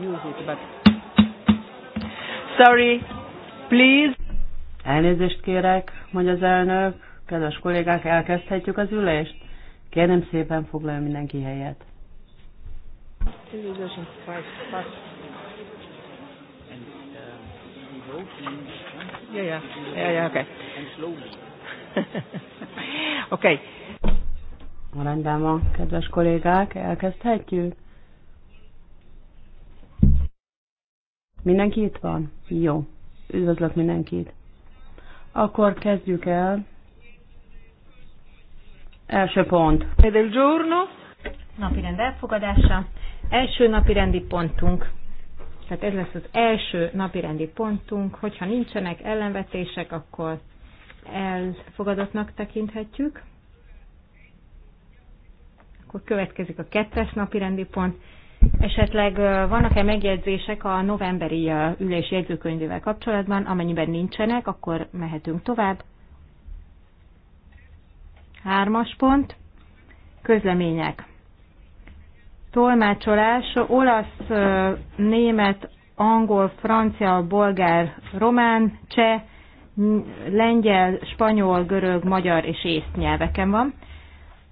use it, but... Sorry, please. Elnézést kérek, mondja az elnök. Kedves kollégák, elkezdhetjük az ülést? Kérem szépen foglalja mindenki helyet. Yeah, Rendben van, kedves kollégák, elkezdhetjük? Mindenki itt van? Jó. Üdvözlök mindenkit. Akkor kezdjük el. Első pont. Pedel giorno. Napirend elfogadása. Első napirendi pontunk. Tehát ez lesz az első napirendi pontunk. Hogyha nincsenek ellenvetések, akkor elfogadottnak tekinthetjük. Akkor következik a kettes napirendi pont Esetleg vannak-e megjegyzések a novemberi ülés jegyzőkönyvével kapcsolatban? Amennyiben nincsenek, akkor mehetünk tovább. Hármas pont. Közlemények. Tolmácsolás. Olasz, német, angol, francia, bolgár, román, cseh, lengyel, spanyol, görög, magyar és észt nyelveken van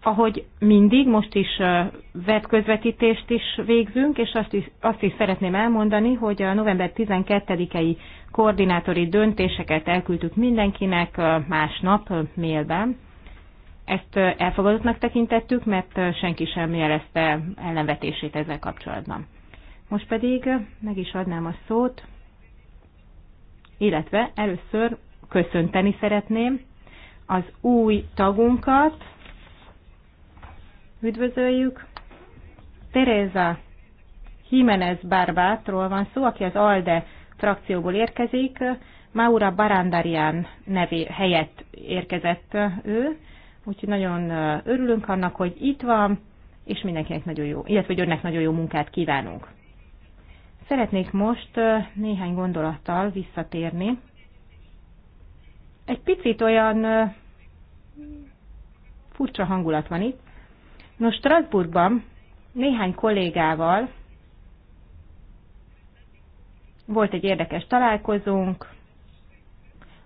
ahogy mindig, most is webközvetítést is végzünk, és azt is, azt is szeretném elmondani, hogy a november 12-i koordinátori döntéseket elküldtük mindenkinek másnap mailben. Ezt elfogadottnak tekintettük, mert senki sem jelezte ellenvetését ezzel kapcsolatban. Most pedig meg is adnám a szót, illetve először köszönteni szeretném az új tagunkat, Üdvözöljük. Teresa Jiménez Barbátról van szó, aki az ALDE frakcióból érkezik. Maura Barandarian nevé helyett érkezett ő, úgyhogy nagyon örülünk annak, hogy itt van, és mindenkinek nagyon jó, illetve hogy önnek nagyon jó munkát kívánunk. Szeretnék most néhány gondolattal visszatérni. Egy picit olyan furcsa hangulat van itt, Nos, Strasbourgban néhány kollégával volt egy érdekes találkozónk,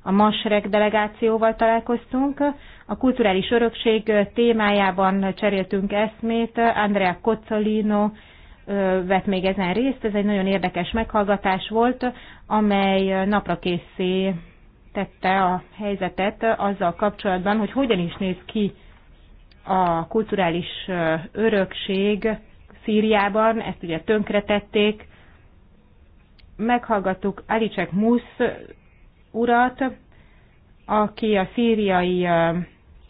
a Masrek delegációval találkoztunk, a kulturális örökség témájában cseréltünk eszmét, Andrea Cozzolino vett még ezen részt, ez egy nagyon érdekes meghallgatás volt, amely Napra készé tette a helyzetet azzal kapcsolatban, hogy hogyan is néz ki a kulturális örökség Szíriában, ezt ugye tönkretették. Meghallgattuk Alicek Musz urat, aki a szíriai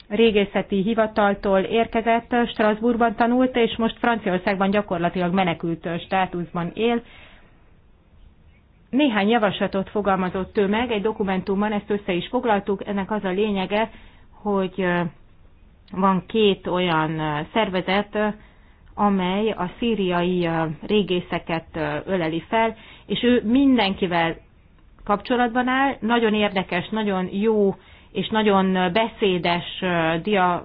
régészeti hivataltól érkezett, Strasbourgban tanult, és most Franciaországban gyakorlatilag menekült státuszban él. Néhány javaslatot fogalmazott ő meg, egy dokumentumban ezt össze is foglaltuk, ennek az a lényege, hogy van két olyan szervezet, amely a szíriai régészeket öleli fel, és ő mindenkivel kapcsolatban áll, nagyon érdekes, nagyon jó és nagyon beszédes dia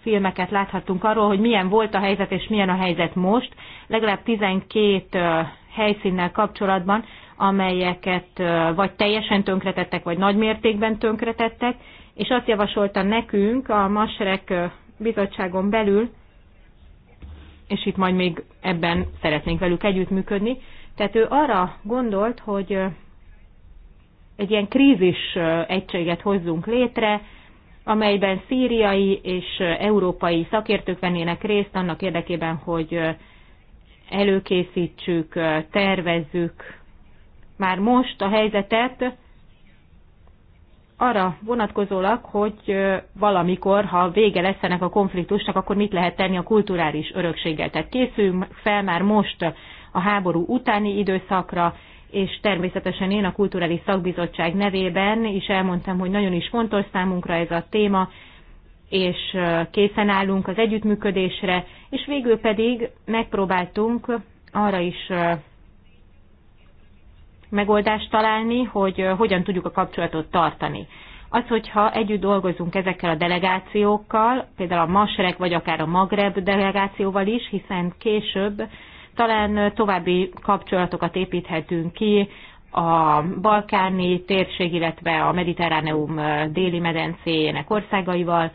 filmeket láthattunk arról, hogy milyen volt a helyzet és milyen a helyzet most, legalább 12 helyszínnel kapcsolatban, amelyeket vagy teljesen tönkretettek, vagy nagy mértékben tönkretettek, és azt javasolta nekünk a MASREK bizottságon belül, és itt majd még ebben szeretnénk velük együttműködni. Tehát ő arra gondolt, hogy egy ilyen krízis egységet hozzunk létre, amelyben szíriai és európai szakértők vennének részt annak érdekében, hogy előkészítsük, tervezzük már most a helyzetet, arra vonatkozólag, hogy valamikor, ha vége lesz ennek a konfliktusnak, akkor mit lehet tenni a kulturális örökséggel. Tehát készüljünk fel már most a háború utáni időszakra, és természetesen én a Kulturális Szakbizottság nevében is elmondtam, hogy nagyon is fontos számunkra ez a téma, és készen állunk az együttműködésre, és végül pedig megpróbáltunk arra is megoldást találni, hogy hogyan tudjuk a kapcsolatot tartani. Az, hogyha együtt dolgozunk ezekkel a delegációkkal, például a Masrek vagy akár a Magreb delegációval is, hiszen később talán további kapcsolatokat építhetünk ki a balkáni térség, illetve a mediterráneum déli medencéjének országaival.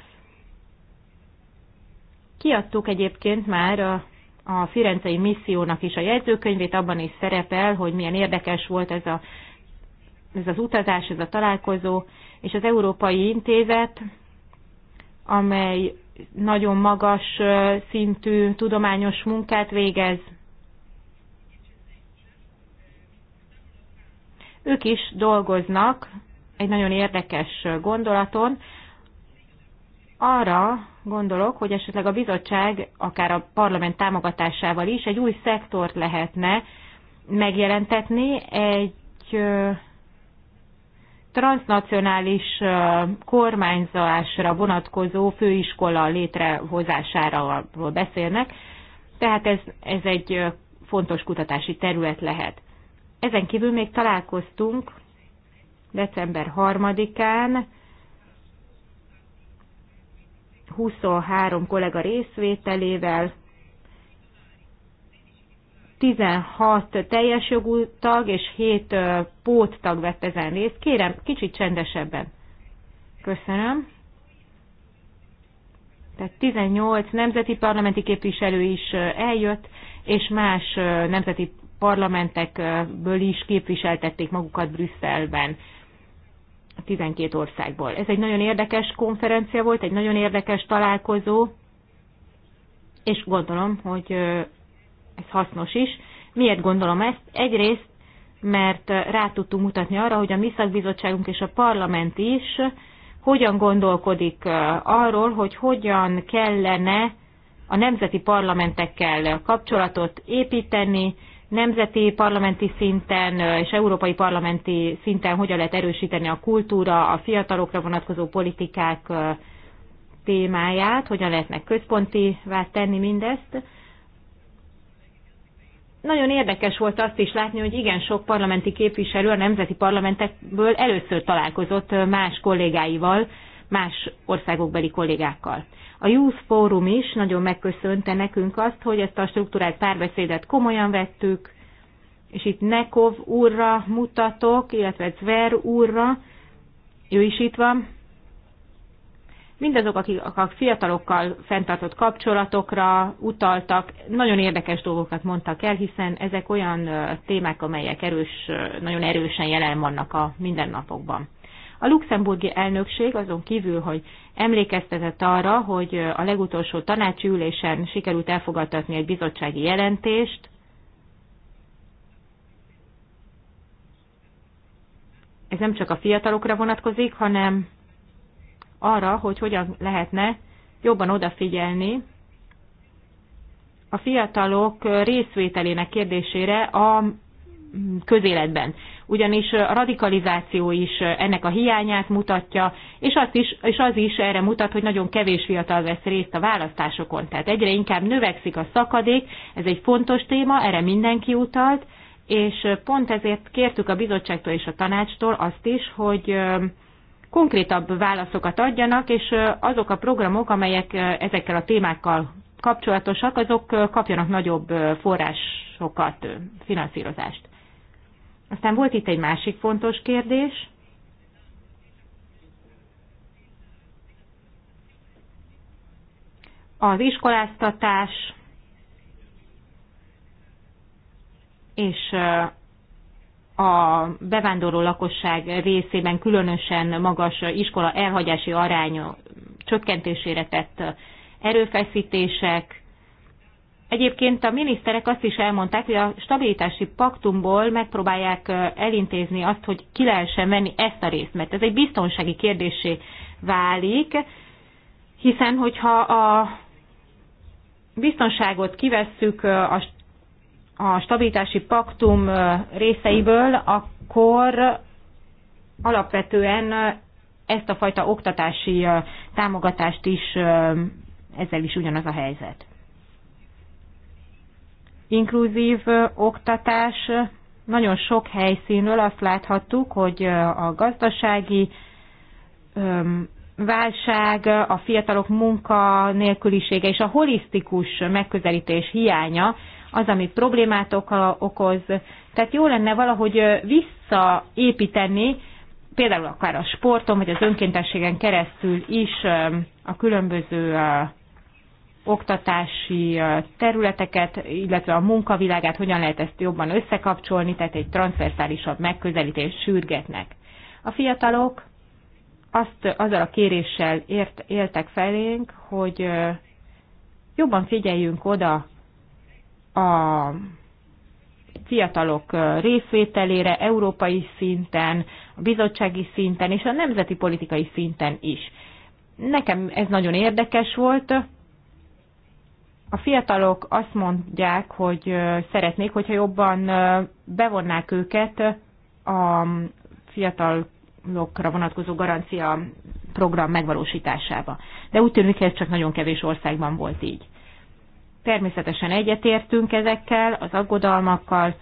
Kiadtuk egyébként már a a Firencei missziónak is a jegyzőkönyvét, abban is szerepel, hogy milyen érdekes volt ez, a, ez az utazás, ez a találkozó, és az Európai Intézet, amely nagyon magas szintű tudományos munkát végez. Ők is dolgoznak egy nagyon érdekes gondolaton, arra gondolok, hogy esetleg a bizottság akár a parlament támogatásával is egy új szektort lehetne megjelentetni, egy transnacionális kormányzásra vonatkozó főiskola létrehozásáról beszélnek, tehát ez, ez egy fontos kutatási terület lehet. Ezen kívül még találkoztunk december 3-án 23 kollega részvételével, 16 teljes jogú tag és 7 tag vett ezen részt. Kérem, kicsit csendesebben. Köszönöm. Tehát 18 nemzeti parlamenti képviselő is eljött, és más nemzeti parlamentekből is képviseltették magukat Brüsszelben. 12 országból. Ez egy nagyon érdekes konferencia volt, egy nagyon érdekes találkozó, és gondolom, hogy ez hasznos is. Miért gondolom ezt? Egyrészt, mert rá tudtunk mutatni arra, hogy a mi szakbizottságunk és a parlament is hogyan gondolkodik arról, hogy hogyan kellene a nemzeti parlamentekkel kapcsolatot építeni, nemzeti parlamenti szinten és európai parlamenti szinten hogyan lehet erősíteni a kultúra, a fiatalokra vonatkozó politikák témáját, hogyan lehetnek központivá tenni mindezt. Nagyon érdekes volt azt is látni, hogy igen sok parlamenti képviselő a nemzeti parlamentekből először találkozott más kollégáival, más országokbeli kollégákkal. A Youth Forum is nagyon megköszönte nekünk azt, hogy ezt a struktúrált párbeszédet komolyan vettük, és itt Nekov úrra mutatok, illetve Zver úrra, ő is itt van. Mindazok, akik a fiatalokkal fenntartott kapcsolatokra utaltak, nagyon érdekes dolgokat mondtak el, hiszen ezek olyan témák, amelyek erős, nagyon erősen jelen vannak a mindennapokban. A luxemburgi elnökség azon kívül, hogy emlékeztetett arra, hogy a legutolsó tanácsi ülésen sikerült elfogadtatni egy bizottsági jelentést, ez nem csak a fiatalokra vonatkozik, hanem arra, hogy hogyan lehetne jobban odafigyelni a fiatalok részvételének kérdésére a közéletben ugyanis a radikalizáció is ennek a hiányát mutatja, és, az, is, és az is erre mutat, hogy nagyon kevés fiatal vesz részt a választásokon. Tehát egyre inkább növekszik a szakadék, ez egy fontos téma, erre mindenki utalt, és pont ezért kértük a bizottságtól és a tanácstól azt is, hogy konkrétabb válaszokat adjanak, és azok a programok, amelyek ezekkel a témákkal kapcsolatosak, azok kapjanak nagyobb forrásokat, finanszírozást. Aztán volt itt egy másik fontos kérdés. Az iskoláztatás és a bevándorló lakosság részében különösen magas iskola elhagyási arány csökkentésére tett erőfeszítések, Egyébként a miniszterek azt is elmondták, hogy a stabilitási paktumból megpróbálják elintézni azt, hogy ki lehessen venni ezt a részt, mert ez egy biztonsági kérdésé válik, hiszen hogyha a biztonságot kivesszük a, a stabilitási paktum részeiből, akkor alapvetően ezt a fajta oktatási támogatást is, ezzel is ugyanaz a helyzet inkluzív oktatás nagyon sok helyszínről azt láthattuk, hogy a gazdasági válság, a fiatalok munka nélkülisége és a holisztikus megközelítés hiánya az, ami problémát okoz. Tehát jó lenne valahogy visszaépíteni, például akár a sporton vagy az önkéntességen keresztül is a különböző oktatási területeket, illetve a munkavilágát, hogyan lehet ezt jobban összekapcsolni, tehát egy transzversálisabb megközelítést sürgetnek. A fiatalok azt, azzal a kéréssel ért, éltek felénk, hogy jobban figyeljünk oda a fiatalok részvételére európai szinten, a bizottsági szinten és a nemzeti politikai szinten is. Nekem ez nagyon érdekes volt, a fiatalok azt mondják, hogy szeretnék, hogyha jobban bevonnák őket a fiatalokra vonatkozó garancia program megvalósításába. De úgy tűnik, ez csak nagyon kevés országban volt így. Természetesen egyetértünk ezekkel, az aggodalmakkal.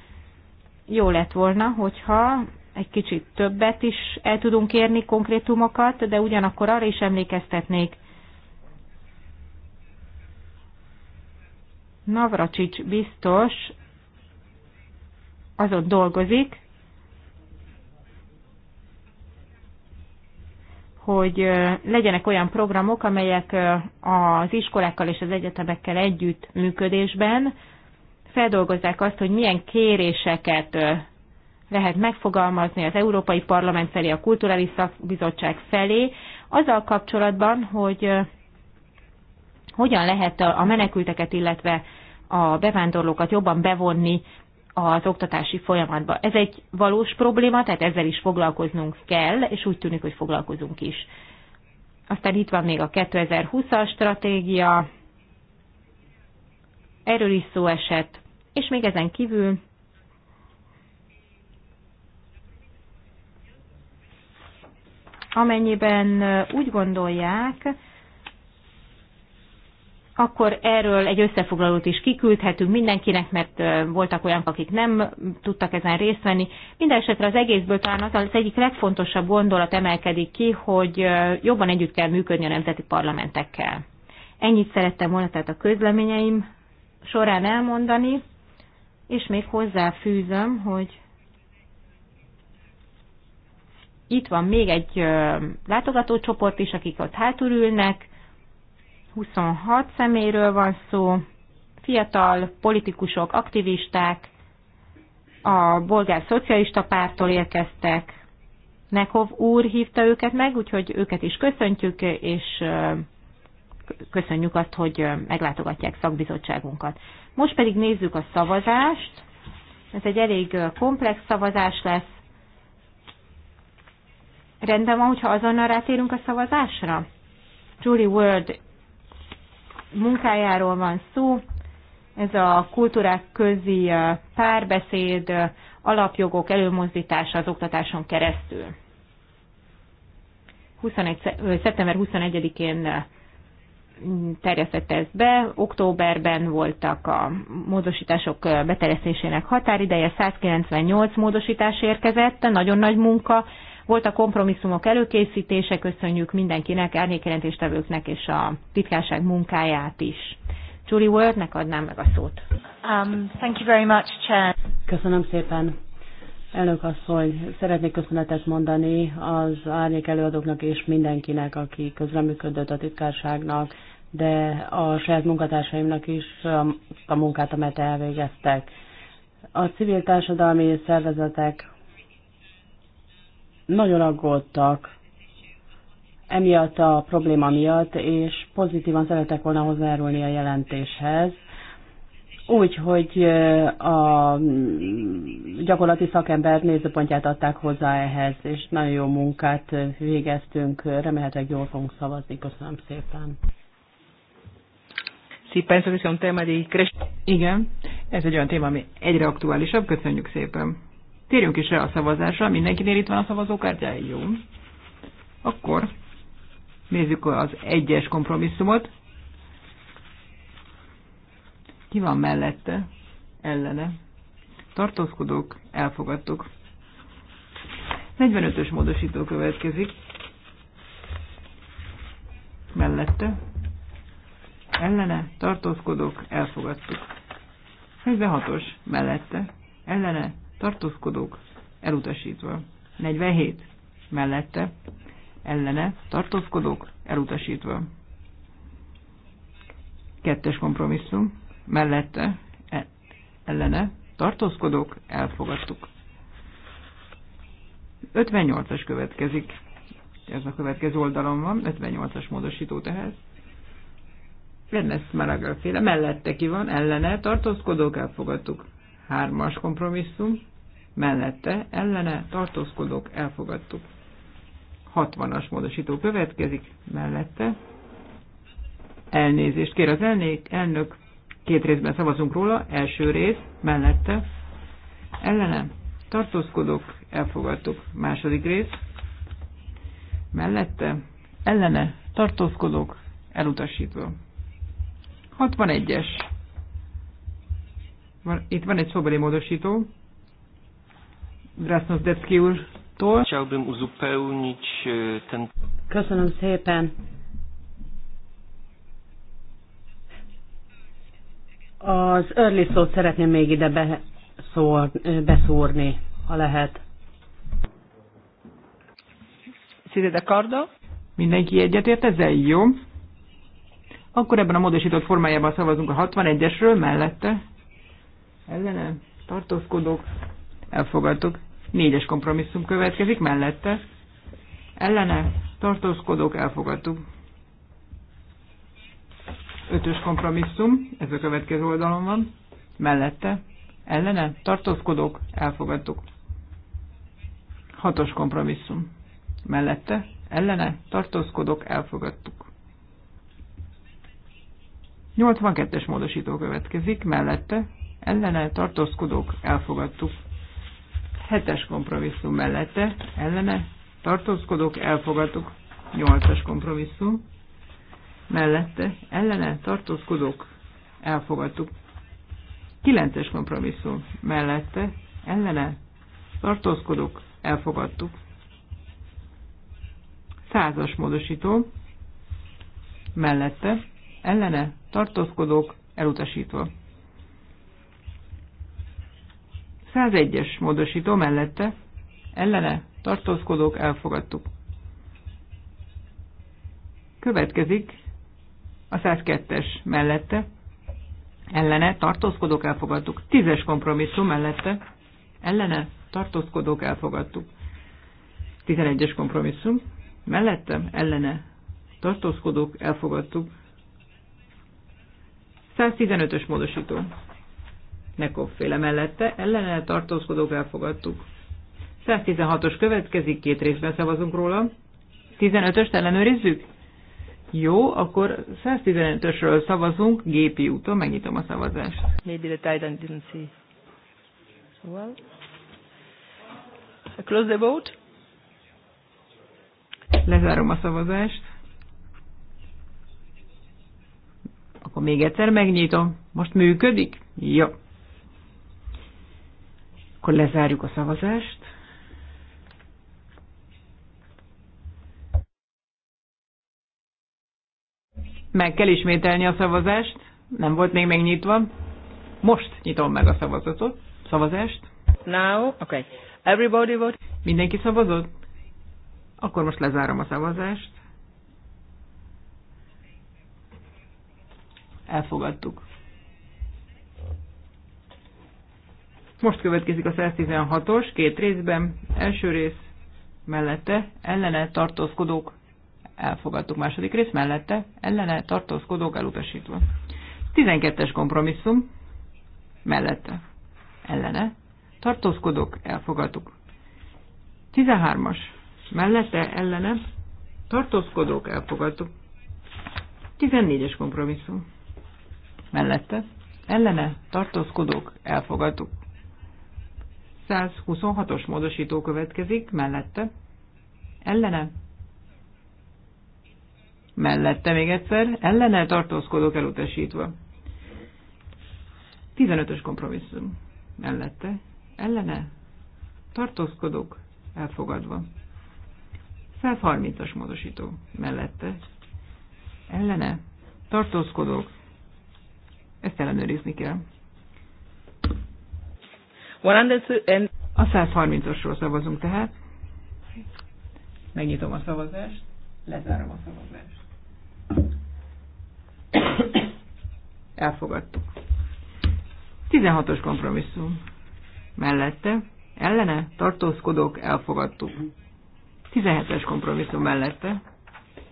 Jó lett volna, hogyha egy kicsit többet is el tudunk érni konkrétumokat, de ugyanakkor arra is emlékeztetnék, Navracsics biztos azon dolgozik, hogy legyenek olyan programok, amelyek az iskolákkal és az egyetemekkel együtt működésben feldolgozzák azt, hogy milyen kéréseket lehet megfogalmazni az Európai Parlament felé, a Kulturális Szakbizottság felé, azzal kapcsolatban, hogy hogyan lehet a menekülteket, illetve a bevándorlókat jobban bevonni az oktatási folyamatba. Ez egy valós probléma, tehát ezzel is foglalkoznunk kell, és úgy tűnik, hogy foglalkozunk is. Aztán itt van még a 2020-as stratégia, erről is szó esett, és még ezen kívül amennyiben úgy gondolják, akkor erről egy összefoglalót is kiküldhetünk mindenkinek, mert voltak olyanok, akik nem tudtak ezen részt venni. Mindenesetre az egészből talán az, az egyik legfontosabb gondolat emelkedik ki, hogy jobban együtt kell működni a nemzeti parlamentekkel. Ennyit szerettem volna tehát a közleményeim során elmondani, és még hozzáfűzöm, hogy itt van még egy látogatócsoport is, akik ott hátul ülnek, 26 szeméről van szó, fiatal politikusok, aktivisták, a bolgár szocialista pártól érkeztek, Nekov úr hívta őket meg, úgyhogy őket is köszöntjük, és köszönjük azt, hogy meglátogatják szakbizottságunkat. Most pedig nézzük a szavazást. Ez egy elég komplex szavazás lesz. Rendben van, hogyha azonnal rátérünk a szavazásra? Julie World munkájáról van szó. Ez a kultúrák közi párbeszéd, alapjogok előmozdítása az oktatáson keresztül. 21, szeptember 21-én terjesztette ezt be. Októberben voltak a módosítások beteresztésének határideje, 198 módosítás érkezett, nagyon nagy munka volt a kompromisszumok előkészítése, köszönjük mindenkinek, árnyékjelentéstevőknek és a titkárság munkáját is. Julie Wordnek adnám meg a szót. Um, thank you very much, Chair. Köszönöm szépen. Elnök asszony, szeretnék köszönetet mondani az árnyék előadóknak és mindenkinek, aki közreműködött a titkárságnak, de a saját munkatársaimnak is a munkát, amelyet elvégeztek. A civil társadalmi szervezetek nagyon aggódtak emiatt a probléma miatt, és pozitívan szeretek volna hozzájárulni a jelentéshez, úgy, hogy a gyakorlati szakember nézőpontját adták hozzá ehhez, és nagyon jó munkát végeztünk, remélhetőleg jól fogunk szavazni. Köszönöm szépen. Igen, ez egy olyan téma, ami egyre aktuálisabb. Köszönjük szépen térjünk is rá a szavazásra. Mindenkinél itt van a szavazókártya, Jó. Akkor nézzük az egyes kompromisszumot. Ki van mellette? Ellene. Tartózkodók, elfogadtuk. 45-ös módosító következik. Mellette. Ellene. Tartózkodók, elfogadtuk. 46-os. Mellette. Ellene tartózkodók elutasítva. 47 mellette ellene tartózkodók elutasítva. Kettes kompromisszum mellette e, ellene tartózkodók elfogadtuk. 58-as következik. Ez a következő oldalon van, 58-as módosító tehát. Rennes Maragall féle, mellette ki van, ellene tartózkodók elfogadtuk. Hármas kompromisszum, mellette ellene tartózkodók elfogadtuk. 60-as módosító következik mellette. Elnézést kér az elnék, elnök. Két részben szavazunk róla. Első rész mellette ellene tartózkodók elfogadtuk. Második rész mellette ellene tartózkodók elutasítva. 61-es. Itt van egy szobori módosító, Krasznodebszki úrtól. Chciałbym uzupełnić e, ten... Köszönöm szépen. Az early szót szeretném még ide beszór, beszúrni, ha lehet. Szide de karda? Mindenki egyetért ezzel? Jó. Akkor ebben a módosított formájában szavazunk a 61-esről mellette. Ellene tartózkodók elfogadtuk. Négyes kompromisszum következik mellette. Ellene tartózkodók elfogadtuk. Ötös kompromisszum, ez a következő oldalon van, mellette. Ellene tartózkodók elfogadtuk. Hatos kompromisszum, mellette. Ellene tartózkodók elfogadtuk. 82-es módosító következik, mellette ellene tartózkodók elfogadtuk. Hetes kompromisszum mellette, ellene, tartózkodok, elfogadtuk. Nyolcas kompromisszum mellette, ellene, tartózkodok, elfogadtuk. Kilences kompromisszum mellette, ellene, tartózkodok, elfogadtuk. Százas módosító mellette, ellene, tartózkodok, elutasítva. 101-es módosító mellette ellene tartózkodók elfogadtuk. Következik a 102-es mellette ellene tartózkodók elfogadtuk. 10-es kompromisszum mellette ellene tartózkodók elfogadtuk. 11-es kompromisszum mellette ellene tartózkodók elfogadtuk. 115-ös módosító Nekov féle mellette, ellene tartózkodók elfogadtuk. 116-os következik, két részben szavazunk róla. 15-öst ellenőrizzük? Jó, akkor 115-ösről szavazunk, gépi úton megnyitom a szavazást. Maybe the title didn't see. Well. I close the vote. Lezárom a szavazást. Akkor még egyszer megnyitom. Most működik? Jó. Ja. Akkor lezárjuk a szavazást. Meg kell ismételni a szavazást. Nem volt még megnyitva. Most nyitom meg a szavazatot. Szavazást. Now, okay. Everybody vote. Mindenki szavazott? Akkor most lezárom a szavazást. Elfogadtuk. Most következik a 116-os, két részben. Első rész mellette, ellene tartózkodók elfogadtuk. Második rész mellette, ellene tartózkodók elutasítva. 12-es kompromisszum mellette, ellene tartózkodók elfogadtuk. 13-as mellette, ellene tartózkodók elfogadtuk. 14-es kompromisszum mellette, ellene tartózkodók elfogadtuk. 126-os módosító következik, mellette, ellene, mellette még egyszer, ellene tartózkodók elutasítva. 15-ös kompromisszum, mellette, ellene, tartózkodók elfogadva. 130-as módosító, mellette, ellene, tartózkodók, ezt ellenőrizni kell. A 130-osról szavazunk tehát. Megnyitom a szavazást, lezárom a szavazást. Elfogadtuk. 16-os kompromisszum. Mellette, ellene, tartózkodók, elfogadtuk. 17-es kompromisszum mellette,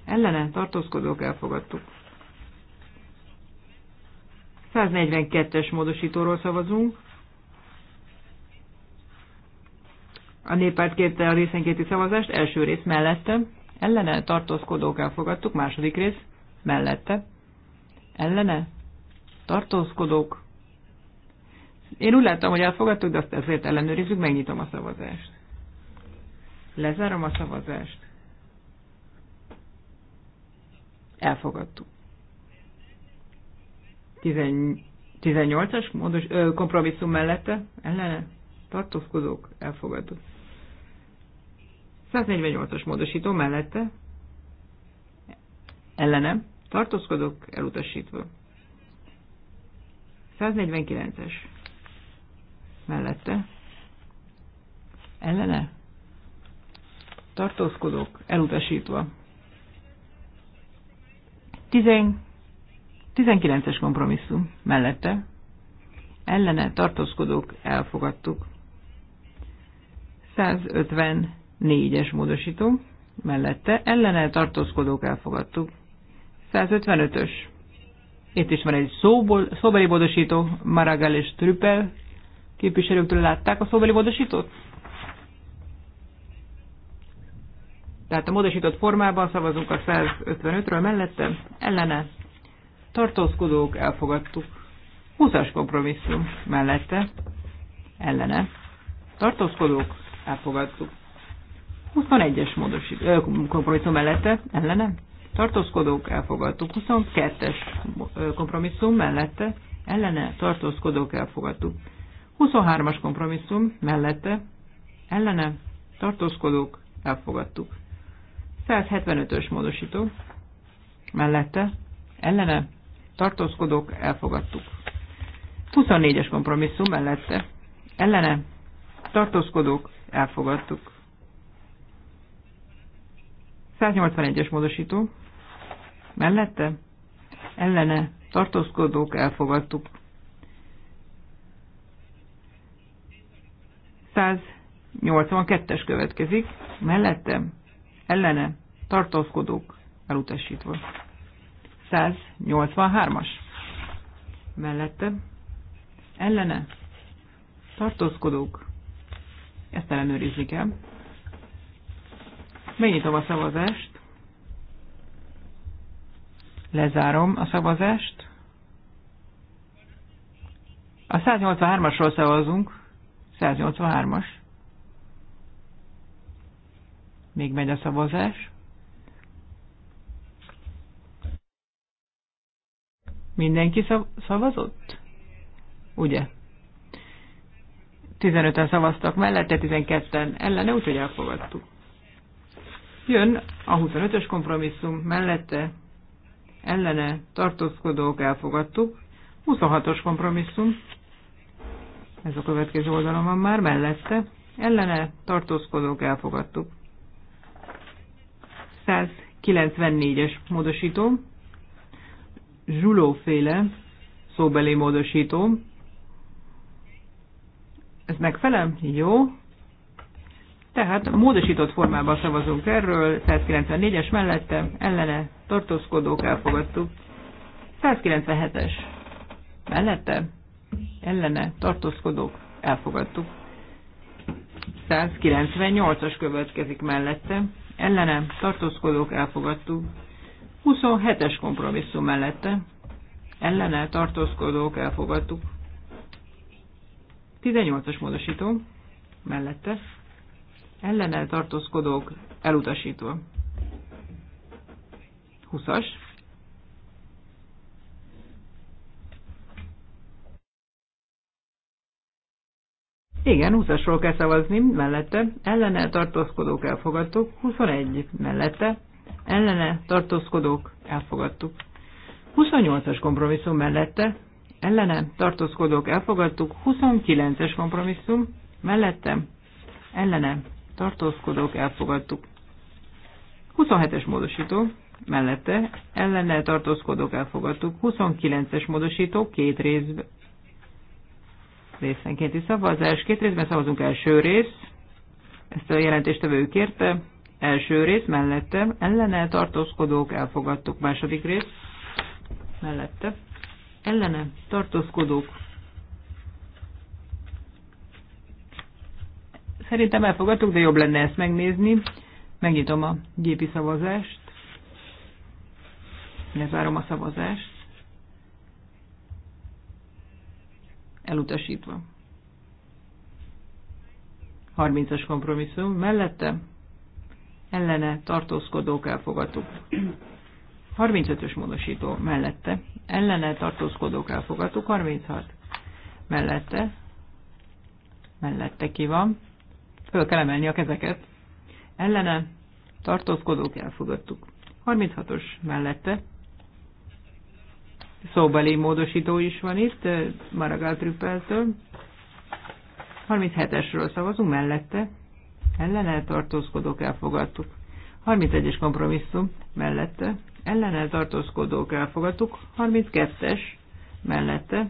ellene, tartózkodók, elfogadtuk. 142-es módosítóról szavazunk A néppárt kérte a részenkéti szavazást, első rész mellette, ellene tartózkodók elfogadtuk, második rész mellette, ellene tartózkodók. Én úgy láttam, hogy elfogadtuk, de azt ezért ellenőrizzük, megnyitom a szavazást. Lezárom a szavazást. Elfogadtuk. 18-as módos ö, kompromisszum mellette ellene tartózkodók elfogadott. 148-as módosító mellette ellenem tartózkodok elutasítva. 149-es mellette ellene tartózkodok elutasítva. 19-es kompromisszum mellette ellene tartózkodók elfogadtuk. 150 Négyes módosító. Mellette ellene tartózkodók elfogadtuk. 155-ös. Itt is van egy szóból, szóbeli módosító. Maragall és Trüppel képviselőktől látták a szóbeli módosítót? Tehát a módosított formában szavazunk a 155-ről mellette, ellene tartózkodók elfogadtuk. 20-as kompromisszum mellette, ellene tartózkodók elfogadtuk. 21-es módosít, kompromisszum mellette, ellene, tartózkodók elfogadtuk. 22-es kompromisszum mellette, ellene, tartózkodók elfogadtuk. 23-as kompromisszum mellette, ellene, tartózkodók elfogadtuk. 175-ös módosító mellette, ellene, tartózkodók elfogadtuk. 24-es kompromisszum mellette, ellene, tartózkodók elfogadtuk. 181-es módosító. Mellette? Ellene tartózkodók elfogadtuk. 182-es következik. Mellette? Ellene tartózkodók elutasítva. 183-as. Mellette? Ellene tartózkodók. Ezt ellenőrizni kell. Megnyitom a szavazást. Lezárom a szavazást. A 183-asról szavazunk. 183-as. Még megy a szavazás. Mindenki szav szavazott? Ugye? 15-en szavaztak mellette, 12-en ellene, úgyhogy elfogadtuk. Jön a 25-ös kompromisszum, mellette ellene tartózkodók elfogadtuk. 26-os kompromisszum, ez a következő oldalon van már, mellette ellene tartózkodók elfogadtuk. 194-es módosító, zsulóféle szóbeli módosító. Ez megfelel? Jó. Tehát módosított formában szavazunk erről, 194-es mellette, ellene tartózkodók elfogadtuk. 197-es mellette, ellene tartózkodók elfogadtuk. 198-as következik mellette, ellene tartózkodók elfogadtuk. 27-es kompromisszum mellette, ellene tartózkodók elfogadtuk. 18-as módosító mellette, ellene tartózkodók elutasítva. 20-as. Igen, 20-asról kell szavazni, mellette ellene tartózkodók elfogadtuk, 21 mellette ellene tartózkodók elfogadtuk. 28-as kompromisszum mellette ellene tartózkodók elfogadtuk, 29-es kompromisszum mellette ellene tartózkodók, elfogadtuk. 27-es módosító, mellette ellene tartózkodók, elfogadtuk. 29-es módosító, két rész, részenkénti szavazás. Két részben szavazunk első rész, ezt a jelentéstevő kérte, első rész mellette, ellene tartózkodók, elfogadtuk. Második rész, mellette, ellene tartózkodók, Szerintem elfogadtuk, de jobb lenne ezt megnézni. Megnyitom a gépi szavazást. Lezárom a szavazást. Elutasítva. 30-as kompromisszum. Mellette ellene tartózkodók elfogadtuk. 35-ös módosító mellette. Ellene tartózkodók elfogadtuk. 36 mellette. Mellette ki van föl kell emelni a kezeket. Ellene tartózkodók elfogadtuk. 36-os mellette szóbeli módosító is van itt, Maragall Trüppeltől. 37-esről szavazunk mellette. Ellene tartózkodók elfogadtuk. 31-es kompromisszum mellette. Ellene tartózkodók elfogadtuk. 32-es mellette.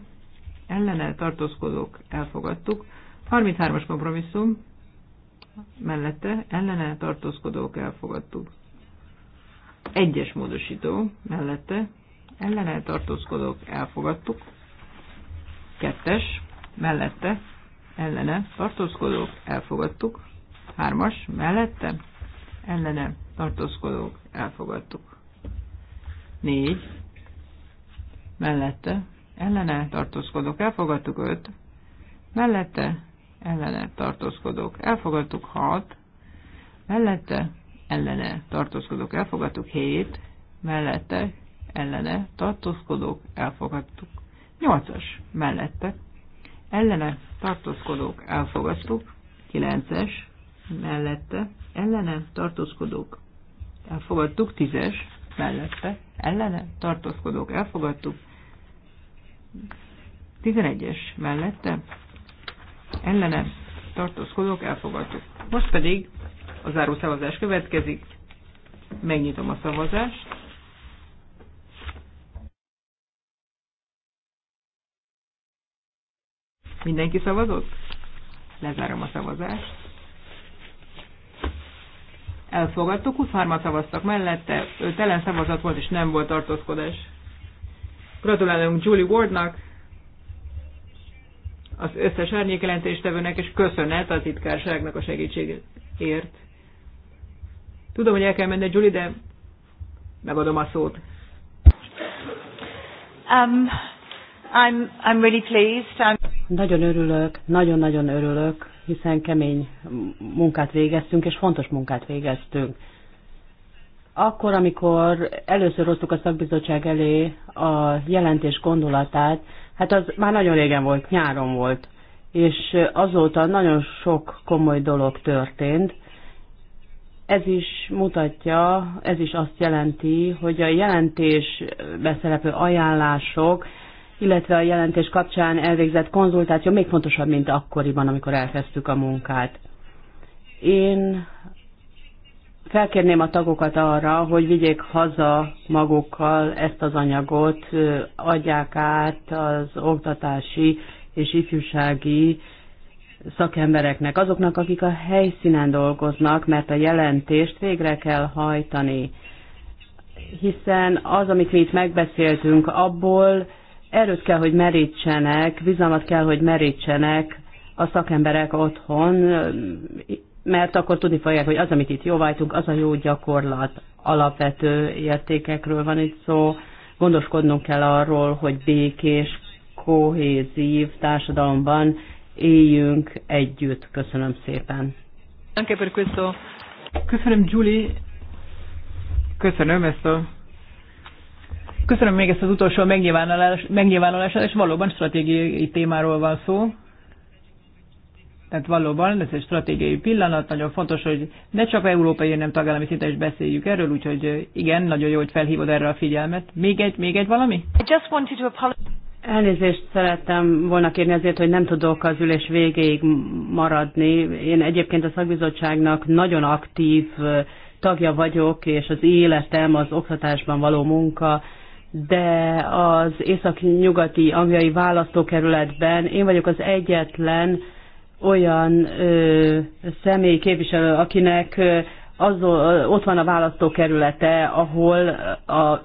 Ellene tartózkodók elfogadtuk. 33-as kompromisszum mellette ellene tartózkodók elfogadtuk. Egyes módosító mellette ellene tartózkodók elfogadtuk. Kettes mellette ellene tartózkodók elfogadtuk. Hármas mellette ellene tartózkodók elfogadtuk. Négy mellette ellene tartózkodók elfogadtuk. Öt mellette ellene tartózkodok, elfogadtuk 6, mellette ellene tartózkodok, elfogadtuk 7, mellette ellene tartózkodok, elfogadtuk 8-as, mellette ellene tartózkodok, elfogadtuk 9-es, mellette ellene tartózkodok, elfogadtuk 10-es, mellette ellene tartózkodok, elfogadtuk 11-es mellette ellene tartózkodók elfogadtuk. Most pedig a záró szavazás következik. Megnyitom a szavazást. Mindenki szavazott? Lezárom a szavazást. Elfogadtuk, 23 at szavaztak mellette, 5 ellen szavazat volt, és nem volt tartózkodás. Gratulálunk Julie Wardnak, az összes árnyékelentéstevőnek, és köszönet a titkárságnak a segítségért. Tudom, hogy el kell menned, Julie, de megadom a szót. Um, I'm, I'm really pleased. I'm... Nagyon örülök, nagyon-nagyon örülök, hiszen kemény munkát végeztünk, és fontos munkát végeztünk. Akkor, amikor először hoztuk a szakbizottság elé a jelentés gondolatát, Hát az már nagyon régen volt, nyáron volt, és azóta nagyon sok komoly dolog történt. Ez is mutatja, ez is azt jelenti, hogy a jelentés beszereplő ajánlások, illetve a jelentés kapcsán elvégzett konzultáció még fontosabb, mint akkoriban, amikor elkezdtük a munkát. Én Felkérném a tagokat arra, hogy vigyék haza magukkal ezt az anyagot, adják át az oktatási és ifjúsági szakembereknek, azoknak, akik a helyszínen dolgoznak, mert a jelentést végre kell hajtani. Hiszen az, amit mi itt megbeszéltünk, abból erőt kell, hogy merítsenek, bizalmat kell, hogy merítsenek a szakemberek otthon, mert akkor tudni fogják, hogy az, amit itt jóváltunk, az a jó gyakorlat, alapvető értékekről van itt szó, gondoskodnunk kell arról, hogy békés, kohézív társadalomban éljünk együtt. Köszönöm szépen. Köszönöm, Julie. Köszönöm ezt a Köszönöm még ezt az utolsó megnyilvánulást, megnyilvánulását, és valóban stratégiai témáról van szó. Tehát valóban ez egy stratégiai pillanat, nagyon fontos, hogy ne csak európai, nem tagállami szinten is beszéljük erről, úgyhogy igen, nagyon jó, hogy felhívod erre a figyelmet. Még egy, még egy valami? Elnézést szerettem volna kérni azért, hogy nem tudok az ülés végéig maradni. Én egyébként a szakbizottságnak nagyon aktív tagja vagyok, és az életem az oktatásban való munka, de az Északnyugati nyugati angliai választókerületben én vagyok az egyetlen, olyan ö, személy képviselő, akinek ö, ö, ott van a választókerülete, ahol a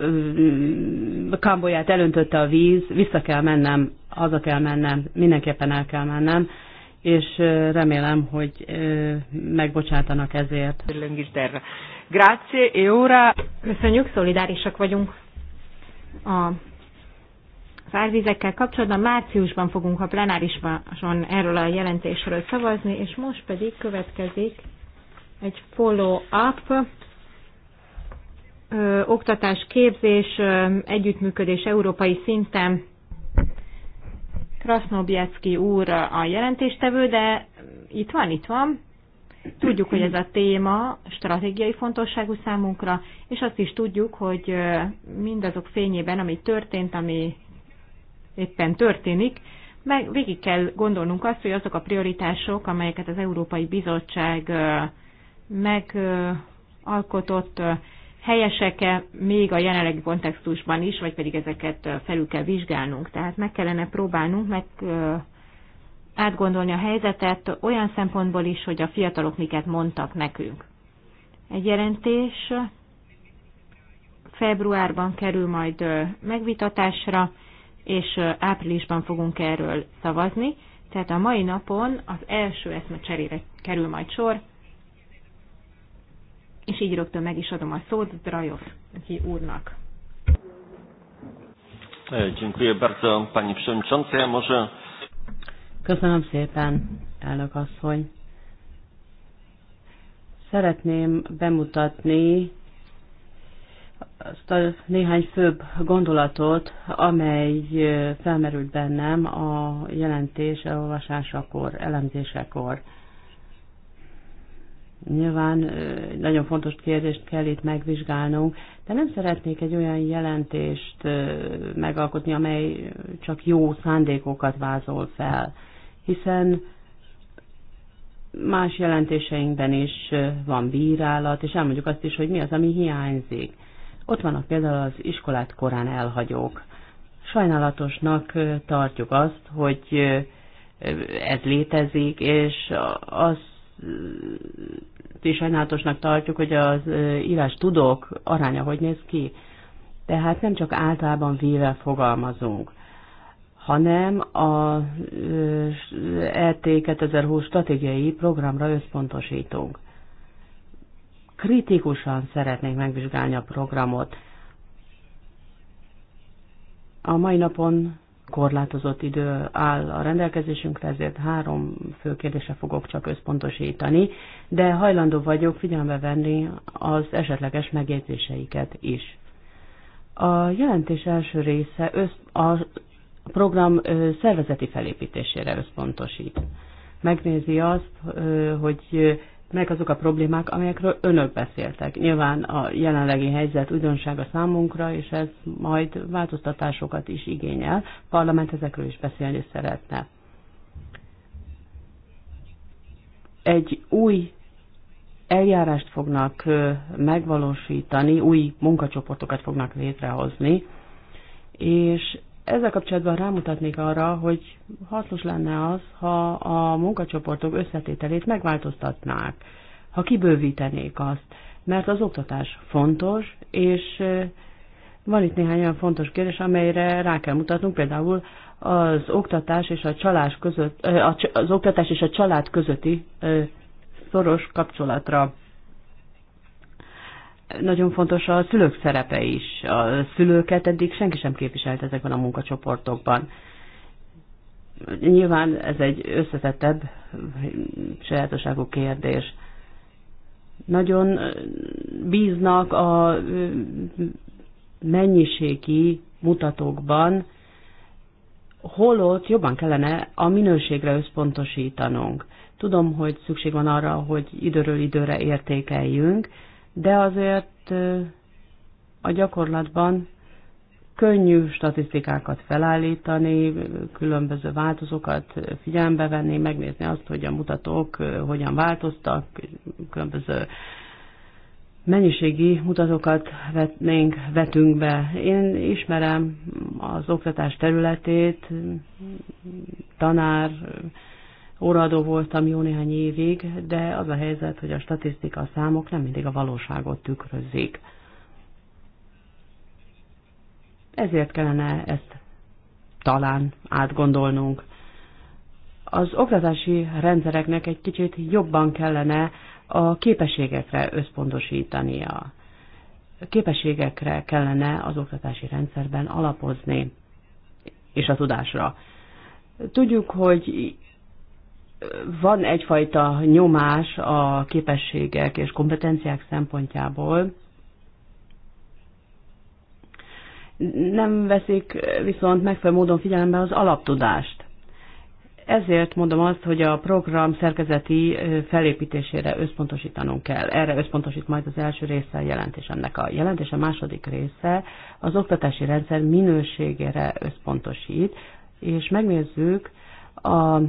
kambóját elöntötte a víz, vissza kell mennem, haza kell mennem, mindenképpen el kell mennem, és remélem, hogy megbocsátanak ezért. Grazie, Eura. Köszönjük, szolidárisak vagyunk a az árvizekkel kapcsolatban márciusban fogunk a plenárisban erről a jelentésről szavazni, és most pedig következik egy follow-up, oktatás, képzés, ö, együttműködés európai szinten. Krasznobjecki úr a jelentéstevő, de itt van, itt van. Tudjuk, hogy ez a téma stratégiai fontosságú számunkra, és azt is tudjuk, hogy mindazok fényében, ami történt, ami éppen történik, meg végig kell gondolnunk azt, hogy azok a prioritások, amelyeket az Európai Bizottság megalkotott, helyesek-e még a jelenlegi kontextusban is, vagy pedig ezeket felül kell vizsgálnunk. Tehát meg kellene próbálnunk meg átgondolni a helyzetet olyan szempontból is, hogy a fiatalok miket mondtak nekünk. Egy jelentés februárban kerül majd megvitatásra, és áprilisban fogunk erről szavazni. Tehát a mai napon az első eszmecserére kerül majd sor, és így rögtön meg is adom a szót Drajov úrnak. E, Pani Köszönöm szépen, elnök asszony. Szeretném bemutatni azt a néhány főbb gondolatot, amely felmerült bennem a jelentés elolvasásakor, elemzésekor. Nyilván nagyon fontos kérdést kell itt megvizsgálnunk, de nem szeretnék egy olyan jelentést megalkotni, amely csak jó szándékokat vázol fel, hiszen más jelentéseinkben is van bírálat, és elmondjuk azt is, hogy mi az, ami hiányzik ott vannak például az iskolát korán elhagyók. Sajnálatosnak tartjuk azt, hogy ez létezik, és azt is sajnálatosnak tartjuk, hogy az írás tudók aránya hogy néz ki. Tehát nem csak általában véve fogalmazunk, hanem a ET 2020 stratégiai programra összpontosítunk kritikusan szeretnék megvizsgálni a programot. A mai napon korlátozott idő áll a rendelkezésünkre, ezért három fő kérdésre fogok csak összpontosítani, de hajlandó vagyok figyelembe venni az esetleges megjegyzéseiket is. A jelentés első része össz, a program szervezeti felépítésére összpontosít. Megnézi azt, hogy meg azok a problémák, amelyekről önök beszéltek. Nyilván a jelenlegi helyzet újdonsága számunkra, és ez majd változtatásokat is igényel. A parlament ezekről is beszélni szeretne. Egy új eljárást fognak megvalósítani, új munkacsoportokat fognak létrehozni, és ezzel kapcsolatban rámutatnék arra, hogy hasznos lenne az, ha a munkacsoportok összetételét megváltoztatnák, ha kibővítenék azt, mert az oktatás fontos, és van itt néhány olyan fontos kérdés, amelyre rá kell mutatnunk, például az oktatás és a csalás között, az oktatás és a család közötti szoros kapcsolatra nagyon fontos a szülők szerepe is. A szülőket eddig senki sem képviselt ezekben a munkacsoportokban. Nyilván ez egy összetettebb sajátosságú kérdés. Nagyon bíznak a mennyiségi mutatókban, holott jobban kellene a minőségre összpontosítanunk. Tudom, hogy szükség van arra, hogy időről időre értékeljünk, de azért a gyakorlatban könnyű statisztikákat felállítani, különböző változókat figyelembe venni, megnézni azt, hogy a mutatók hogyan változtak, különböző mennyiségi mutatókat vetnénk, vetünk be. Én ismerem az oktatás területét, tanár, óraadó voltam jó néhány évig, de az a helyzet, hogy a statisztika a számok nem mindig a valóságot tükrözik. Ezért kellene ezt talán átgondolnunk. Az oktatási rendszereknek egy kicsit jobban kellene a képességekre összpontosítania. Képességekre kellene az oktatási rendszerben alapozni, és a tudásra. Tudjuk, hogy van egyfajta nyomás a képességek és kompetenciák szempontjából, nem veszik viszont megfelelő módon figyelembe az alaptudást. Ezért mondom azt, hogy a program szerkezeti felépítésére összpontosítanunk kell. Erre összpontosít majd az első része a jelentésemnek. A jelentés a második része az oktatási rendszer minőségére összpontosít, és megnézzük, az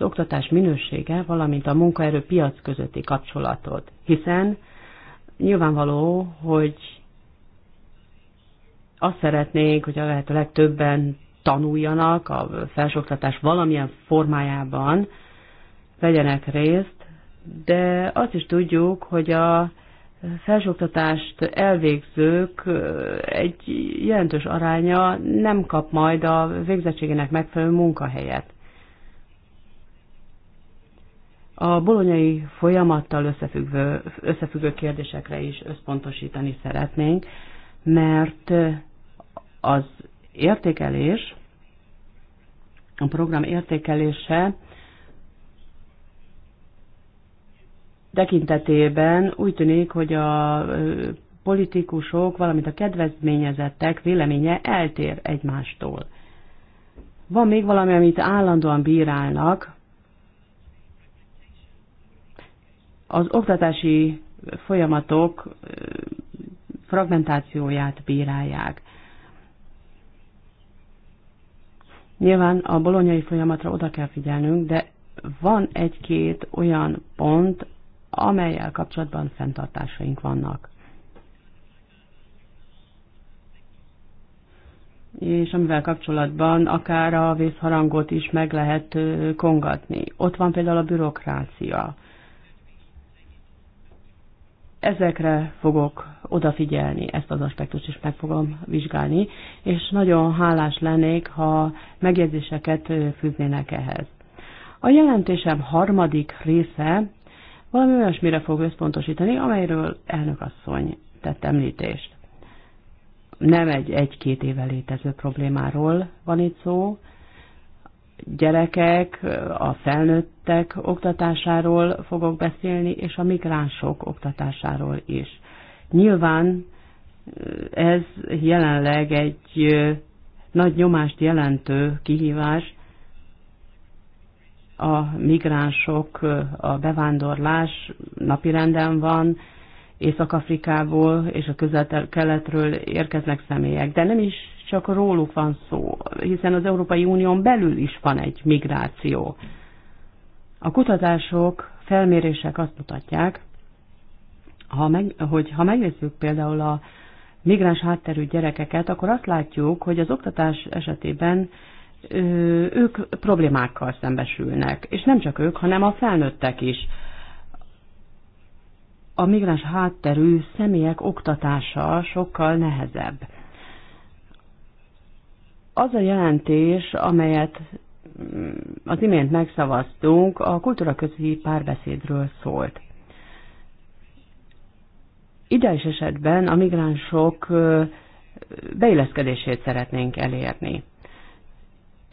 oktatás minősége, valamint a munkaerőpiac közötti kapcsolatot. Hiszen nyilvánvaló, hogy azt szeretnénk, hogy a lehető legtöbben tanuljanak a felsőoktatás valamilyen formájában, vegyenek részt, de azt is tudjuk, hogy a felsőoktatást elvégzők egy jelentős aránya nem kap majd a végzettségének megfelelő munkahelyet. A bolonyai folyamattal összefüggő, összefüggő kérdésekre is összpontosítani szeretnénk, mert az értékelés, a program értékelése tekintetében úgy tűnik, hogy a politikusok, valamint a kedvezményezettek véleménye eltér egymástól. Van még valami, amit állandóan bírálnak, az oktatási folyamatok fragmentációját bírálják. Nyilván a bolonyai folyamatra oda kell figyelnünk, de van egy-két olyan pont, amelyel kapcsolatban fenntartásaink vannak. és amivel kapcsolatban akár a vészharangot is meg lehet kongatni. Ott van például a bürokrácia. Ezekre fogok odafigyelni, ezt az aspektust is meg fogom vizsgálni, és nagyon hálás lennék, ha megjegyzéseket fűznének ehhez. A jelentésem harmadik része valami olyasmire fog összpontosítani, amelyről elnök asszony tett említést. Nem egy egy-két éve létező problémáról van itt szó, gyerekek, a felnőttek oktatásáról fogok beszélni, és a migránsok oktatásáról is. Nyilván eh, ez jelenleg egy eh, nagy nyomást jelentő kihívás, a migránsok, eh, a bevándorlás napirenden van, Észak-Afrikából és a közel-keletről érkeznek személyek. De nem is csak róluk van szó, hiszen az Európai Unión belül is van egy migráció. A kutatások, felmérések azt mutatják, ha meg, hogy ha megnézzük például a migráns hátterű gyerekeket, akkor azt látjuk, hogy az oktatás esetében ők problémákkal szembesülnek, és nem csak ők, hanem a felnőttek is a migráns hátterű személyek oktatása sokkal nehezebb. Az a jelentés, amelyet mm, az imént megszavaztunk, a kultúraközi párbeszédről szólt. Ideális esetben a migránsok beilleszkedését szeretnénk elérni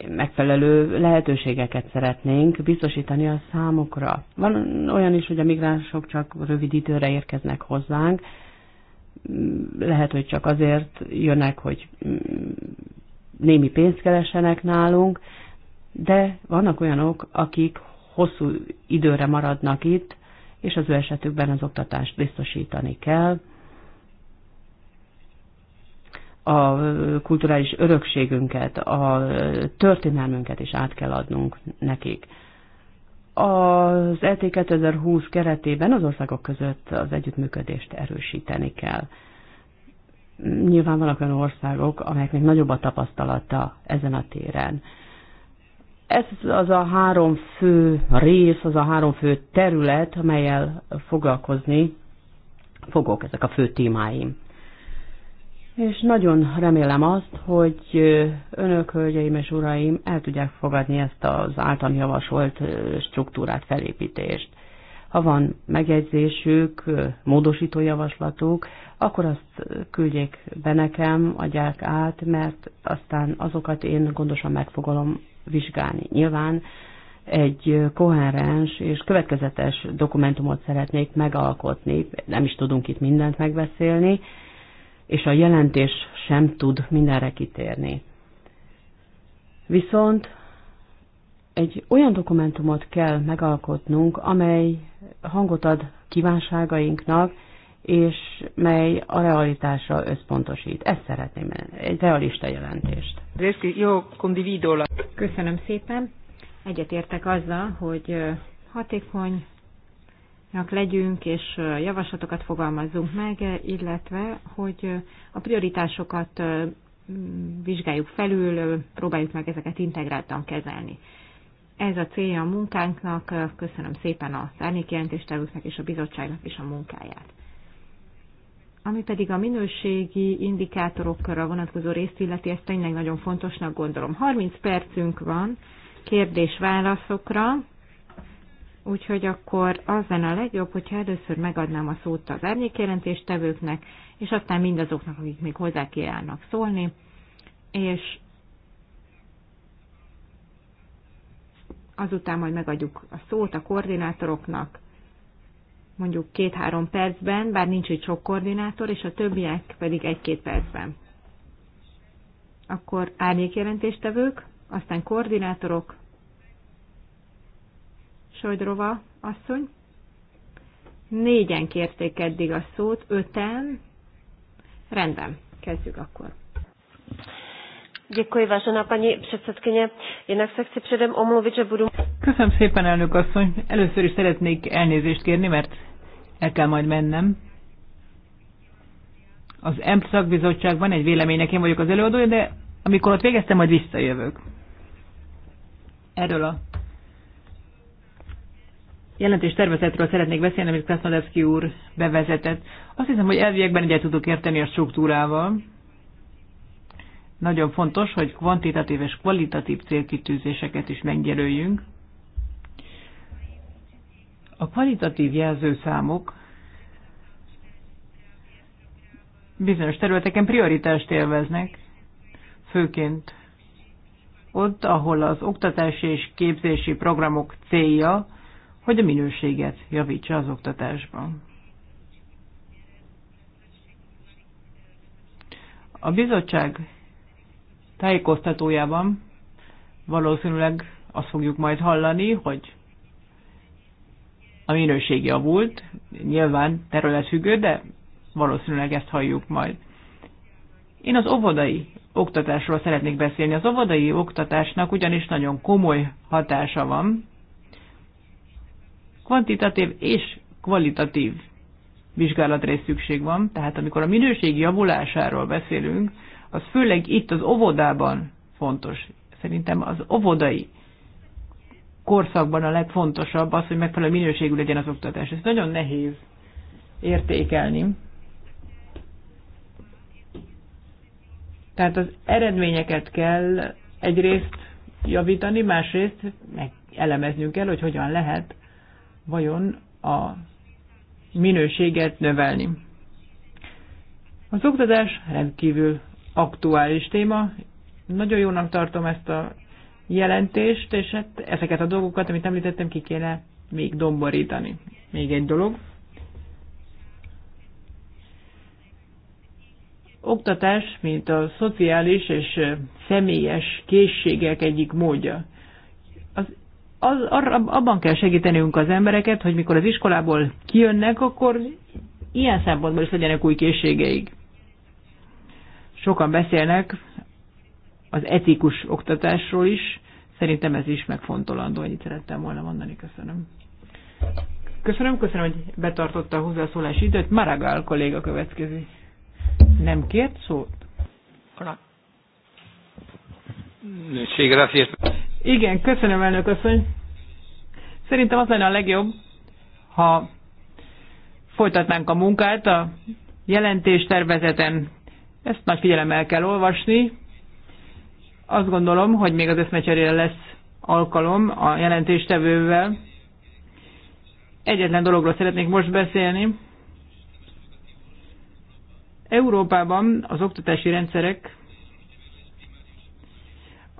megfelelő lehetőségeket szeretnénk biztosítani a számukra. Van olyan is, hogy a migránsok csak rövid időre érkeznek hozzánk, lehet, hogy csak azért jönnek, hogy mm, némi pénzt keresenek nálunk, de vannak olyanok, akik hosszú időre maradnak itt, és az ő esetükben az oktatást biztosítani kell, a kulturális örökségünket, a történelmünket is át kell adnunk nekik. Az LT e 2020 keretében az országok között az együttműködést erősíteni kell. Nyilván vannak olyan országok, amelyeknek nagyobb a tapasztalata ezen a téren. Ez az a három fő rész, az a három fő terület, amelyel foglalkozni fogok, ezek a fő témáim és nagyon remélem azt, hogy önök, hölgyeim és uraim, el tudják fogadni ezt az általam javasolt struktúrát, felépítést. Ha van megjegyzésük, módosító javaslatuk, akkor azt küldjék be nekem, adják át, mert aztán azokat én gondosan meg fogom vizsgálni. Nyilván egy koherens és következetes dokumentumot szeretnék megalkotni, nem is tudunk itt mindent megbeszélni, és a jelentés sem tud mindenre kitérni. Viszont egy olyan dokumentumot kell megalkotnunk, amely hangot ad kívánságainknak, és mely a realitásra összpontosít. Ezt szeretném, egy realista jelentést. Jó, Köszönöm szépen. Egyetértek azzal, hogy hatékony, legyünk, és javaslatokat fogalmazzunk meg, illetve, hogy a prioritásokat vizsgáljuk felül, próbáljuk meg ezeket integráltan kezelni. Ez a célja a munkánknak, köszönöm szépen a szárnyékjelentéstevőknek és a bizottságnak is a munkáját. Ami pedig a minőségi indikátorokra vonatkozó részt illeti, ezt tényleg nagyon fontosnak gondolom. 30 percünk van kérdés-válaszokra, Úgyhogy akkor az lenne a legjobb, hogyha először megadnám a szót az árnyékjelentéstevőknek, és aztán mindazoknak, akik még hozzá kiállnak szólni, és azután majd megadjuk a szót a koordinátoroknak, mondjuk két-három percben, bár nincs itt sok koordinátor, és a többiek pedig egy-két percben. Akkor árnyékjelentéstevők, aztán koordinátorok, Sajdrova asszony. Négyen kérték eddig a szót, öten. Rendben, kezdjük akkor. Děkuji, vážená paní předsedkyně. Jinak se chci předem omluvit, že budu... Köszönöm szépen, elnök asszony. Először is szeretnék elnézést kérni, mert el kell majd mennem. Az EMP szakbizottságban egy vélemények, én vagyok az előadója, de amikor ott végeztem, majd visszajövök. Erről a jelentés tervezetről szeretnék beszélni, amit Krasnodevski úr bevezetett. Azt hiszem, hogy elviekben egyet tudok érteni a struktúrával. Nagyon fontos, hogy kvantitatív és kvalitatív célkitűzéseket is megjelöljünk. A kvalitatív jelzőszámok bizonyos területeken prioritást élveznek, főként ott, ahol az oktatási és képzési programok célja hogy a minőséget javítsa az oktatásban. A bizottság tájékoztatójában valószínűleg azt fogjuk majd hallani, hogy a minőség javult, nyilván területfüggő, de valószínűleg ezt halljuk majd. Én az óvodai oktatásról szeretnék beszélni. Az óvodai oktatásnak ugyanis nagyon komoly hatása van kvantitatív és kvalitatív vizsgálatra is szükség van, tehát amikor a minőség javulásáról beszélünk, az főleg itt az óvodában fontos. Szerintem az óvodai korszakban a legfontosabb az, hogy megfelelő minőségű legyen az oktatás. Ez nagyon nehéz értékelni. Tehát az eredményeket kell egyrészt javítani, másrészt meg elemeznünk kell, hogy hogyan lehet vajon a minőséget növelni. Az oktatás rendkívül aktuális téma. Nagyon jónak tartom ezt a jelentést, és hát ezeket a dolgokat, amit említettem, ki kéne még domborítani. Még egy dolog. Oktatás, mint a szociális és személyes készségek egyik módja. Az az, arra, abban kell segítenünk az embereket, hogy mikor az iskolából kijönnek, akkor ilyen szempontból is legyenek új készségeik. Sokan beszélnek az etikus oktatásról is, szerintem ez is megfontolandó, ennyit szerettem volna mondani, köszönöm. Köszönöm, köszönöm, hogy betartotta a hozzászólás időt. Maragall kolléga következő. Nem kért szót? Köszönöm. Igen, köszönöm elnök asszony. Szerintem az lenne a legjobb, ha folytatnánk a munkát a jelentéstervezeten. Ezt nagy figyelemmel kell olvasni. Azt gondolom, hogy még az eszmecserére lesz alkalom a jelentéstevővel. Egyetlen dologról szeretnék most beszélni. Európában az oktatási rendszerek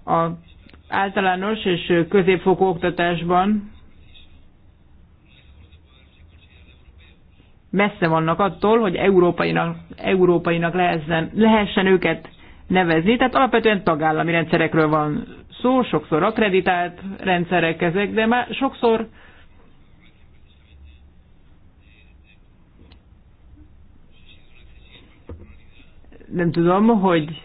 a általános és középfokú oktatásban messze vannak attól, hogy európainak, európainak lehessen, lehessen őket nevezni. Tehát alapvetően tagállami rendszerekről van szó, sokszor akreditált rendszerek ezek, de már sokszor nem tudom, hogy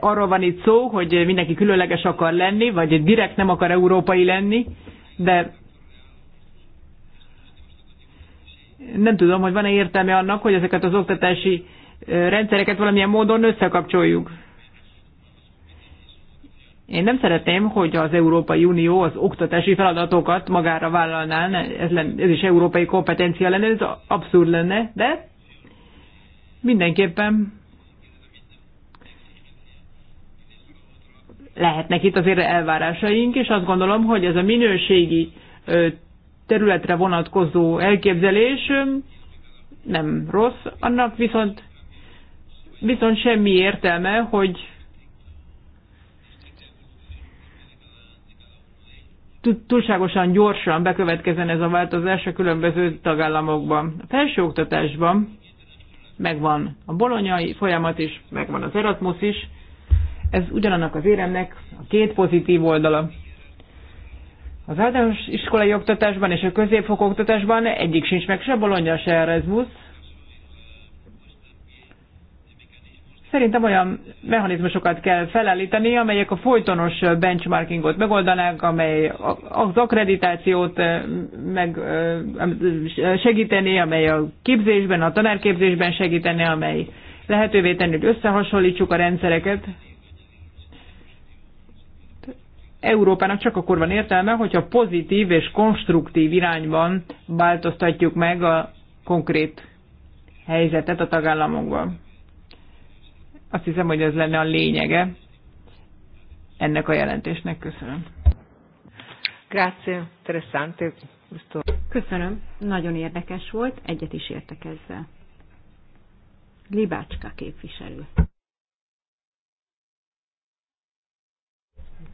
arról van itt szó, hogy mindenki különleges akar lenni, vagy direkt nem akar európai lenni, de nem tudom, hogy van-e értelme annak, hogy ezeket az oktatási rendszereket valamilyen módon összekapcsoljuk. Én nem szeretném, hogy az Európai Unió az oktatási feladatokat magára vállalná, ez, lenne, ez is európai kompetencia lenne, ez abszurd lenne, de mindenképpen lehetnek itt azért elvárásaink, és azt gondolom, hogy ez a minőségi területre vonatkozó elképzelés nem rossz, annak viszont, viszont semmi értelme, hogy túlságosan gyorsan bekövetkezzen ez a változás a különböző tagállamokban. A felsőoktatásban megvan a bolonyai folyamat is, megvan az Erasmus is, ez ugyanannak az éremnek a két pozitív oldala. Az általános iskolai oktatásban és a középfok oktatásban egyik sincs meg, se Bologna, se Erasmus. Szerintem olyan mechanizmusokat kell felállítani, amelyek a folytonos benchmarkingot megoldanák, amely az akkreditációt eh, meg eh, segíteni, amely a képzésben, a tanárképzésben segíteni, amely lehetővé tenni, hogy összehasonlítsuk a rendszereket, Európának csak akkor van értelme, hogyha pozitív és konstruktív irányban változtatjuk meg a konkrét helyzetet a tagállamokban. Azt hiszem, hogy ez lenne a lényege ennek a jelentésnek. Köszönöm. Grazie, interessante. Köszönöm, nagyon érdekes volt, egyet is értek ezzel. Libácska képviselő.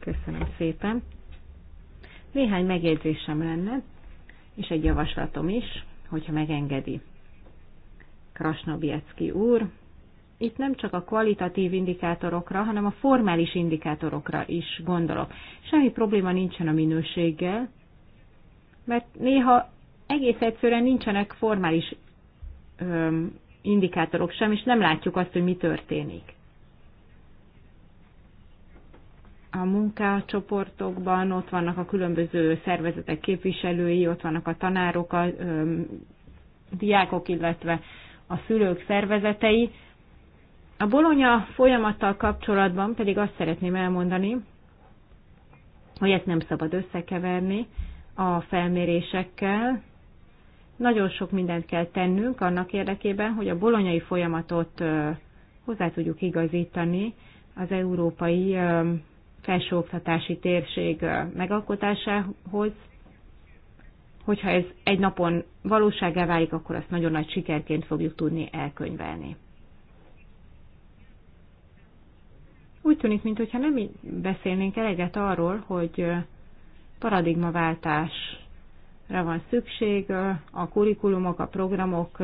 Köszönöm szépen. Néhány megjegyzésem lenne, és egy javaslatom is, hogyha megengedi. Krasnobiecki úr, itt nem csak a kvalitatív indikátorokra, hanem a formális indikátorokra is gondolok. Semmi probléma nincsen a minőséggel, mert néha egész egyszerűen nincsenek formális öm, indikátorok sem, és nem látjuk azt, hogy mi történik. a munkácsoportokban, ott vannak a különböző szervezetek képviselői, ott vannak a tanárok, a diákok, illetve a szülők szervezetei. A bolonya folyamattal kapcsolatban pedig azt szeretném elmondani, hogy ezt nem szabad összekeverni a felmérésekkel. Nagyon sok mindent kell tennünk annak érdekében, hogy a bolonyai folyamatot hozzá tudjuk igazítani az európai felsőoktatási térség megalkotásához. Hogyha ez egy napon valóságá válik, akkor azt nagyon nagy sikerként fogjuk tudni elkönyvelni. Úgy tűnik, mintha nem beszélnénk eleget arról, hogy paradigmaváltásra van szükség a kurikulumok, a programok,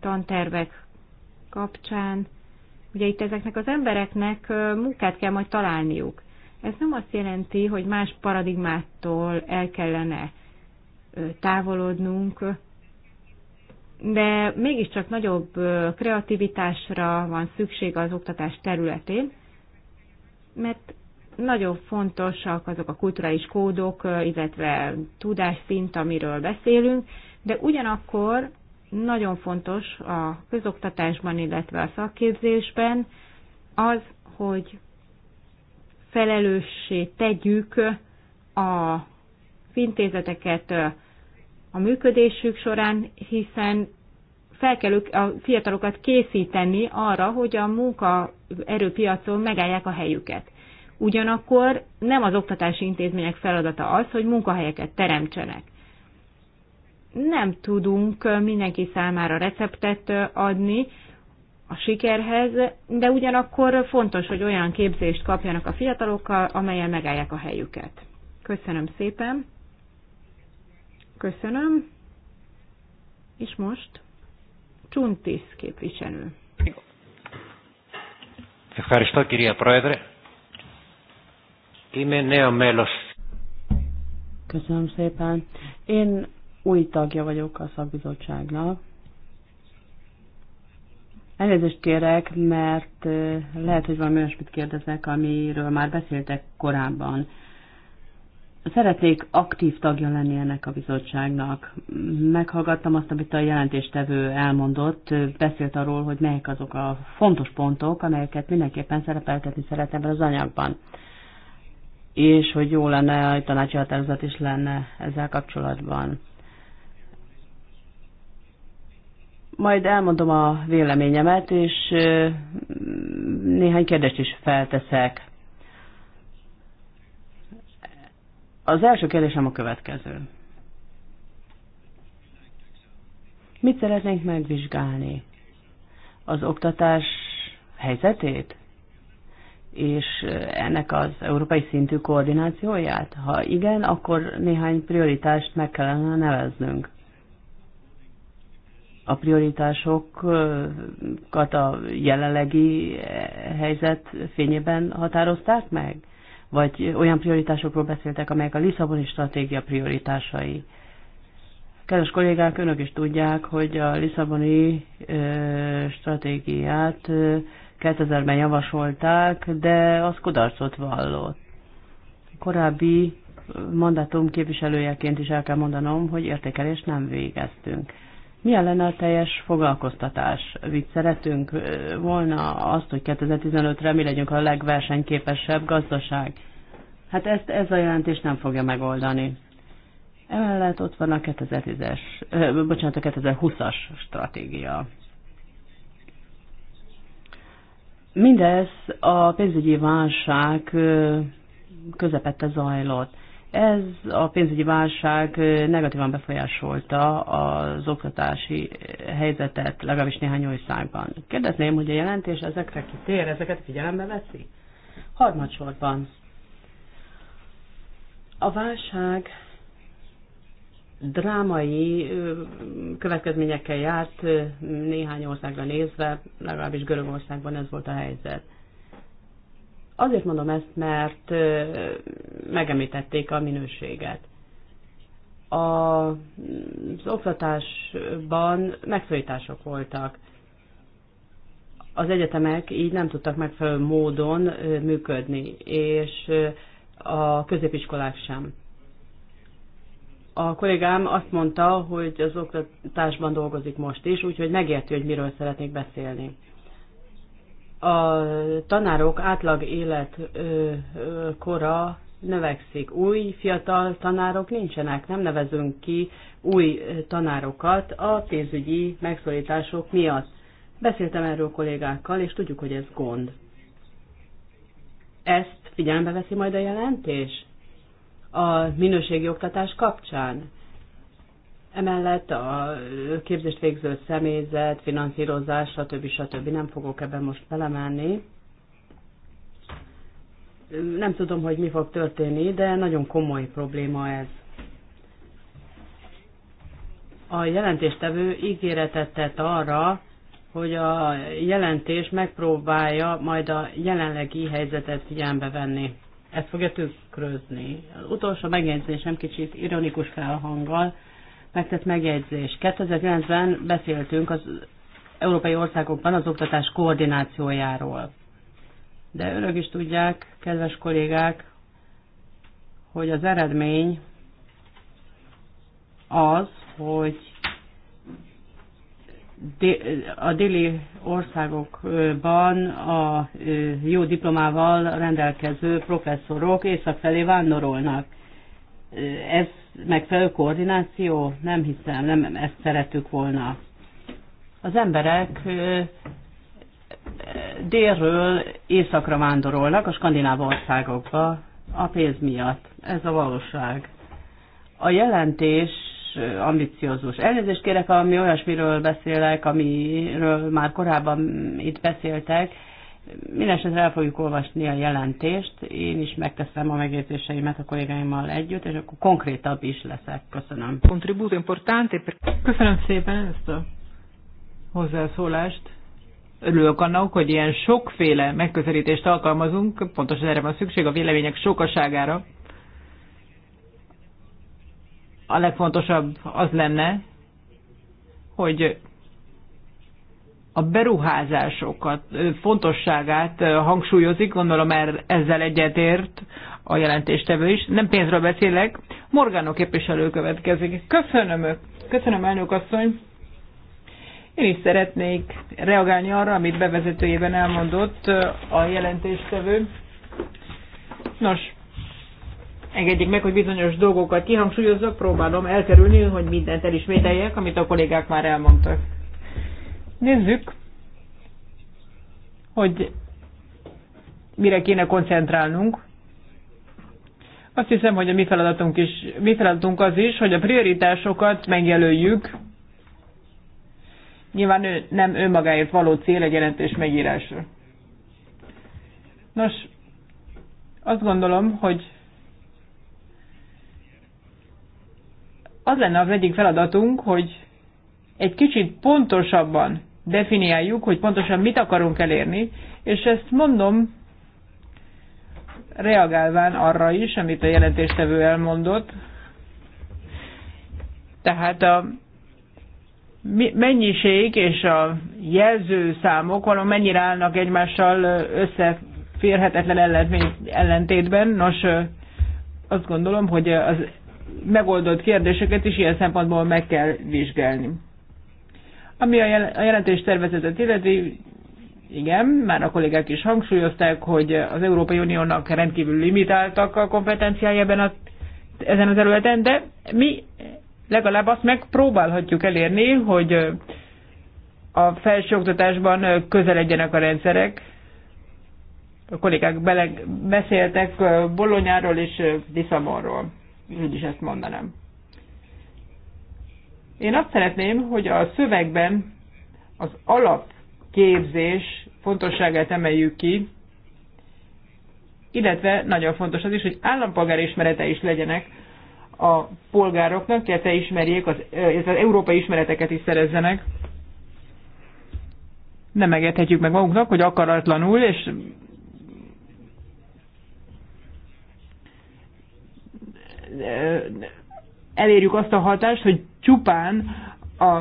tantervek kapcsán. Ugye itt ezeknek az embereknek munkát kell majd találniuk. Ez nem azt jelenti, hogy más paradigmától el kellene távolodnunk, de mégiscsak nagyobb kreativitásra van szükség az oktatás területén, mert nagyon fontosak azok a kulturális kódok, illetve tudásszint, amiről beszélünk, de ugyanakkor nagyon fontos a közoktatásban, illetve a szakképzésben az, hogy felelőssé tegyük a intézeteket a működésük során, hiszen fel kell a fiatalokat készíteni arra, hogy a munkaerőpiacon megállják a helyüket. Ugyanakkor nem az oktatási intézmények feladata az, hogy munkahelyeket teremtsenek. Nem tudunk mindenki számára receptet adni, a sikerhez, de ugyanakkor fontos, hogy olyan képzést kapjanak a fiatalokkal, amelyen megállják a helyüket. Köszönöm szépen. Köszönöm. És most Csuntis képviselő. κυρία Πρόεδρε. Είμαι νέο μέλος. Köszönöm szépen. Én új tagja vagyok a szakbizottságnak, Elnézést kérek, mert lehet, hogy valami olyasmit kérdeznek, amiről már beszéltek korábban. Szeretnék aktív tagja lenni ennek a bizottságnak. Meghallgattam azt, amit a jelentéstevő elmondott, beszélt arról, hogy melyek azok a fontos pontok, amelyeket mindenképpen szerepeltetni szeretne ebben az anyagban. És hogy jó lenne, hogy tanácsi határozat is lenne ezzel kapcsolatban. Majd elmondom a véleményemet, és néhány kérdést is felteszek. Az első kérdésem a következő. Mit szeretnénk megvizsgálni? Az oktatás helyzetét? És ennek az európai szintű koordinációját? Ha igen, akkor néhány prioritást meg kellene neveznünk a prioritásokat a jelenlegi helyzet fényében határozták meg? Vagy olyan prioritásokról beszéltek, amelyek a Lisszaboni stratégia prioritásai? Kedves kollégák, önök is tudják, hogy a Lisszaboni stratégiát 2000-ben javasolták, de az kudarcot vallott. Korábbi mandátum képviselőjeként is el kell mondanom, hogy értékelést nem végeztünk. Milyen lenne a teljes foglalkoztatás? Így szeretünk volna azt, hogy 2015-re mi legyünk a legversenyképesebb gazdaság. Hát ezt ez a jelentés nem fogja megoldani. Emellett ott van a 2010-es, eh, bocsánat, a 2020-as stratégia. Mindez a pénzügyi válság közepette zajlott. Ez a pénzügyi válság negatívan befolyásolta az oktatási helyzetet legalábbis néhány országban. Kérdezném, hogy a jelentés ezekre kitér, ezeket figyelembe veszi? Harmadsorban. A válság drámai következményekkel járt néhány országra nézve, legalábbis Görögországban ez volt a helyzet. Azért mondom ezt, mert megemlítették a minőséget. A, az oktatásban megszorítások voltak. Az egyetemek így nem tudtak megfelelő módon működni, és a középiskolák sem. A kollégám azt mondta, hogy az oktatásban dolgozik most is, úgyhogy megérti, hogy miről szeretnék beszélni a tanárok átlag életkora növekszik. Új fiatal tanárok nincsenek, nem nevezünk ki új tanárokat a pénzügyi megszólítások miatt. Beszéltem erről kollégákkal, és tudjuk, hogy ez gond. Ezt figyelembe veszi majd a jelentés? A minőségi oktatás kapcsán? Emellett a képzést végző személyzet, finanszírozás, stb. stb. nem fogok ebben most belemenni. Nem tudom, hogy mi fog történni, de nagyon komoly probléma ez. A jelentéstevő ígéretet tett arra, hogy a jelentés megpróbálja majd a jelenlegi helyzetet figyelembe venni. Ezt fogja tükrözni. Az utolsó megjegyzésem kicsit ironikus felhanggal, megtett megjegyzés. 2009-ben beszéltünk az európai országokban az oktatás koordinációjáról. De önök is tudják, kedves kollégák, hogy az eredmény az, hogy a déli országokban a jó diplomával rendelkező professzorok észak felé vándorolnak. Ez megfelelő koordináció? Nem hiszem, nem ezt szeretük volna. Az emberek délről északra vándorolnak a skandináv országokba a pénz miatt. Ez a valóság. A jelentés ambiciózus. Elnézést kérek, ami olyasmiről beszélek, amiről már korábban itt beszéltek, Mindenesetre el fogjuk olvasni a jelentést, én is megteszem a megjegyzéseimet a kollégáimmal együtt, és akkor konkrétabb is leszek. Köszönöm. Contributo importante. Köszönöm szépen ezt a hozzászólást. Örülök annak, hogy ilyen sokféle megközelítést alkalmazunk, pontosan erre van szükség a vélemények sokaságára. A legfontosabb az lenne, hogy a beruházásokat, fontosságát hangsúlyozik, gondolom már er, ezzel egyetért a jelentéstevő is. Nem pénzről beszélek, Morgánó képviselő következik. Köszönöm, köszönöm elnök asszony. Én is szeretnék reagálni arra, amit bevezetőjében elmondott a jelentéstevő. Nos, engedjék meg, hogy bizonyos dolgokat kihangsúlyozok, próbálom elkerülni, hogy mindent elismételjek, amit a kollégák már elmondtak. Nézzük, hogy mire kéne koncentrálnunk. Azt hiszem, hogy a mi feladatunk, is, mi feladatunk az is, hogy a prioritásokat megjelöljük. Nyilván ő, nem önmagáért való cél egy jelentés megírása. Nos, azt gondolom, hogy az lenne az egyik feladatunk, hogy egy kicsit pontosabban definiáljuk, hogy pontosan mit akarunk elérni, és ezt mondom reagálván arra is, amit a jelentéstevő elmondott. Tehát a mennyiség és a jelzőszámok valami mennyire állnak egymással összeférhetetlen ellentétben. Nos, azt gondolom, hogy az megoldott kérdéseket is ilyen szempontból meg kell vizsgálni. Ami a, jel- a jelentés tervezetet illeti, igen, már a kollégák is hangsúlyozták, hogy az Európai Uniónak rendkívül limitáltak a kompetenciája ebben a, ezen a területen, de mi legalább azt megpróbálhatjuk elérni, hogy a felsőoktatásban közeledjenek a rendszerek. A kollégák bele beszéltek Bolonyáról és Diszamonról, Így is ezt mondanám. Én azt szeretném, hogy a szövegben az alapképzés fontosságát emeljük ki, illetve nagyon fontos az is, hogy állampolgár ismerete is legyenek a polgároknak, illetve ismerjék, az, az európai ismereteket is szerezzenek. Nem megethetjük meg magunknak, hogy akaratlanul és elérjük azt a hatást, hogy csupán a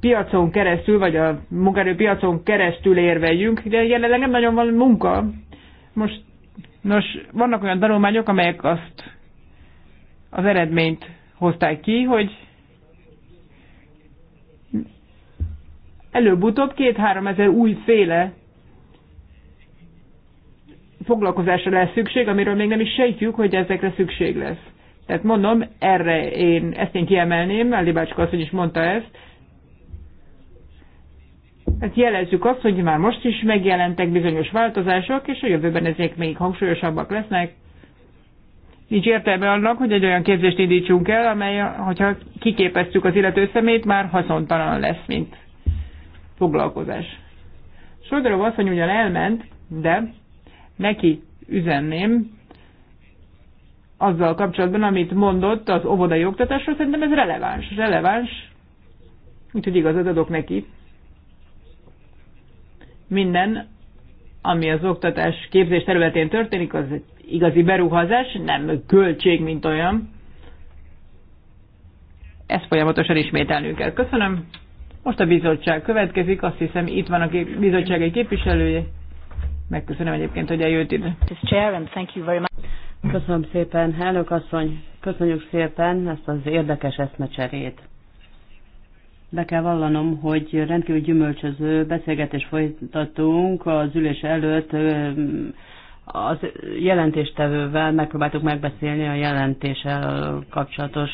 piacon keresztül, vagy a munkaerőpiacon keresztül érveljünk, de jelenleg nem nagyon van munka. Most, nos, vannak olyan tanulmányok, amelyek azt az eredményt hozták ki, hogy előbb-utóbb két-három ezer újféle foglalkozásra lesz szükség, amiről még nem is sejtjük, hogy ezekre szükség lesz. Tehát mondom, erre én, ezt én kiemelném, Eldi bácska hogy is mondta ezt, Hát jelezzük azt, hogy már most is megjelentek bizonyos változások, és a jövőben ezek még hangsúlyosabbak lesznek. Nincs értelme annak, hogy egy olyan képzést indítsunk el, amely, hogyha kiképeztük az illető szemét, már haszontalan lesz, mint foglalkozás. Sodorov asszony ugyan elment, de neki üzenném, azzal kapcsolatban, amit mondott az óvodai oktatásról, szerintem ez releváns. Releváns, úgyhogy igazat adok neki. Minden, ami az oktatás képzés területén történik, az egy igazi beruházás, nem költség, mint olyan. Ezt folyamatosan ismételnünk kell. Köszönöm. Most a bizottság következik, azt hiszem itt van a bizottság egy képviselője. Megköszönöm egyébként, hogy eljött ide. Köszönöm szépen, elnök asszony, köszönjük szépen ezt az érdekes eszmecserét. Be kell vallanom, hogy rendkívül gyümölcsöző beszélgetést folytatunk az ülés előtt. Az jelentéstevővel megpróbáltuk megbeszélni a jelentéssel kapcsolatos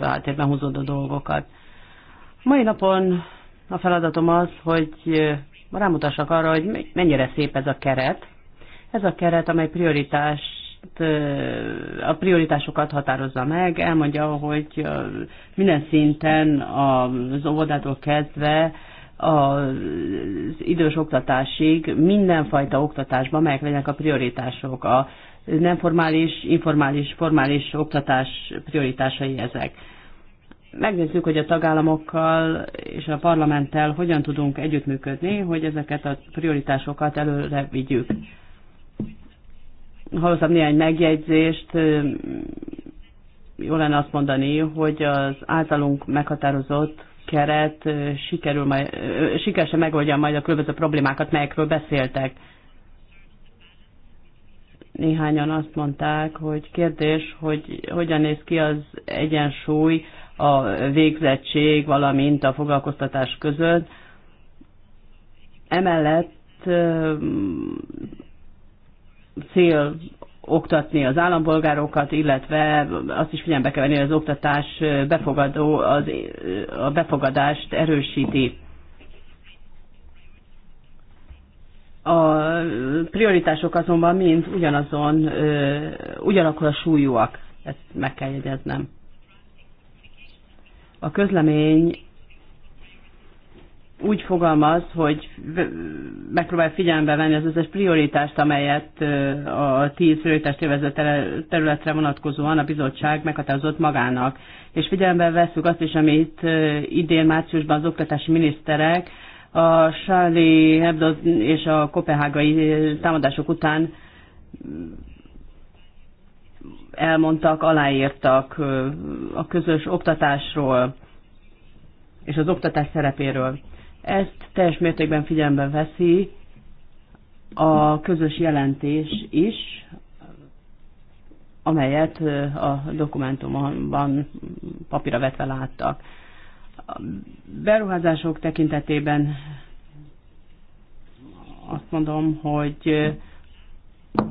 háttérben húzódó dolgokat. Mai napon a feladatom az, hogy rámutassak arra, hogy mennyire szép ez a keret. Ez a keret, amely prioritás a prioritásokat határozza meg, elmondja, hogy minden szinten az óvodától kezdve az idős oktatásig mindenfajta oktatásban melyek legyenek a prioritások, a nem formális, informális, formális oktatás prioritásai ezek. Megnézzük, hogy a tagállamokkal és a parlamenttel hogyan tudunk együttműködni, hogy ezeket a prioritásokat előre vigyük hallottam néhány megjegyzést, jó lenne azt mondani, hogy az általunk meghatározott keret sikerül majd, sikeresen megoldja majd a különböző problémákat, melyekről beszéltek. Néhányan azt mondták, hogy kérdés, hogy hogyan néz ki az egyensúly a végzettség, valamint a foglalkoztatás között. Emellett cél oktatni az állampolgárokat, illetve azt is figyelembe kell venni, hogy az oktatás befogadó, az, a befogadást erősíti. A prioritások azonban mind ugyanazon, ugyanakkor a súlyúak. Ezt meg kell jegyeznem. A közlemény úgy fogalmaz, hogy megpróbál figyelembe venni az összes prioritást, amelyet a tíz prioritást évező területre vonatkozóan a bizottság meghatározott magának. És figyelembe veszük azt is, amit idén márciusban az oktatási miniszterek a Charlie Hebdo és a kopenhágai támadások után elmondtak, aláírtak a közös oktatásról és az oktatás szerepéről. Ezt teljes mértékben figyelembe veszi a közös jelentés is, amelyet a dokumentumban papíra vetve láttak. A beruházások tekintetében azt mondom, hogy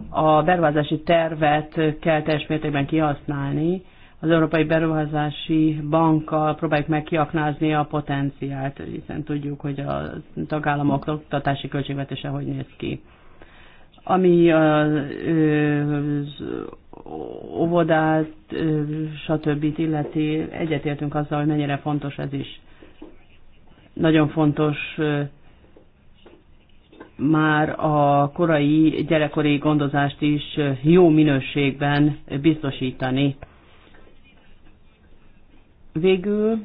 a beruházási tervet kell teljes mértékben kihasználni, az Európai Beruházási Bankkal próbáljuk meg kiaknázni a potenciált, hiszen tudjuk, hogy a tagállamok oktatási költségvetése hogy néz ki. Ami az óvodát, stb. illeti, egyetértünk azzal, hogy mennyire fontos ez is. Nagyon fontos már a korai gyerekkori gondozást is jó minőségben biztosítani Végül,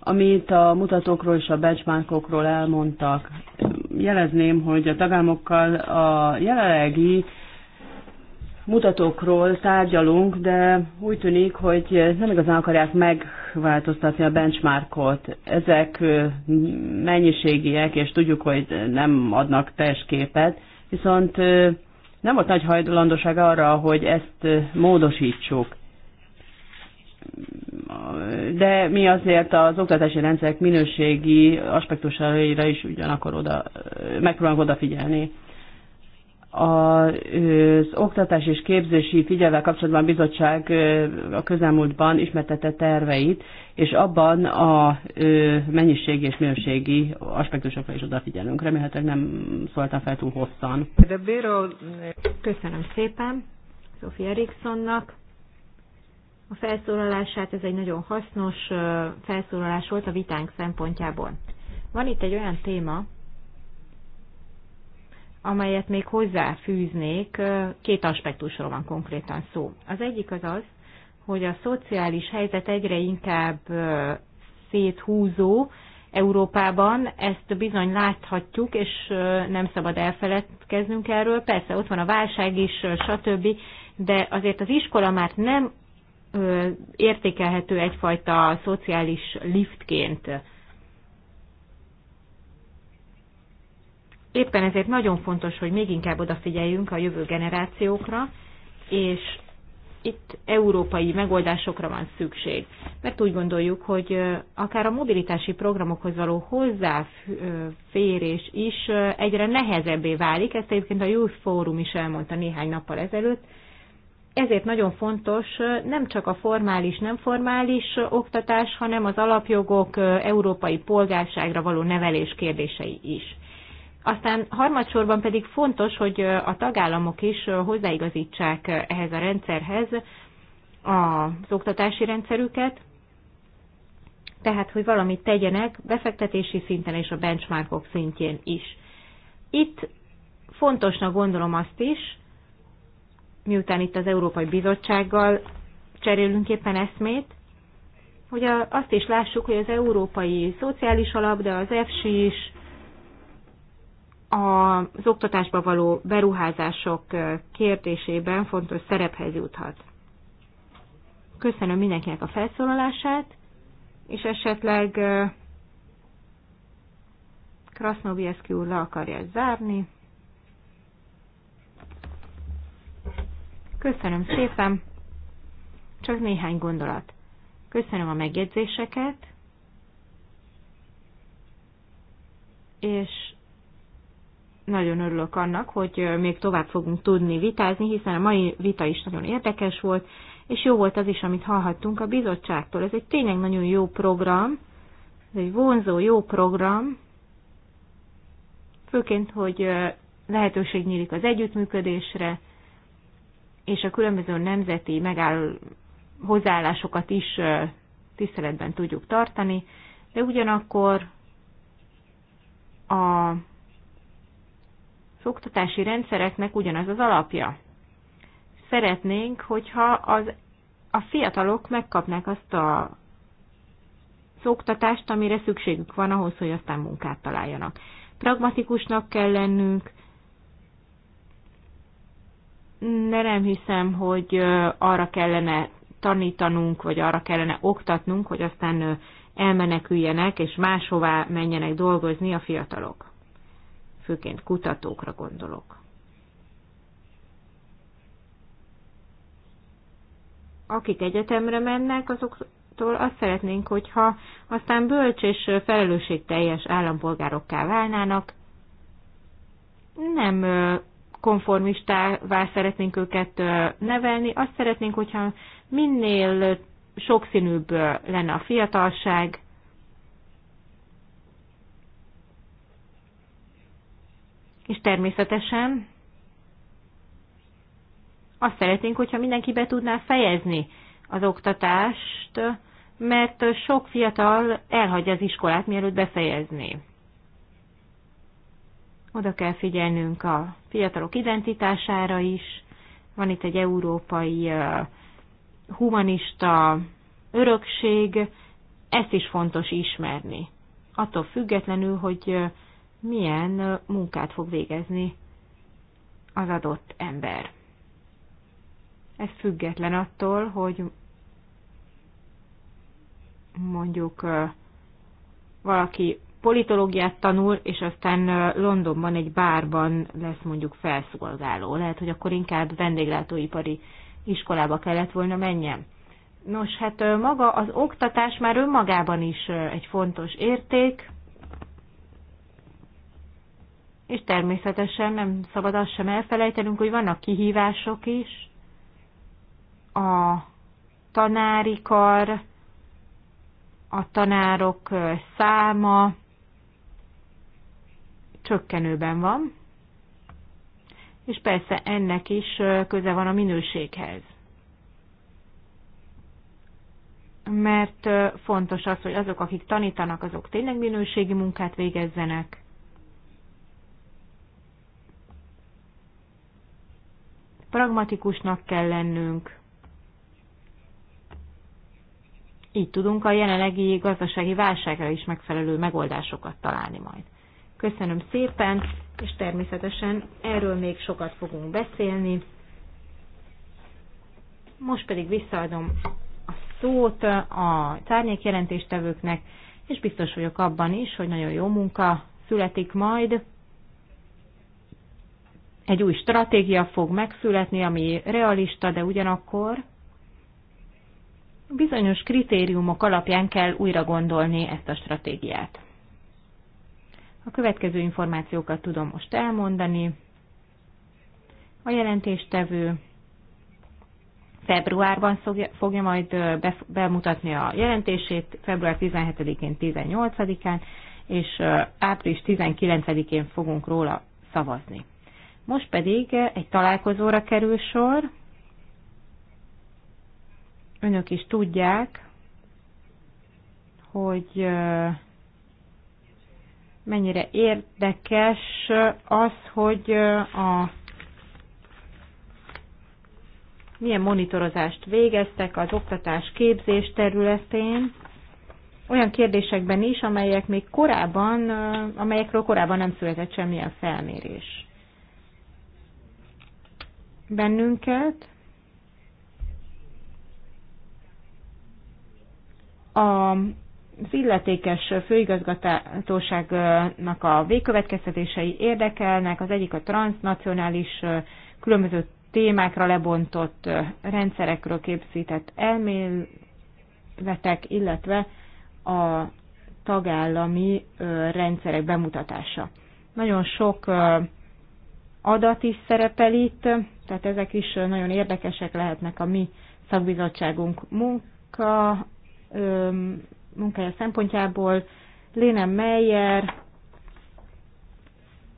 amit a mutatókról és a benchmarkokról elmondtak, jelezném, hogy a tagállamokkal a jelenlegi mutatókról tárgyalunk, de úgy tűnik, hogy nem igazán akarják megváltoztatni a benchmarkot. Ezek mennyiségiek, és tudjuk, hogy nem adnak teljes képet, viszont nem volt nagy hajlandóság arra, hogy ezt módosítsuk de mi azért az oktatási rendszerek minőségi aspektusaira is ugyanakkor oda, megpróbálunk odafigyelni. Az oktatás és képzési figyelvel kapcsolatban a bizottság a közelmúltban ismertette terveit, és abban a mennyiségi és minőségi aspektusokra is odafigyelünk. Remélhetőleg nem szóltam fel túl hosszan. Köszönöm szépen Sofia Eriksonnak a felszólalását, ez egy nagyon hasznos felszólalás volt a vitánk szempontjából. Van itt egy olyan téma, amelyet még hozzáfűznék, két aspektusról van konkrétan szó. Az egyik az az, hogy a szociális helyzet egyre inkább széthúzó Európában, ezt bizony láthatjuk, és nem szabad elfeledkeznünk erről. Persze ott van a válság is, stb., de azért az iskola már nem értékelhető egyfajta szociális liftként. Éppen ezért nagyon fontos, hogy még inkább odafigyeljünk a jövő generációkra, és itt európai megoldásokra van szükség. Mert úgy gondoljuk, hogy akár a mobilitási programokhoz való hozzáférés is egyre nehezebbé válik, ezt egyébként a Youth Forum is elmondta néhány nappal ezelőtt, ezért nagyon fontos nem csak a formális, nem formális oktatás, hanem az alapjogok európai polgárságra való nevelés kérdései is. Aztán harmadsorban pedig fontos, hogy a tagállamok is hozzáigazítsák ehhez a rendszerhez az oktatási rendszerüket, tehát hogy valamit tegyenek befektetési szinten és a benchmarkok szintjén is. Itt fontosnak gondolom azt is, miután itt az Európai Bizottsággal cserélünk éppen eszmét, hogy a, azt is lássuk, hogy az Európai Szociális Alap, de az EFSI is az oktatásba való beruházások kérdésében fontos szerephez juthat. Köszönöm mindenkinek a felszólalását, és esetleg Krasznobieski úr le akarja zárni. Köszönöm szépen. Csak néhány gondolat. Köszönöm a megjegyzéseket, és nagyon örülök annak, hogy még tovább fogunk tudni vitázni, hiszen a mai vita is nagyon érdekes volt, és jó volt az is, amit hallhattunk a bizottságtól. Ez egy tényleg nagyon jó program, ez egy vonzó, jó program, főként, hogy lehetőség nyílik az együttműködésre, és a különböző nemzeti megáll hozzáállásokat is tiszteletben tudjuk tartani, de ugyanakkor a oktatási rendszereknek ugyanaz az alapja. Szeretnénk, hogyha az, a fiatalok megkapnák azt a oktatást, amire szükségük van ahhoz, hogy aztán munkát találjanak. Pragmatikusnak kell lennünk, de nem hiszem, hogy arra kellene tanítanunk, vagy arra kellene oktatnunk, hogy aztán elmeneküljenek, és máshová menjenek dolgozni a fiatalok. Főként kutatókra gondolok. Akik egyetemre mennek, azoktól azt szeretnénk, hogyha aztán bölcs és felelősségteljes állampolgárokká válnának, nem konformistává szeretnénk őket nevelni. Azt szeretnénk, hogyha minél sokszínűbb lenne a fiatalság, és természetesen azt szeretnénk, hogyha mindenki be tudná fejezni az oktatást, mert sok fiatal elhagyja az iskolát, mielőtt befejezné. Oda kell figyelnünk a fiatalok identitására is. Van itt egy európai humanista örökség, ezt is fontos ismerni. Attól függetlenül, hogy milyen munkát fog végezni az adott ember. Ez független attól, hogy mondjuk valaki politológiát tanul, és aztán Londonban egy bárban lesz mondjuk felszolgáló. Lehet, hogy akkor inkább vendéglátóipari iskolába kellett volna menjen. Nos, hát maga az oktatás már önmagában is egy fontos érték, és természetesen nem szabad azt sem elfelejtenünk, hogy vannak kihívások is. A tanári kar, a tanárok száma, csökkenőben van, és persze ennek is köze van a minőséghez. Mert fontos az, hogy azok, akik tanítanak, azok tényleg minőségi munkát végezzenek. Pragmatikusnak kell lennünk. Így tudunk a jelenlegi gazdasági válságra is megfelelő megoldásokat találni majd. Köszönöm szépen, és természetesen erről még sokat fogunk beszélni. Most pedig visszaadom a szót a tárnyék jelentéstevőknek, és biztos vagyok abban is, hogy nagyon jó munka születik majd. Egy új stratégia fog megszületni, ami realista, de ugyanakkor bizonyos kritériumok alapján kell újra gondolni ezt a stratégiát. A következő információkat tudom most elmondani. A jelentéstevő februárban fogja majd bemutatni a jelentését, február 17-én, 18-án, és április 19-én fogunk róla szavazni. Most pedig egy találkozóra kerül sor. Önök is tudják, hogy mennyire érdekes az, hogy a milyen monitorozást végeztek az oktatás képzés területén, olyan kérdésekben is, amelyek még korábban, amelyekről korábban nem született semmilyen felmérés. Bennünket a az illetékes főigazgatóságnak a végkövetkeztetései érdekelnek, az egyik a transnacionális különböző témákra lebontott rendszerekről képzített elméletek, illetve a tagállami rendszerek bemutatása. Nagyon sok adat is szerepel itt, tehát ezek is nagyon érdekesek lehetnek a mi szakbizottságunk munka munkája szempontjából Léne Meyer,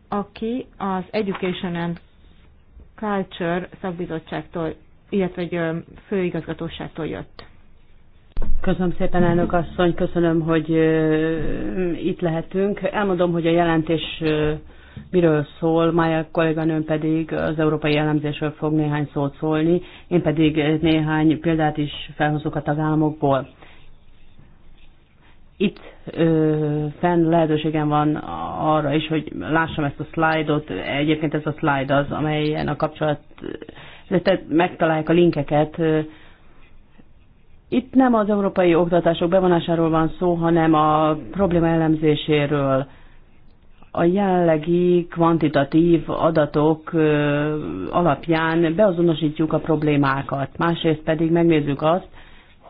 aki az Education and Culture szakbizottságtól, illetve egy főigazgatóságtól jött. Köszönöm szépen, elnök asszony, köszönöm, hogy itt lehetünk. Elmondom, hogy a jelentés miről szól, Maja kolléganőm pedig az európai jellemzésről fog néhány szót szólni, én pedig néhány példát is felhozok a tagállamokból itt ö, fenn lehetőségem van arra is, hogy lássam ezt a szlájdot. Egyébként ez a slide az, amelyen a kapcsolat, tehát megtalálják a linkeket. Itt nem az európai oktatások bevonásáról van szó, hanem a probléma elemzéséről. A jellegi kvantitatív adatok alapján beazonosítjuk a problémákat. Másrészt pedig megnézzük azt,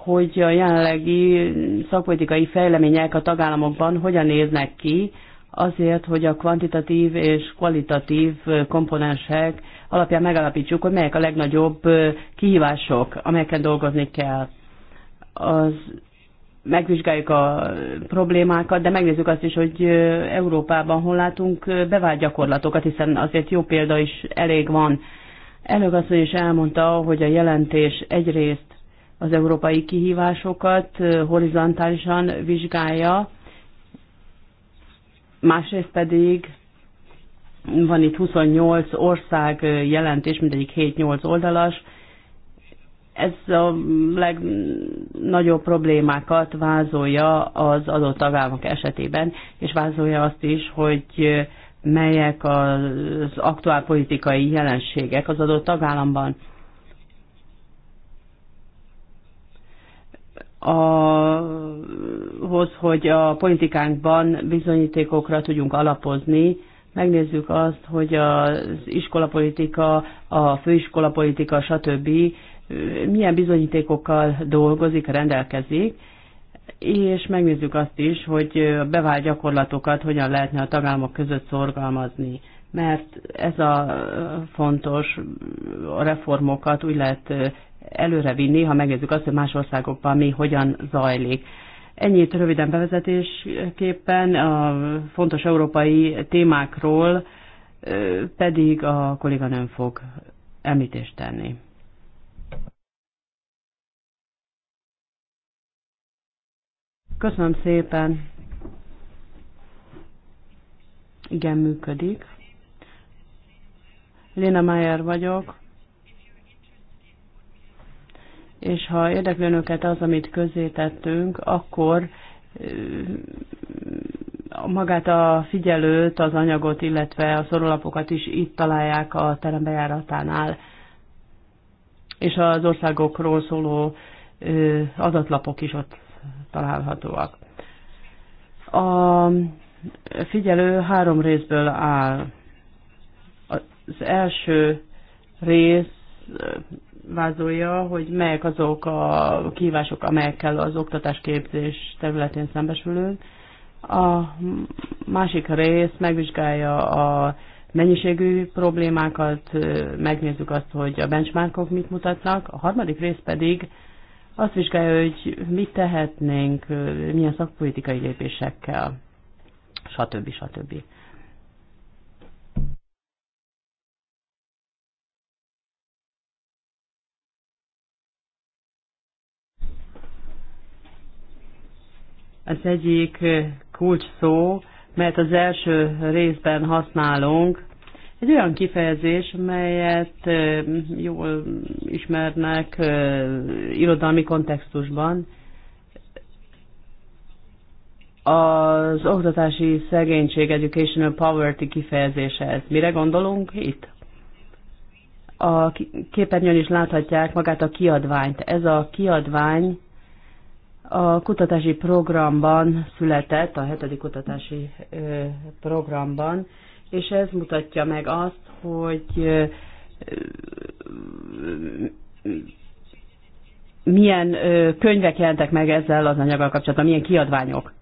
hogy a jelenlegi szakpolitikai fejlemények a tagállamokban hogyan néznek ki, azért, hogy a kvantitatív és kvalitatív komponensek alapján megalapítsuk, hogy melyek a legnagyobb kihívások, amelyeken dolgozni kell. Az megvizsgáljuk a problémákat, de megnézzük azt is, hogy Európában hol látunk bevált gyakorlatokat, hiszen azért jó példa is elég van. Előgasszony is elmondta, hogy a jelentés egyrészt az európai kihívásokat horizontálisan vizsgálja, másrészt pedig van itt 28 ország jelentés, mindegyik 7-8 oldalas, ez a legnagyobb problémákat vázolja az adott tagállamok esetében, és vázolja azt is, hogy melyek az aktuál politikai jelenségek az adott tagállamban. ahhoz, hogy a politikánkban bizonyítékokra tudjunk alapozni. Megnézzük azt, hogy az iskolapolitika, a főiskolapolitika, stb. milyen bizonyítékokkal dolgozik, rendelkezik, és megnézzük azt is, hogy bevált gyakorlatokat hogyan lehetne a tagállamok között szorgalmazni. Mert ez a fontos, a reformokat úgy lehet előrevinni, ha megnézzük azt, hogy más országokban mi hogyan zajlik. Ennyit röviden bevezetésképpen a fontos európai témákról pedig a kolléganőm fog említést tenni. Köszönöm szépen. Igen, működik. Léna Mayer vagyok és ha érdekli önöket az, amit közé tettünk, akkor magát a figyelőt, az anyagot, illetve a szorolapokat is itt találják a terembejáratánál, és az országokról szóló adatlapok is ott találhatóak. A figyelő három részből áll. Az első rész vázolja, hogy melyek azok a kívások, amelyekkel az oktatásképzés területén szembesülünk. A másik rész megvizsgálja a mennyiségű problémákat, megnézzük azt, hogy a benchmarkok mit mutatnak. A harmadik rész pedig azt vizsgálja, hogy mit tehetnénk, milyen szakpolitikai lépésekkel, stb. stb. Az egyik eh, kulcs szó, mert az első részben használunk, egy olyan kifejezés, melyet eh, jól ismernek eh, irodalmi kontextusban. Az oktatási szegénység, educational poverty kifejezése Mire gondolunk itt? A képernyőn is láthatják magát a kiadványt. Ez a kiadvány a kutatási programban született, a hetedik kutatási programban, és ez mutatja meg azt, hogy milyen könyvek jelentek meg ezzel az anyaggal kapcsolatban, milyen kiadványok.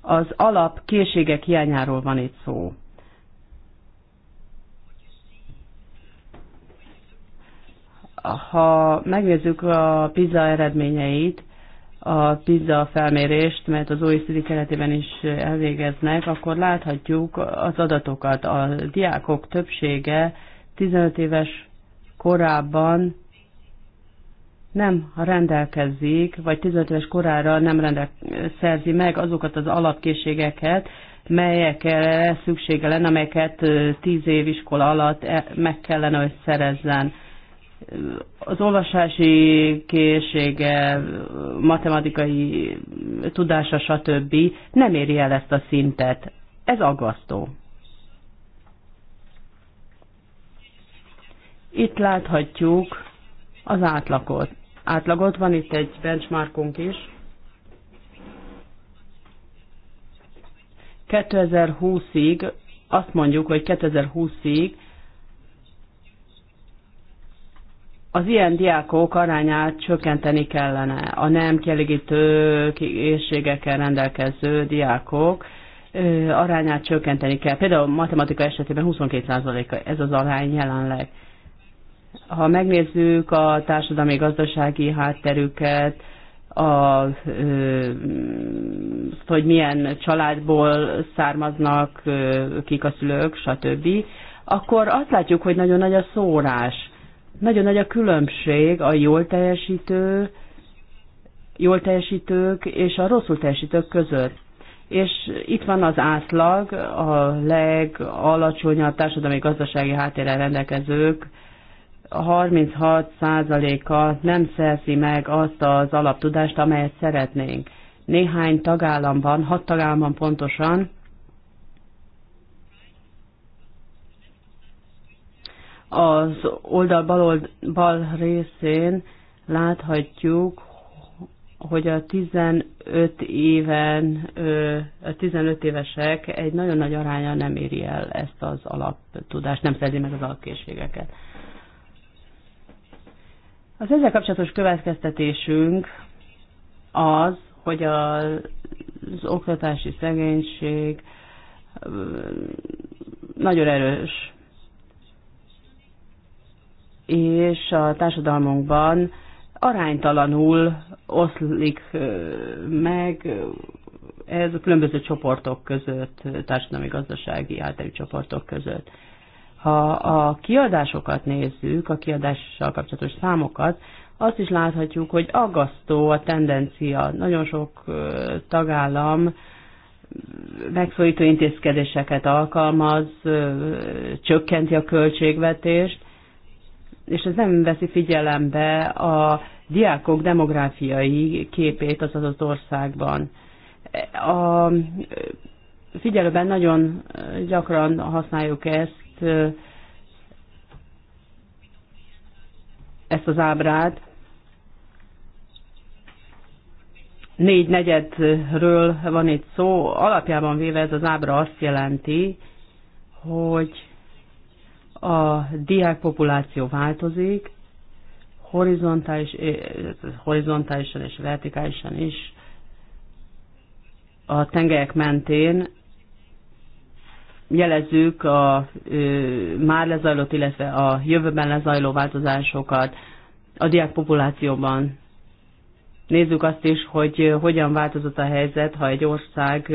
Az alap készségek hiányáról van itt szó. Ha megnézzük a PISA eredményeit, a PISA felmérést, mert az OECD keretében is elvégeznek, akkor láthatjuk az adatokat. A diákok többsége 15 éves korában nem rendelkezik, vagy 15 éves korára nem rendel, szerzi meg azokat az alapkészségeket, melyekre szüksége lenne, amelyeket 10 év iskola alatt e, meg kellene, hogy szerezzen az olvasási készsége, matematikai tudása, stb. nem éri el ezt a szintet. Ez aggasztó. Itt láthatjuk az átlagot. Átlagot van itt egy benchmarkunk is. 2020-ig, azt mondjuk, hogy 2020-ig az ilyen diákok arányát csökkenteni kellene. A nem kielégítő készségekkel rendelkező diákok arányát csökkenteni kell. Például matematika esetében 22%-a ez az arány jelenleg. Ha megnézzük a társadalmi gazdasági hátterüket, a, hogy milyen családból származnak, kik a szülők, stb., akkor azt látjuk, hogy nagyon nagy a szórás nagyon nagy a különbség a jól teljesítő, jól teljesítők és a rosszul teljesítők között. És itt van az átlag, a legalacsonyabb társadalmi gazdasági háttérrel rendelkezők 36%-a nem szerzi meg azt az alaptudást, amelyet szeretnénk. Néhány tagállamban, hat tagállamban pontosan Az oldal bal, old, bal részén láthatjuk, hogy a 15 éven, a 15 évesek egy nagyon nagy aránya nem éri el ezt az alaptudást, nem szerzi meg az alapkészségeket. Az ezzel kapcsolatos következtetésünk az, hogy az oktatási szegénység nagyon erős és a társadalmunkban aránytalanul oszlik meg ez a különböző csoportok között, társadalmi-gazdasági általi csoportok között. Ha a kiadásokat nézzük, a kiadással kapcsolatos számokat, azt is láthatjuk, hogy aggasztó a tendencia. Nagyon sok tagállam megszólító intézkedéseket alkalmaz, csökkenti a költségvetést, és ez nem veszi figyelembe a diákok demográfiai képét az adott országban. A figyelőben nagyon gyakran használjuk ezt, ezt az ábrát. Négy negyedről van itt szó. Alapjában véve ez az ábra azt jelenti, hogy a diák populáció változik, horizontális, eh, horizontálisan és vertikálisan is a tengelyek mentén jelezzük a ö, már lezajlott, illetve a jövőben lezajló változásokat a diák populációban. Nézzük azt is, hogy hogyan változott a helyzet, ha egy ország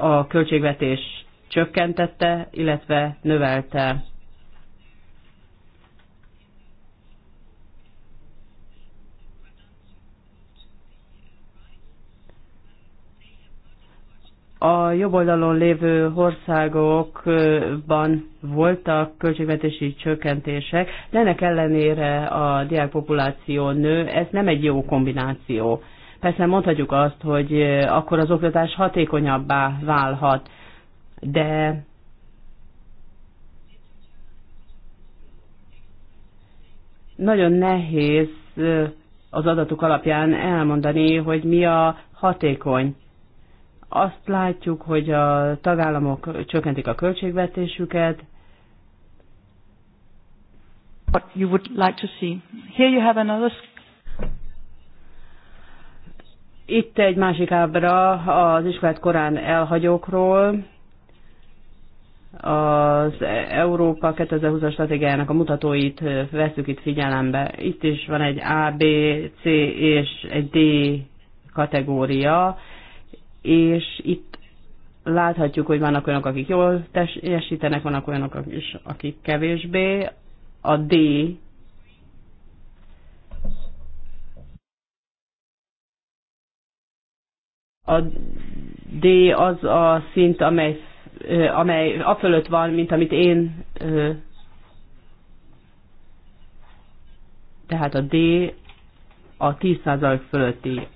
a költségvetés csökkentette, illetve növelte. A jobb oldalon lévő országokban voltak költségvetési csökkentések, de ennek ellenére a diákpopuláció nő, ez nem egy jó kombináció. Persze mondhatjuk azt, hogy akkor az oktatás hatékonyabbá válhat, de nagyon nehéz az adatok alapján elmondani, hogy mi a hatékony. Azt látjuk, hogy a tagállamok csökkentik a költségvetésüket. What you would like to see. Here you have another itt egy másik ábra az iskolát korán elhagyókról az Európa 2020-as stratégiájának a mutatóit veszük itt figyelembe. Itt is van egy A, B, C és egy D kategória, és itt láthatjuk, hogy vannak olyanok, akik jól teljesítenek, vannak olyanok is, akik kevésbé. A D a D az a szint, amely amely a fölött van, mint amit én tehát a D a 10% fölötti,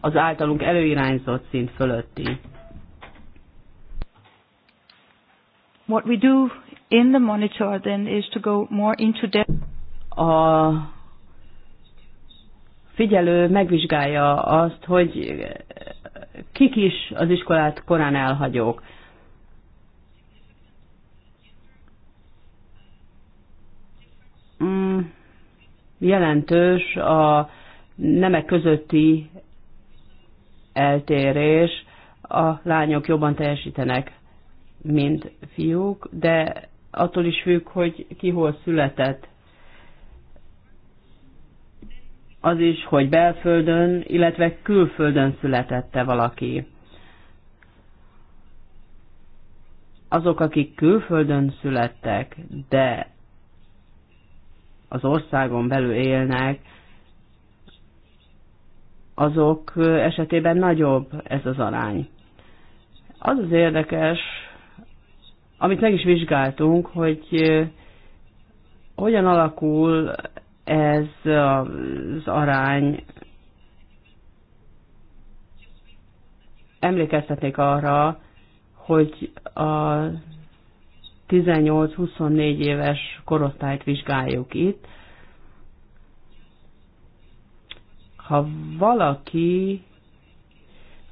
az általunk előirányzott szint fölötti. What we do in the monitor then is to go more into depth. A figyelő megvizsgálja azt, hogy kik is az iskolát korán elhagyók. jelentős a nemek közötti eltérés, a lányok jobban teljesítenek, mint fiúk, de attól is függ, hogy ki hol született. Az is, hogy belföldön, illetve külföldön születette valaki. Azok, akik külföldön születtek, de az országon belül élnek, azok esetében nagyobb ez az arány. Az az érdekes, amit meg is vizsgáltunk, hogy hogyan alakul ez az arány. Emlékeztetnék arra, hogy a 18-24 éves korosztályt vizsgáljuk itt. Ha valaki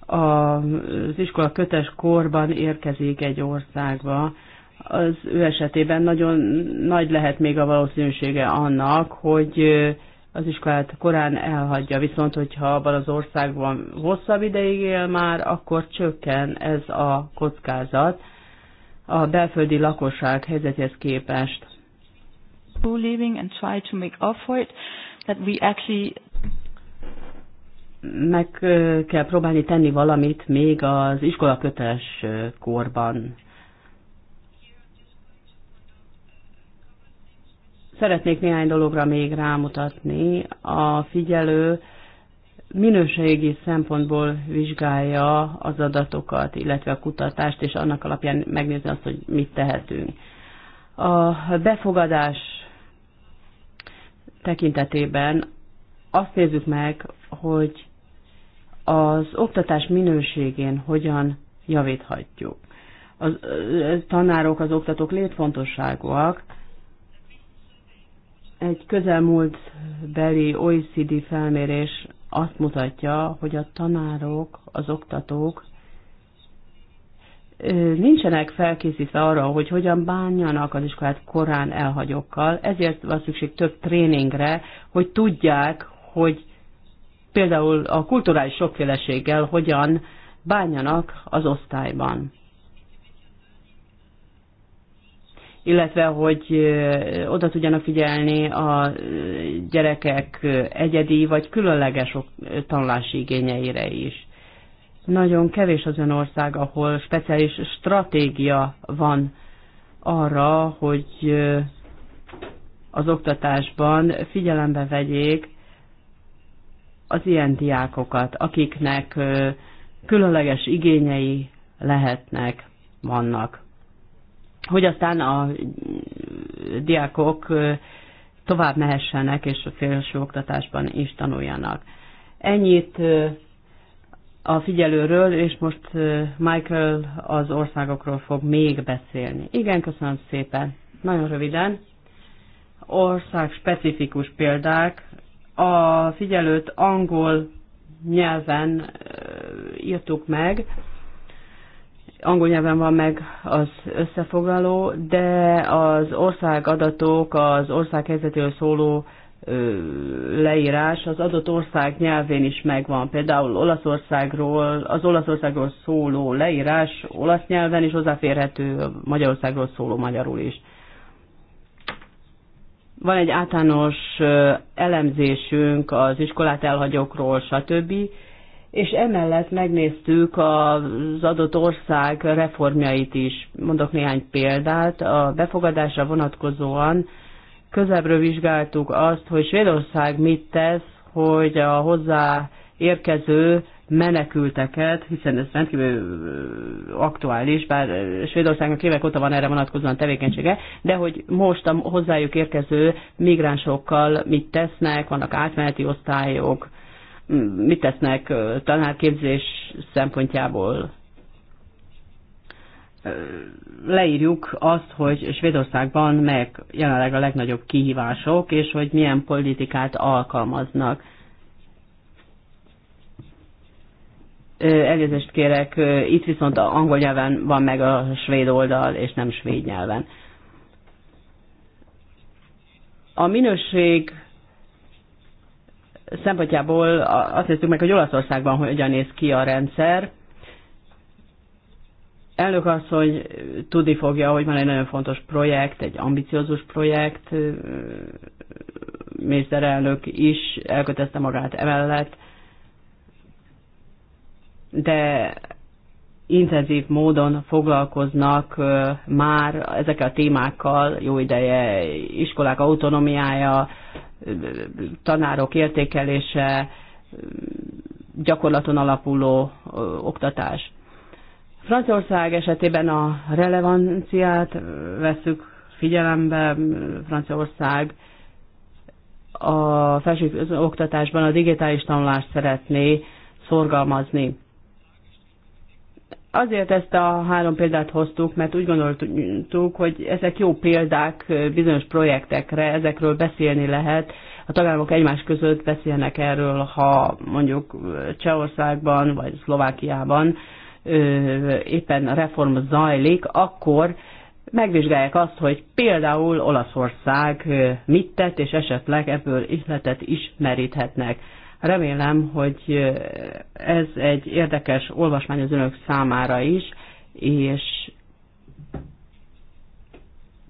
az iskola kötes korban érkezik egy országba, az ő esetében nagyon nagy lehet még a valószínűsége annak, hogy az iskolát korán elhagyja, viszont hogyha abban az országban hosszabb ideig él már, akkor csökken ez a kockázat, a belföldi lakosság helyzethez képest. Meg kell próbálni tenni valamit még az kötes korban. Szeretnék néhány dologra még rámutatni. A figyelő minőségi szempontból vizsgálja az adatokat, illetve a kutatást, és annak alapján megnézni azt, hogy mit tehetünk. A befogadás tekintetében azt nézzük meg, hogy az oktatás minőségén hogyan javíthatjuk. A tanárok, az oktatók létfontosságúak. Egy közelmúlt beli OECD felmérés azt mutatja, hogy a tanárok, az oktatók nincsenek felkészítve arra, hogy hogyan bánjanak az iskolát korán elhagyókkal, ezért van szükség több tréningre, hogy tudják, hogy például a kulturális sokféleséggel hogyan bánjanak az osztályban. illetve hogy oda tudjanak figyelni a gyerekek egyedi vagy különleges tanulási igényeire is. Nagyon kevés az olyan ország, ahol speciális stratégia van arra, hogy az oktatásban figyelembe vegyék az ilyen diákokat, akiknek különleges igényei lehetnek, vannak hogy aztán a diákok tovább mehessenek, és a félső oktatásban is tanuljanak. Ennyit a figyelőről, és most Michael az országokról fog még beszélni. Igen, köszönöm szépen. Nagyon röviden. Ország specifikus példák. A figyelőt angol nyelven írtuk meg, angol nyelven van meg az összefoglaló, de az ország adatok, az ország helyzetéről szóló leírás az adott ország nyelvén is megvan. Például Olaszországról, az Olaszországról szóló leírás olasz nyelven is hozzáférhető, Magyarországról szóló magyarul is. Van egy általános elemzésünk az iskolát elhagyókról, stb és emellett megnéztük az adott ország reformjait is. Mondok néhány példát. A befogadásra vonatkozóan közebbről vizsgáltuk azt, hogy Svédország mit tesz, hogy a hozzá érkező menekülteket, hiszen ez rendkívül aktuális, bár Svédországnak évek óta van erre vonatkozóan tevékenysége, de hogy most a hozzájuk érkező migránsokkal mit tesznek, vannak átmeneti osztályok, mit tesznek tanárképzés szempontjából. Leírjuk azt, hogy Svédországban meg jelenleg a legnagyobb kihívások, és hogy milyen politikát alkalmaznak. Elnézést kérek, itt viszont angol nyelven van meg a svéd oldal, és nem svéd nyelven. A minőség szempontjából azt néztük meg, hogy Olaszországban hogyan néz ki a rendszer. Elnök hogy tudni fogja, hogy van egy nagyon fontos projekt, egy ambiciózus projekt, miniszterelnök is elkötelezte magát emellett, de intenzív módon foglalkoznak már ezekkel a témákkal, jó ideje, iskolák autonomiája, tanárok értékelése, gyakorlaton alapuló oktatás. Franciaország esetében a relevanciát veszük figyelembe, Franciaország a felső oktatásban a digitális tanulást szeretné szorgalmazni. Azért ezt a három példát hoztuk, mert úgy gondoltuk, hogy ezek jó példák bizonyos projektekre, ezekről beszélni lehet. A tagállamok egymás között beszélnek erről, ha mondjuk Csehországban vagy Szlovákiában éppen a reform zajlik, akkor megvizsgálják azt, hogy például Olaszország mit tett, és esetleg ebből ihletet is meríthetnek. Remélem, hogy ez egy érdekes olvasmány az önök számára is, és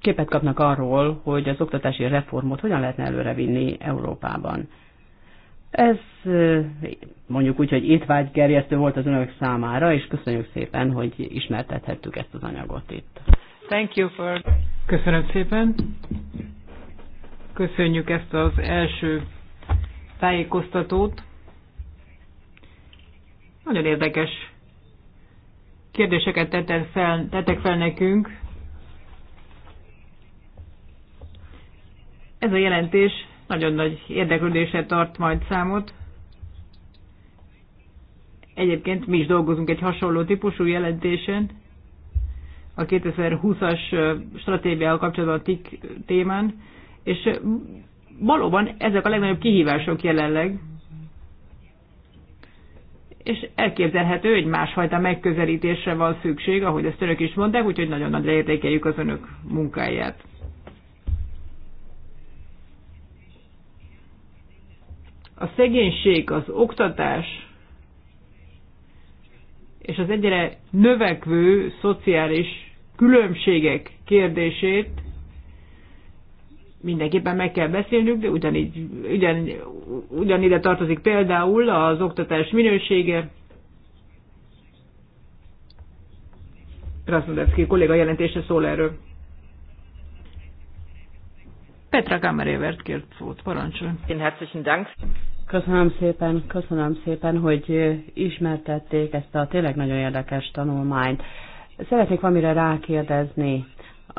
képet kapnak arról, hogy az oktatási reformot hogyan lehetne előrevinni Európában. Ez mondjuk úgy, hogy étvágygerjesztő volt az önök számára, és köszönjük szépen, hogy ismertethettük ezt az anyagot itt. Thank you for... Köszönöm szépen. Köszönjük ezt az első tájékoztatót. Nagyon érdekes kérdéseket tettek fel, tettek fel nekünk. Ez a jelentés nagyon nagy érdeklődésre tart majd számot. Egyébként mi is dolgozunk egy hasonló típusú jelentésen, a 2020-as stratégiával kapcsolatban a TIK témán, és valóban ezek a legnagyobb kihívások jelenleg. És elképzelhető, hogy másfajta megközelítésre van szükség, ahogy ezt önök is mondták, úgyhogy nagyon nagyra értékeljük az önök munkáját. A szegénység, az oktatás és az egyre növekvő szociális különbségek kérdését mindenképpen meg kell beszélnünk, de ugyanígy, ugyan, ugyanide tartozik például az oktatás minősége. Krasznodevszki kolléga jelentése szól erről. Petra Kamerévert kért szót, parancsolj. Én herzlichen Dank. Köszönöm szépen, köszönöm szépen, hogy ismertették ezt a tényleg nagyon érdekes tanulmányt. Szeretnék valamire rákérdezni.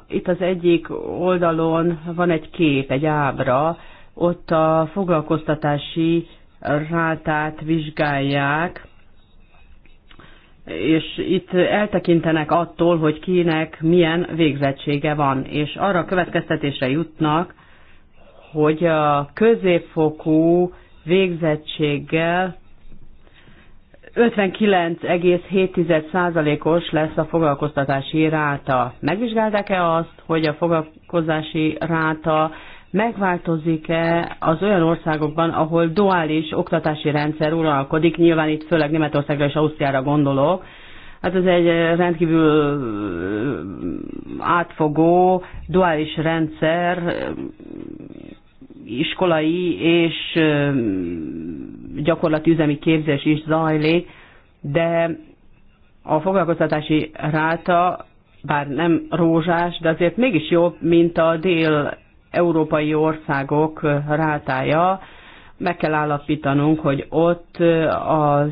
Itt az egyik oldalon van egy kép, egy ábra, ott a foglalkoztatási rátát vizsgálják, és itt eltekintenek attól, hogy kinek milyen végzettsége van, és arra a következtetésre jutnak, hogy a középfokú végzettséggel 59,7%-os lesz a foglalkoztatási ráta. Megvizsgálták-e azt, hogy a foglalkozási ráta megváltozik-e az olyan országokban, ahol duális oktatási rendszer uralkodik, nyilván itt főleg Németországra és Ausztriára gondolok, Hát ez egy rendkívül átfogó, duális rendszer, iskolai és gyakorlati üzemi képzés is zajlik, de a foglalkoztatási ráta, bár nem rózsás, de azért mégis jobb, mint a dél-európai országok rátája. Meg kell állapítanunk, hogy ott a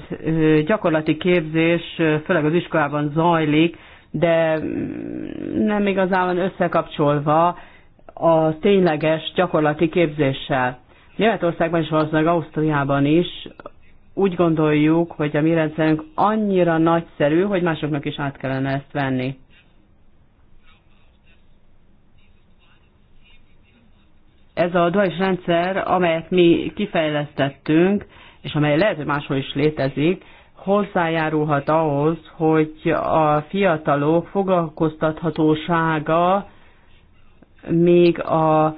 gyakorlati képzés főleg az iskolában zajlik, de mm, nem igazán összekapcsolva a tényleges gyakorlati képzéssel. Németországban és valószínűleg Ausztriában is úgy gondoljuk, hogy a mi rendszerünk annyira nagyszerű, hogy másoknak is át kellene ezt venni. Ez a duális rendszer, amelyet mi kifejlesztettünk, és amely lehet, hogy máshol is létezik, hozzájárulhat ahhoz, hogy a fiatalok foglalkoztathatósága még a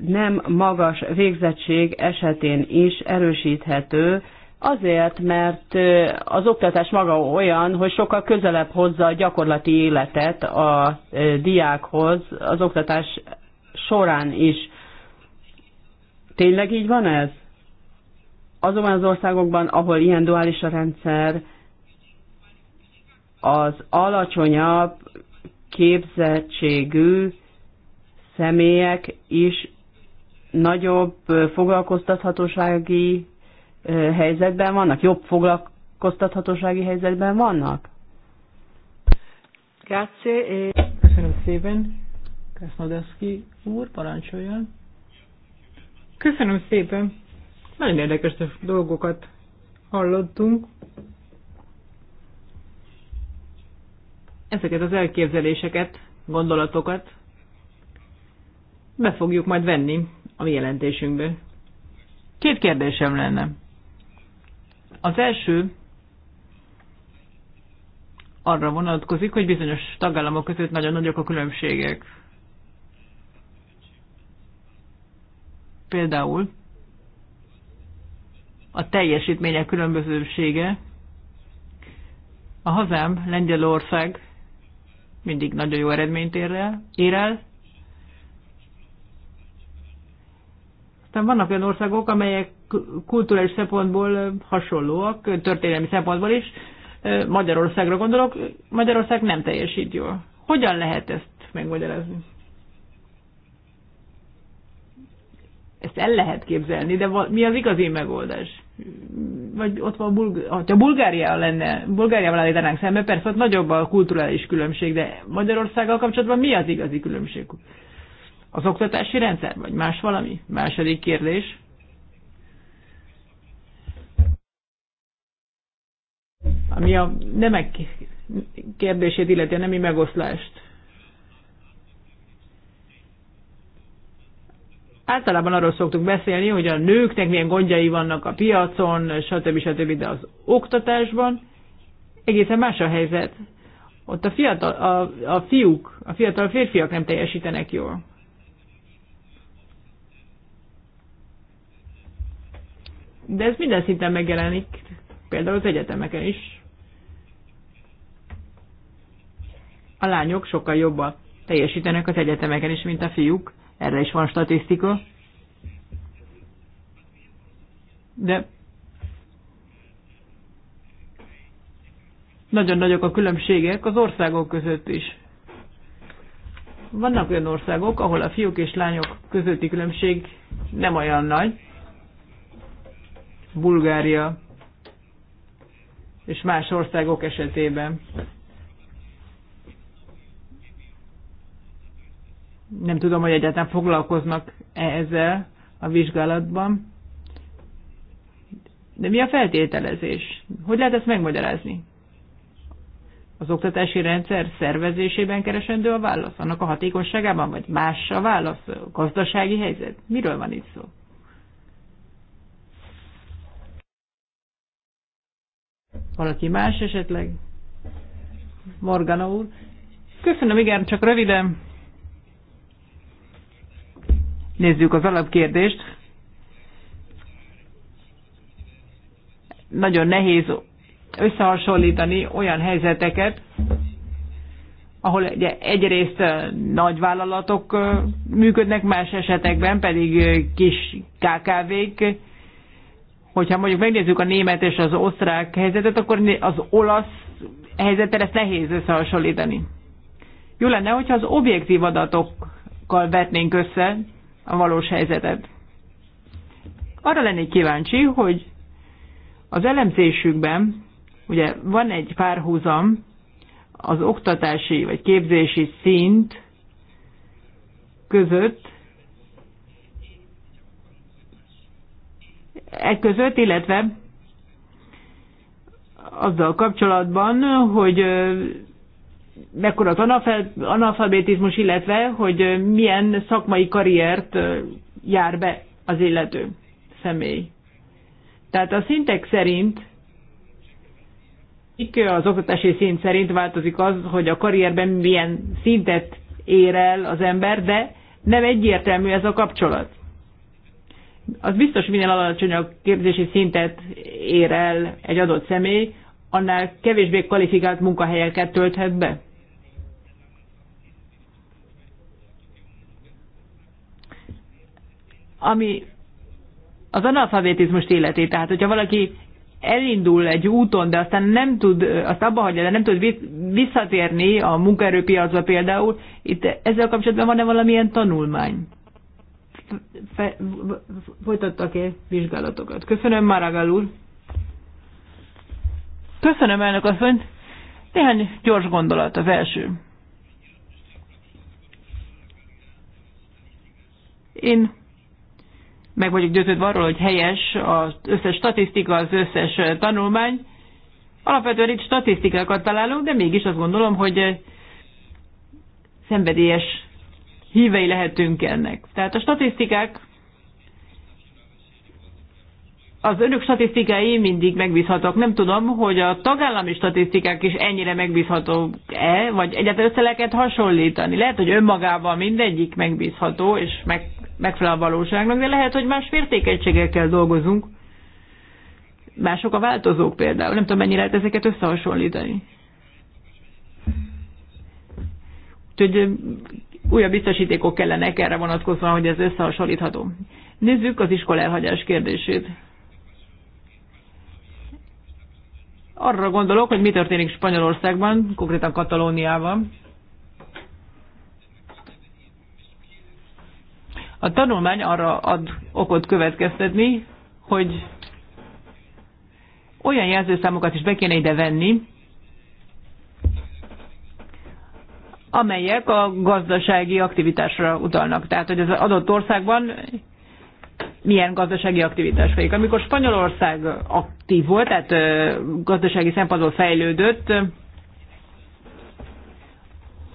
nem magas végzettség esetén is erősíthető, azért, mert az oktatás maga olyan, hogy sokkal közelebb hozza a gyakorlati életet a diákhoz az oktatás során is. Tényleg így van ez? Azonban az országokban, ahol ilyen duális a rendszer, az alacsonyabb képzettségű személyek is nagyobb foglalkoztathatósági helyzetben vannak, jobb foglalkoztathatósági helyzetben vannak? Grazie. E- Köszönöm szépen. Krasznodeszki úr, parancsoljon. Köszönöm szépen. Nagyon érdekes dolgokat hallottunk. Ezeket az elképzeléseket, gondolatokat be fogjuk majd venni a mi jelentésünkbe. Két kérdésem lenne. Az első arra vonatkozik, hogy bizonyos tagállamok között nagyon nagyok a különbségek. Például a teljesítmények különbözősége. A hazám, Lengyelország mindig nagyon jó eredményt ér el, ér el Aztán vannak olyan országok, amelyek kulturális szempontból hasonlóak, történelmi szempontból is. Magyarországra gondolok, Magyarország nem teljesít jól. Hogyan lehet ezt megmagyarázni? Ezt el lehet képzelni, de mi az igazi megoldás? Vagy ott van Bulg- ha Bulgária lenne, Bulgáriával állítanánk szembe, persze ott nagyobb a kulturális különbség, de Magyarországgal kapcsolatban mi az igazi különbség? az oktatási rendszer, vagy más valami? Második kérdés. Ami a nemek kérdését illeti a nemi megoszlást. Általában arról szoktuk beszélni, hogy a nőknek milyen gondjai vannak a piacon, stb. stb. de az oktatásban egészen más a helyzet. Ott a, fiatal, a, a fiúk, a fiatal férfiak nem teljesítenek jól. de ez minden szinten megjelenik, például az egyetemeken is. A lányok sokkal jobban teljesítenek az egyetemeken is, mint a fiúk, erre is van statisztika. De nagyon nagyok a különbségek az országok között is. Vannak olyan országok, ahol a fiúk és lányok közötti különbség nem olyan nagy, Bulgária és más országok esetében. Nem tudom, hogy egyáltalán foglalkoznak -e ezzel a vizsgálatban. De mi a feltételezés? Hogy lehet ezt megmagyarázni? Az oktatási rendszer szervezésében keresendő a válasz? Annak a hatékonyságában, vagy más a válasz? A gazdasági helyzet? Miről van itt szó? Valaki más esetleg? Morgana úr. Köszönöm, igen, csak röviden. Nézzük az alapkérdést. Nagyon nehéz összehasonlítani olyan helyzeteket, ahol ugye egyrészt eh, nagy vállalatok eh, működnek, más esetekben pedig eh, kis KKV-k, hogyha mondjuk megnézzük a német és az osztrák helyzetet, akkor az olasz helyzetet ezt nehéz összehasonlítani. Jó lenne, hogyha az objektív adatokkal vetnénk össze a valós helyzetet. Arra lennék kíváncsi, hogy az elemzésükben ugye van egy párhuzam az oktatási vagy képzési szint között, e között, illetve azzal kapcsolatban, hogy mekkora az analfabetizmus, illetve hogy milyen szakmai karriert jár be az illető személy. Tehát a szintek szerint, az oktatási szint szerint változik az, hogy a karrierben milyen szintet ér el az ember, de nem egyértelmű ez a kapcsolat az biztos minél alacsonyabb képzési szintet ér el egy adott személy, annál kevésbé kvalifikált munkahelyeket tölthet be. Ami az analfabetizmus életé, tehát hogyha valaki elindul egy úton, de aztán nem tud, azt abba hagyja, de nem tud visszatérni a munkaerőpiacba például, itt ezzel kapcsolatban van-e valamilyen tanulmány? folytattak-e vizsgálatokat. Köszönöm, Maragall úr. Köszönöm, elnök asszony. Néhány gyors gondolat az első. Én meg vagyok győződve arról, hogy helyes az összes statisztika, az összes tanulmány. Alapvetően itt statisztikákat találunk, de mégis azt gondolom, hogy szenvedélyes hívei lehetünk ennek. Tehát a statisztikák, az önök statisztikái mindig megbízhatók. Nem tudom, hogy a tagállami statisztikák is ennyire megbízhatók-e, vagy egyáltalán össze lehet hasonlítani. Lehet, hogy önmagában mindegyik megbízható, és meg, megfelel a valóságnak, de lehet, hogy más mértékegységekkel dolgozunk. Mások a változók például. Nem tudom, mennyire lehet ezeket összehasonlítani. Úgyhogy újabb biztosítékok kellenek erre vonatkozva, hogy ez összehasonlítható. Nézzük az iskola elhagyás kérdését. Arra gondolok, hogy mi történik Spanyolországban, konkrétan Katalóniában. A tanulmány arra ad okot következtetni, hogy olyan jelzőszámokat is be kéne ide venni, amelyek a gazdasági aktivitásra utalnak. Tehát, hogy az adott országban milyen gazdasági aktivitás folyik. Amikor Spanyolország aktív volt, tehát gazdasági szempontból fejlődött,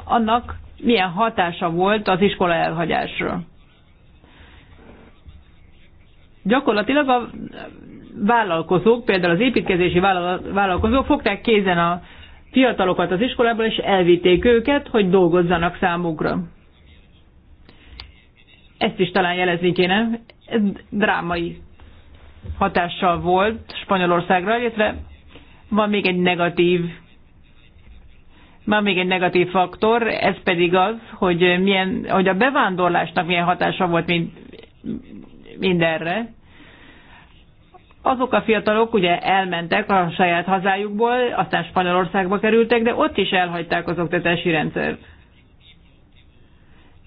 annak milyen hatása volt az iskola elhagyásra. Gyakorlatilag a vállalkozók, például az építkezési vállalkozók fogták kézen a fiatalokat az iskolából, és elvitték őket, hogy dolgozzanak számukra. Ezt is talán jelezni kéne. Ez drámai hatással volt Spanyolországra, illetve van még egy negatív van még egy negatív faktor, ez pedig az, hogy, milyen, hogy a bevándorlásnak milyen hatása volt mind, mindenre azok a fiatalok ugye elmentek a saját hazájukból, aztán Spanyolországba kerültek, de ott is elhagyták az oktatási rendszert.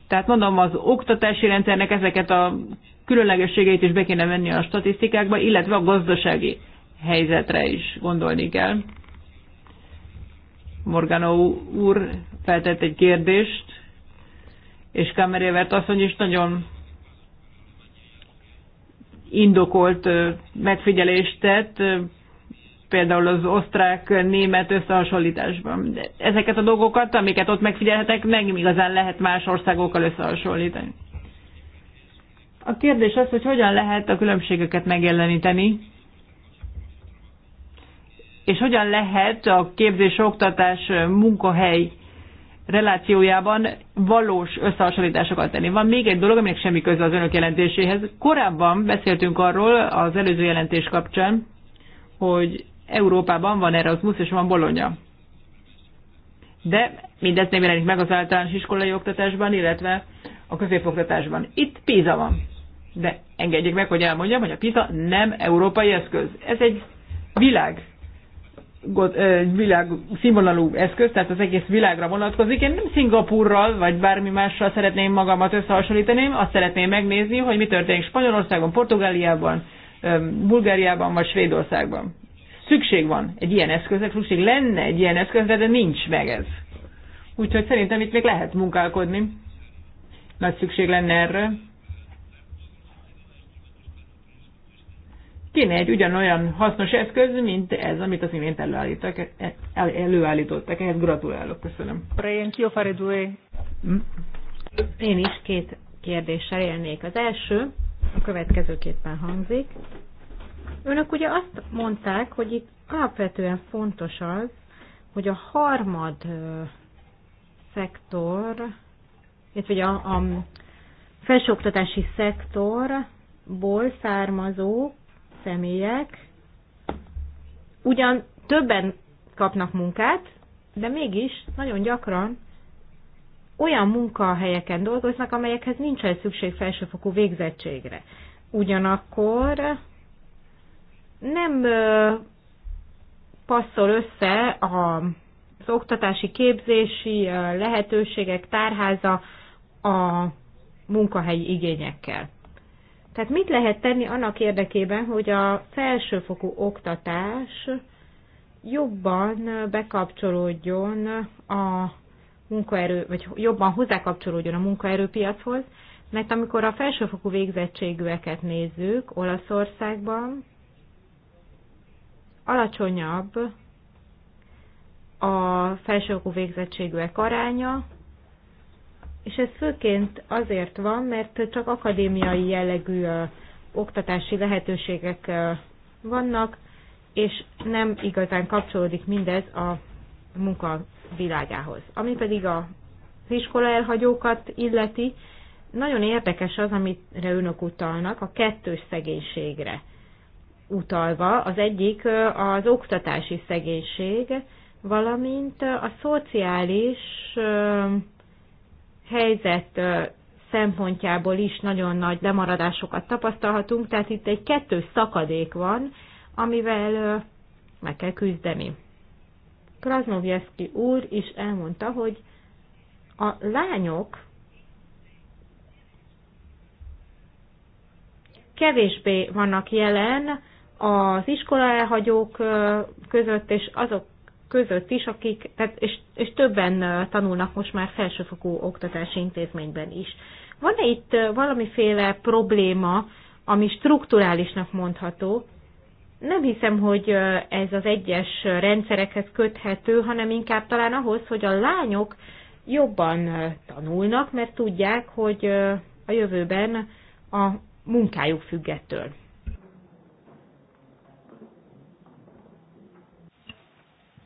Tehát mondom, az oktatási rendszernek ezeket a különlegességeit is be kéne venni a statisztikákba, illetve a gazdasági helyzetre is gondolni kell. Morgano úr feltett egy kérdést, és Kamerévert asszony is nagyon indokolt megfigyelést tett, például az osztrák-német összehasonlításban. De ezeket a dolgokat, amiket ott megfigyelhetek, meg igazán lehet más országokkal összehasonlítani. A kérdés az, hogy hogyan lehet a különbségeket megjeleníteni, és hogyan lehet a képzés-oktatás munkahely relációjában valós összehasonlításokat tenni. Van még egy dolog, aminek semmi köze az önök jelentéséhez. Korábban beszéltünk arról az előző jelentés kapcsán, hogy Európában van Erasmus és van Bologna. De mindezt nem jelenik meg az általános iskolai oktatásban, illetve a középoktatásban. Itt PISA van. De engedjék meg, hogy elmondjam, hogy a PISA nem európai eszköz. Ez egy világ világ színvonalú eszköz, tehát az egész világra vonatkozik. Én nem Szingapurral, vagy bármi mással szeretném magamat összehasonlítani, azt szeretném megnézni, hogy mi történik Spanyolországban, Portugáliában, Bulgáriában, vagy Svédországban. Szükség van egy ilyen eszközre, szükség lenne egy ilyen eszközre, de nincs meg ez. Úgyhogy szerintem itt még lehet munkálkodni. Nagy szükség lenne erre. kéne egy ugyanolyan hasznos eszköz, mint ez, amit az imént előállítottak. E- el, előállítottak. Ehhez gratulálok, köszönöm. Mm. Én is két kérdéssel élnék. Az első a következőképpen hangzik. Önök ugye azt mondták, hogy itt alapvetően fontos az, hogy a harmad szektor, illetve a, a felsőoktatási szektorból származó személyek ugyan többen kapnak munkát, de mégis nagyon gyakran olyan munkahelyeken dolgoznak, amelyekhez nincsen szükség felsőfokú végzettségre. Ugyanakkor nem passzol össze a, az oktatási képzési lehetőségek tárháza a munkahelyi igényekkel. Tehát mit lehet tenni annak érdekében, hogy a felsőfokú oktatás jobban bekapcsolódjon a munkaerő, vagy jobban hozzákapcsolódjon a munkaerőpiachoz, mert amikor a felsőfokú végzettségűeket nézzük Olaszországban, alacsonyabb a felsőfokú végzettségűek aránya, és ez főként azért van, mert csak akadémiai jellegű oktatási lehetőségek vannak, és nem igazán kapcsolódik mindez a munka világához. Ami pedig a az iskola elhagyókat illeti, nagyon érdekes az, amire önök utalnak, a kettős szegénységre utalva. Az egyik az oktatási szegénység, valamint a szociális helyzet szempontjából is nagyon nagy lemaradásokat tapasztalhatunk, tehát itt egy kettő szakadék van, amivel meg kell küzdeni. Krasnovjeszki úr is elmondta, hogy a lányok kevésbé vannak jelen az iskola elhagyók között, és azok között is, akik, tehát, és, és többen tanulnak most már felsőfokú oktatási intézményben is. Van-e itt valamiféle probléma, ami strukturálisnak mondható? Nem hiszem, hogy ez az egyes rendszerekhez köthető, hanem inkább talán ahhoz, hogy a lányok jobban tanulnak, mert tudják, hogy a jövőben a munkájuk függettől.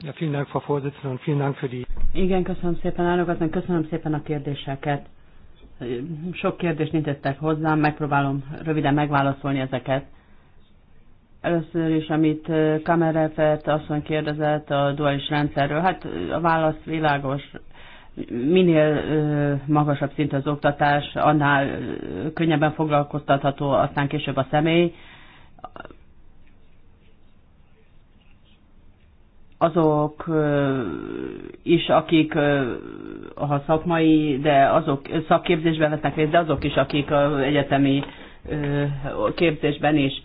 Ja, vielen Dank, Frau Vorsitzende, und vielen Dank für die... Igen, köszönöm szépen, elnök asszony, köszönöm szépen a kérdéseket. Sok kérdést intéztek hozzám, megpróbálom röviden megválaszolni ezeket. Először is, amit Kamerefet asszony kérdezett a duális rendszerről, hát a válasz világos, minél magasabb szint az oktatás, annál könnyebben foglalkoztatható aztán később a személy. azok is, akik ha szakmai, de azok szakképzésben vesznek részt, de azok is, akik egyetemi képzésben is.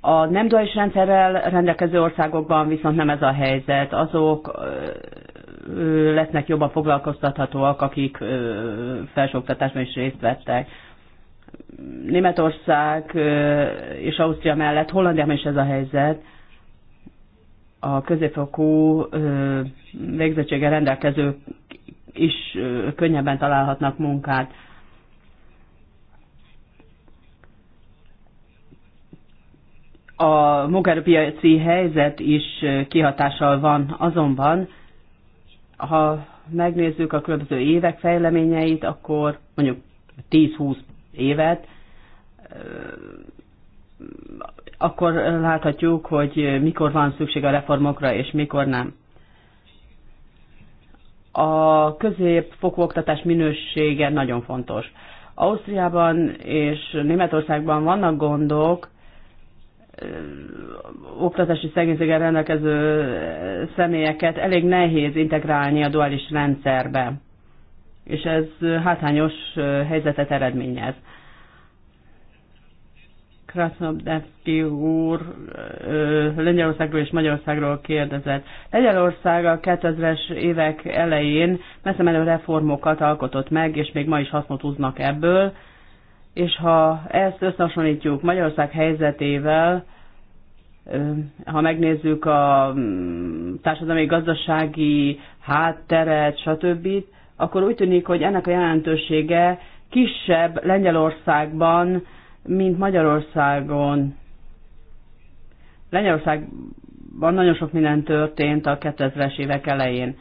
A nem duális rendszerrel rendelkező országokban viszont nem ez a helyzet. Azok lesznek jobban foglalkoztathatóak, akik felsőoktatásban is részt vettek. Németország és Ausztria mellett Hollandiában is ez a helyzet a középfokú végzettséggel rendelkezők is könnyebben találhatnak munkát. A munkaerőpiaci helyzet is kihatással van, azonban ha megnézzük a különböző évek fejleményeit, akkor mondjuk 10-20 évet, akkor láthatjuk, hogy mikor van szükség a reformokra, és mikor nem. A középfokú oktatás minősége nagyon fontos. Ausztriában és Németországban vannak gondok, oktatási szegénységgel rendelkező személyeket elég nehéz integrálni a duális rendszerbe, és ez hátrányos helyzetet eredményez. Krasnodevski úr Lengyelországról és Magyarországról kérdezett. Lengyelország a 2000-es évek elején messze menő reformokat alkotott meg, és még ma is hasznot húznak ebből, és ha ezt összehasonlítjuk Magyarország helyzetével, ha megnézzük a mm, társadalmi, gazdasági hátteret, stb., akkor úgy tűnik, hogy ennek a jelentősége kisebb Lengyelországban, mint Magyarországon. Lengyelországban nagyon sok minden történt a 2000-es évek elején.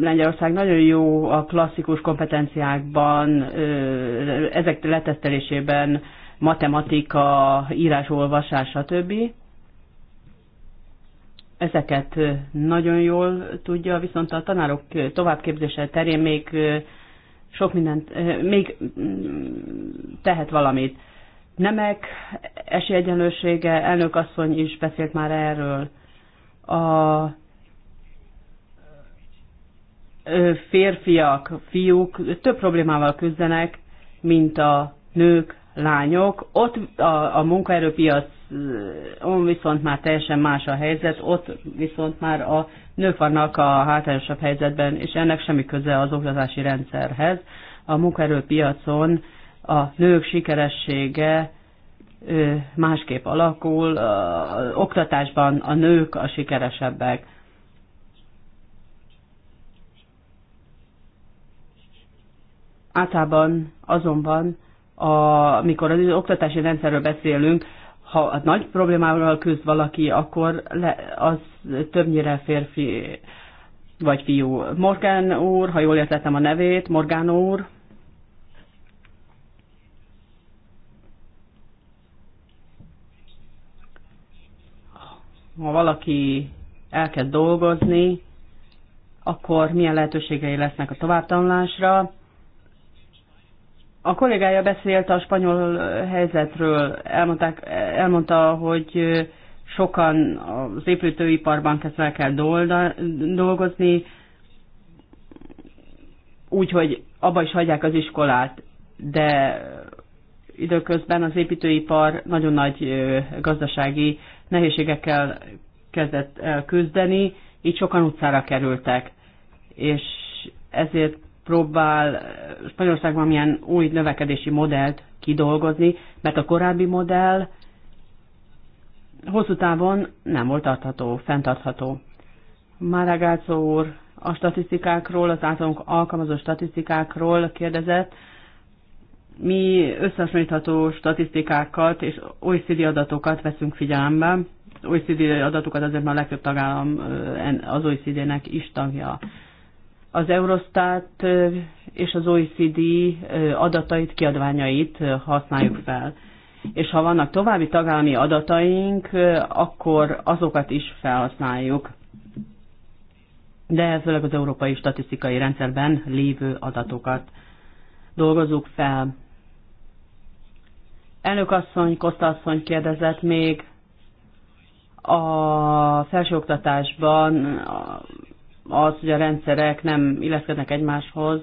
Lengyelország nagyon jó a klasszikus kompetenciákban, ezek letesztelésében, matematika, írás-olvasás, stb. Ezeket nagyon jól tudja, viszont a tanárok továbbképzése terén még sok mindent, még mm, tehet valamit. Nemek esélyegyenlősége, elnök asszony is beszélt már erről. A férfiak, fiúk több problémával küzdenek, mint a nők, lányok. Ott a, a munkaerőpiac on viszont már teljesen más a helyzet, ott viszont már a nők vannak a hátrányosabb helyzetben, és ennek semmi köze az oktatási rendszerhez. A munkaerőpiacon a nők sikeressége másképp alakul, az oktatásban a nők a sikeresebbek. Általában azonban, amikor az oktatási rendszerről beszélünk, ha nagy problémával küzd valaki, akkor le, az többnyire férfi vagy fiú. Morgan úr, ha jól értettem a nevét, Morgan úr. Ha valaki elkezd dolgozni, akkor milyen lehetőségei lesznek a továbbtanulásra, a kollégája beszélt a spanyol helyzetről, Elmondták, elmondta, hogy sokan az építőiparban kezdve kell dolgozni, úgyhogy abba is hagyják az iskolát, de időközben az építőipar nagyon nagy gazdasági nehézségekkel kezdett küzdeni, így sokan utcára kerültek, és ezért próbál eh, Spanyolországban milyen új növekedési modellt kidolgozni, mert a korábbi modell hosszú távon nem volt tartható, fenntartható. Máragálcó úr a statisztikákról, az általunk alkalmazott statisztikákról kérdezett. Mi összehasonlítható statisztikákat és OECD adatokat veszünk figyelembe. OECD adatokat azért már a legtöbb tagállam eh, az OECD-nek is tagja az Eurostat és az OECD adatait, kiadványait használjuk fel. És ha vannak további tagállami adataink, akkor azokat is felhasználjuk. De főleg az európai statisztikai rendszerben lévő adatokat dolgozzuk fel. Elnök asszony, Koszta asszony kérdezett még a felsőoktatásban az, hogy a rendszerek nem illeszkednek egymáshoz.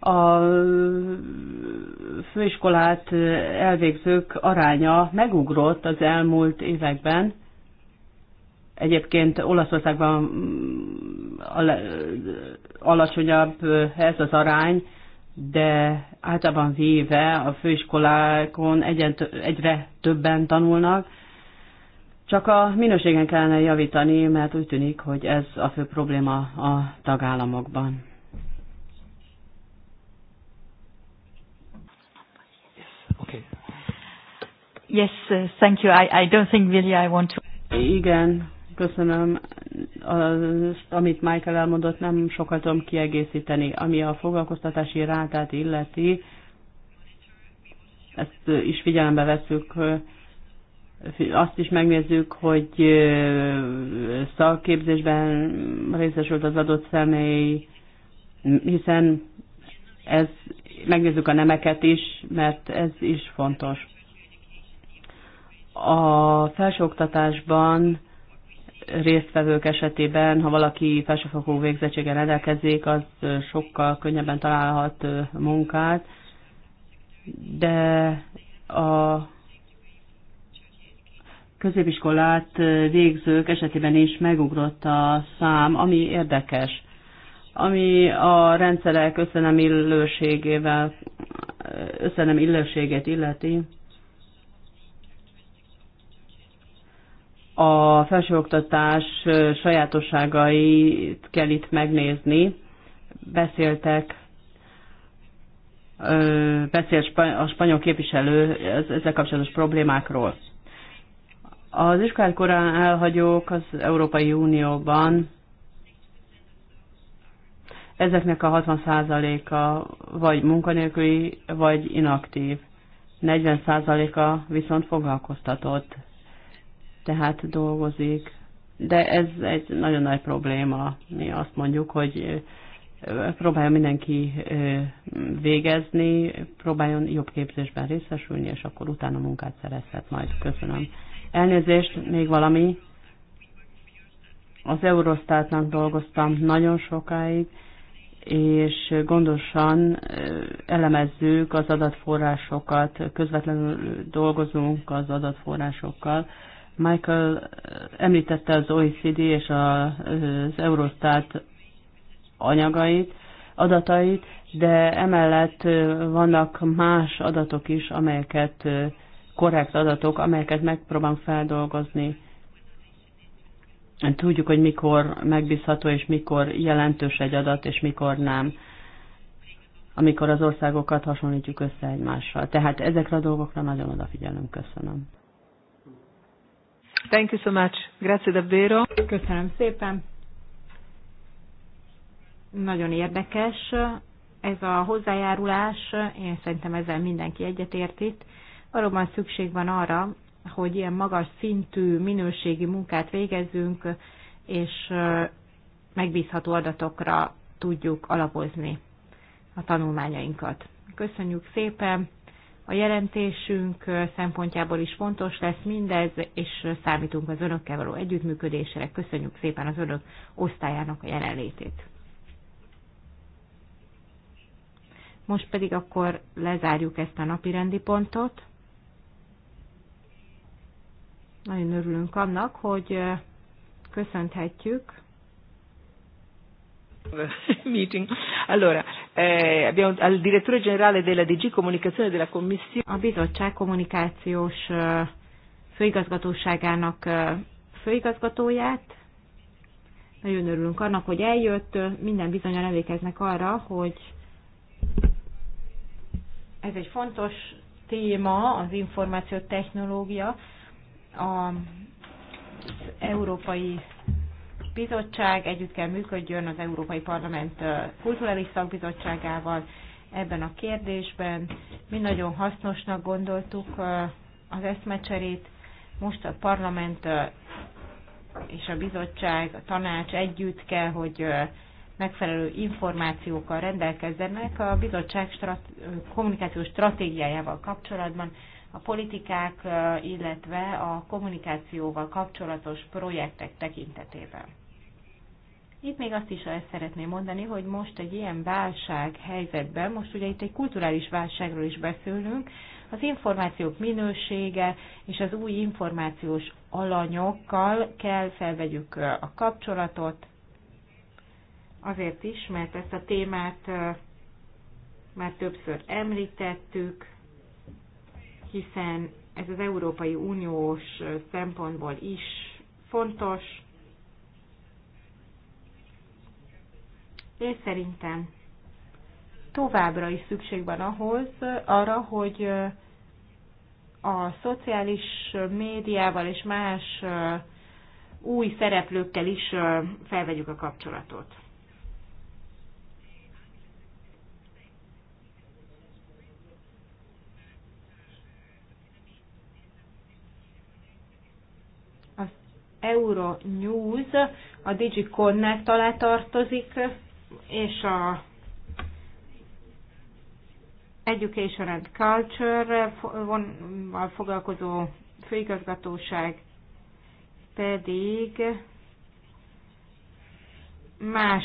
A főiskolát elvégzők aránya megugrott az elmúlt években. Egyébként Olaszországban alacsonyabb ez az arány, de általában véve a főiskolákon egyre többen tanulnak, csak a minőségen kellene javítani, mert úgy tűnik, hogy ez a fő probléma a tagállamokban. Yes, uh, thank you. I, I don't think really I want to. Igen, köszönöm. Azt, amit Michael elmondott, nem sokat tudom kiegészíteni. Ami a foglalkoztatási rátát illeti, ezt is figyelembe veszük azt is megnézzük, hogy szakképzésben részesült az adott személy, hiszen ez, megnézzük a nemeket is, mert ez is fontos. A felsőoktatásban résztvevők esetében, ha valaki felsőfokú végzettséggel rendelkezik, az sokkal könnyebben találhat munkát, de a középiskolát végzők esetében is megugrott a szám, ami érdekes, ami a rendszerek összenem illőségével, illőségét illeti. A felsőoktatás sajátosságait kell itt megnézni. Beszéltek beszélt a spanyol képviselő ezzel kapcsolatos problémákról. Az iskolát korán elhagyók az Európai Unióban ezeknek a 60%-a vagy munkanélküli, vagy inaktív. 40%-a viszont foglalkoztatott, tehát dolgozik. De ez egy nagyon nagy probléma. Mi azt mondjuk, hogy próbálja mindenki végezni, próbáljon jobb képzésben részesülni, és akkor utána munkát szerezhet majd. Köszönöm. Elnézést, még valami. Az Eurostátnak dolgoztam nagyon sokáig, és gondosan elemezzük az adatforrásokat, közvetlenül dolgozunk az adatforrásokkal. Michael említette az OECD és az Eurostat anyagait, adatait, de emellett vannak más adatok is, amelyeket korrekt adatok, amelyeket megpróbálunk feldolgozni. Tudjuk, hogy mikor megbízható és mikor jelentős egy adat, és mikor nem, amikor az országokat hasonlítjuk össze egymással. Tehát ezekre a dolgokra nagyon odafigyelünk. Köszönöm. Thank you so much. Grazie davvero. Köszönöm szépen. Nagyon érdekes ez a hozzájárulás, én szerintem ezzel mindenki egyetért itt, Valóban szükség van arra, hogy ilyen magas szintű, minőségi munkát végezzünk, és megbízható adatokra tudjuk alapozni a tanulmányainkat. Köszönjük szépen! A jelentésünk szempontjából is fontos lesz mindez, és számítunk az önökkel való együttműködésre. Köszönjük szépen az önök osztályának a jelenlétét. Most pedig akkor lezárjuk ezt a napi rendi pontot. Nagyon örülünk annak, hogy köszönhetjük meeting. Allora, eh, abbiamo al direttore generale della DG Comunicazione della Commissione. A bizottság kommunikációs főigazgatóságának főigazgatóját. Nagyon örülünk annak, hogy eljött. Minden bizonyan emlékeznek arra, hogy ez egy fontos téma, az technológia az Európai Bizottság együtt kell működjön az Európai Parlament Kulturális Szakbizottságával ebben a kérdésben. Mi nagyon hasznosnak gondoltuk az eszmecserét. Most a parlament és a bizottság, a tanács együtt kell, hogy megfelelő információkkal rendelkezzenek a bizottság strat- kommunikációs stratégiájával kapcsolatban, a politikák, illetve a kommunikációval kapcsolatos projektek tekintetében. Itt még azt is ezt szeretném mondani, hogy most egy ilyen válság helyzetben, most ugye itt egy kulturális válságról is beszélünk, az információk minősége és az új információs alanyokkal kell felvegyük a kapcsolatot, azért is, mert ezt a témát már többször említettük, hiszen ez az Európai Uniós szempontból is fontos, és szerintem továbbra is szükség van ahhoz, arra, hogy a szociális médiával és más új szereplőkkel is felvegyük a kapcsolatot. Euronews a DigiConnect alá tartozik, és a Education and Culture val foglalkozó főigazgatóság pedig más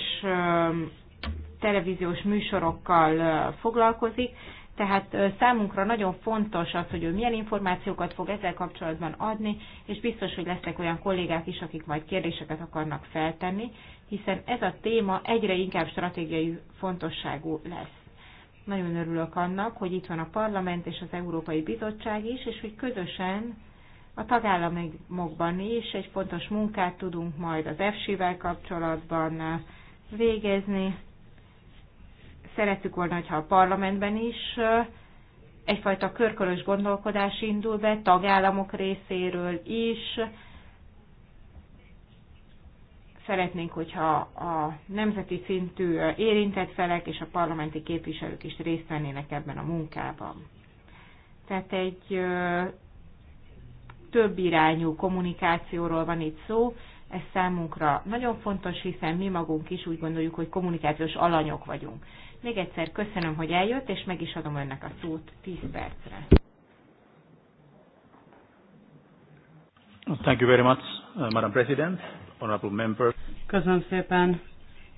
televíziós műsorokkal foglalkozik, tehát számunkra nagyon fontos az, hogy ő milyen információkat fog ezzel kapcsolatban adni, és biztos, hogy lesznek olyan kollégák is, akik majd kérdéseket akarnak feltenni, hiszen ez a téma egyre inkább stratégiai fontosságú lesz. Nagyon örülök annak, hogy itt van a parlament és az Európai Bizottság is, és hogy közösen a tagállamokban is egy fontos munkát tudunk majd az EFSI-vel kapcsolatban végezni szerettük volna, hogyha a parlamentben is egyfajta körkörös gondolkodás indul be, tagállamok részéről is. Szeretnénk, hogyha a nemzeti szintű érintett felek és a parlamenti képviselők is részt vennének ebben a munkában. Tehát egy több irányú kommunikációról van itt szó, ez számunkra nagyon fontos, hiszen mi magunk is úgy gondoljuk, hogy kommunikációs alanyok vagyunk. Még egyszer köszönöm, hogy eljött, és meg is adom önnek a szót 10 percre. Thank you very much, uh, Madam President, honorable members. Köszönöm szépen,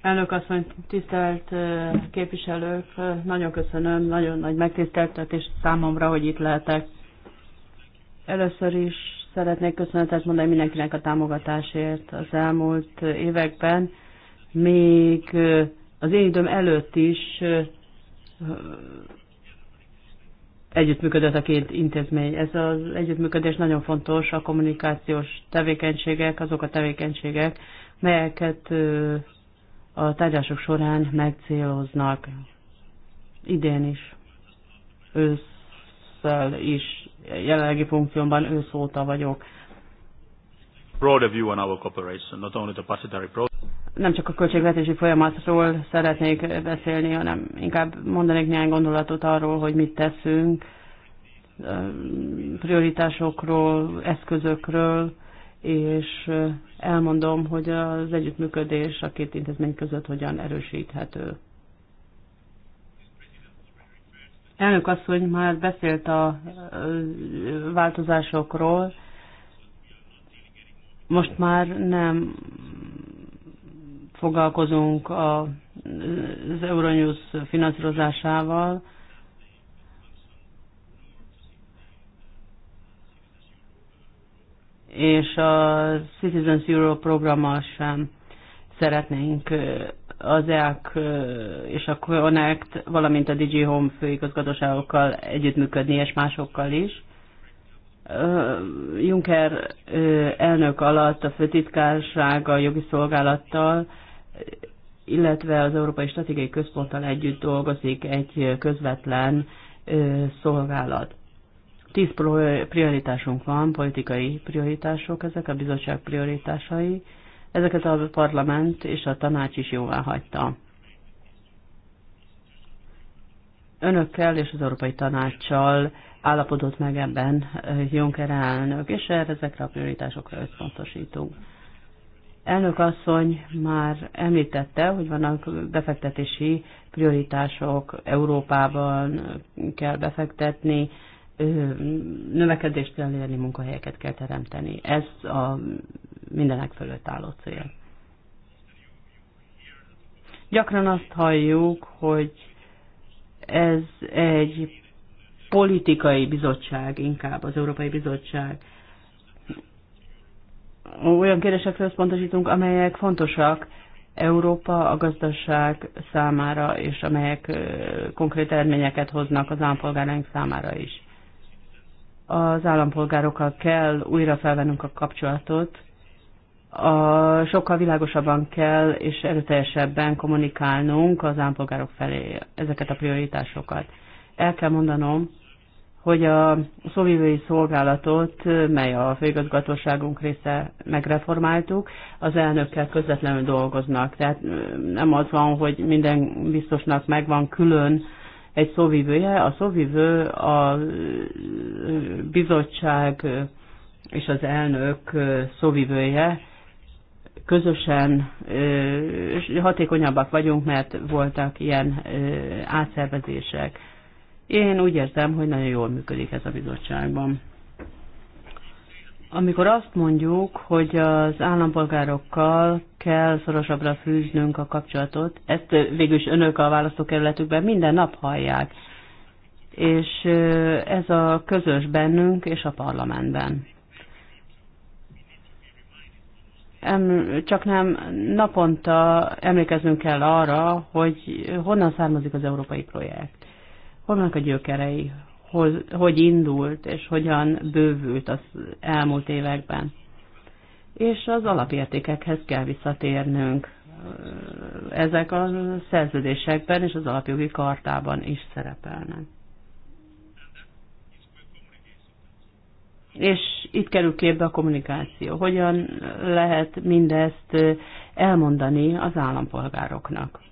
elnök asszony, tisztelt uh, képviselők, uh, nagyon köszönöm, nagyon nagy megtiszteltetés számomra, hogy itt lehetek. Először is szeretnék köszönetet mondani mindenkinek a támogatásért az elmúlt években. Még az én időm előtt is együttműködött a két intézmény. Ez az együttműködés nagyon fontos, a kommunikációs tevékenységek, azok a tevékenységek, melyeket a tárgyások során megcéloznak. Idén is, ősszel is, jelenlegi funkciómban ősz óta vagyok. Broader view on our cooperation, not only the budgetary process nem csak a költségvetési folyamatról szeretnék beszélni, hanem inkább mondanék néhány gondolatot arról, hogy mit teszünk, prioritásokról, eszközökről, és elmondom, hogy az együttműködés a két intézmény között hogyan erősíthető. Elnök asszony már beszélt a változásokról, most már nem foglalkozunk az Euronews finanszírozásával, és a Citizens Euro programmal sem szeretnénk az EAC és a Connect, valamint a Digi Home főigazgatóságokkal együttműködni, és másokkal is. Juncker elnök alatt a főtitkárság a jogi szolgálattal illetve az Európai Stratégiai Központtal együtt dolgozik egy közvetlen szolgálat. Tíz prioritásunk van, politikai prioritások, ezek a bizottság prioritásai, ezeket a parlament és a tanács is jóvá hagyta. Önökkel és az Európai Tanácssal állapodott meg ebben Juncker elnök, és erre ezekre a prioritásokra összpontosítunk. Elnök asszony már említette, hogy vannak befektetési prioritások, Európában kell befektetni, növekedést kell elérni, munkahelyeket kell teremteni. Ez a mindenek fölött álló cél. Gyakran azt halljuk, hogy ez egy politikai bizottság, inkább az Európai Bizottság olyan kérdésekre összpontosítunk, amelyek fontosak Európa a gazdaság számára, és amelyek konkrét eredményeket hoznak az állampolgáraink számára is. Az állampolgárokkal kell újra felvennünk a kapcsolatot, a, sokkal világosabban kell és erőteljesebben kommunikálnunk az állampolgárok felé ezeket a prioritásokat. El kell mondanom, hogy a szóvivői szolgálatot, mely a főigazgatóságunk része megreformáltuk, az elnökkel közvetlenül dolgoznak. Tehát nem az van, hogy minden biztosnak megvan külön egy szóvivője, a szóvivő a bizottság és az elnök szóvivője, közösen hatékonyabbak vagyunk, mert voltak ilyen átszervezések. Én úgy érzem, hogy nagyon jól működik ez a bizottságban. Amikor azt mondjuk, hogy az állampolgárokkal kell szorosabbra fűznünk a kapcsolatot, ezt végül is önök a választókerületükben minden nap hallják, és ez a közös bennünk és a parlamentben. Csak nem naponta emlékezünk kell arra, hogy honnan származik az európai projekt Holnak a gyökerei? Hogy indult és hogyan bővült az elmúlt években? És az alapértékekhez kell visszatérnünk. Ezek a szerződésekben és az alapjogi kartában is szerepelnek. És itt kerül képbe a kommunikáció. Hogyan lehet mindezt elmondani az állampolgároknak?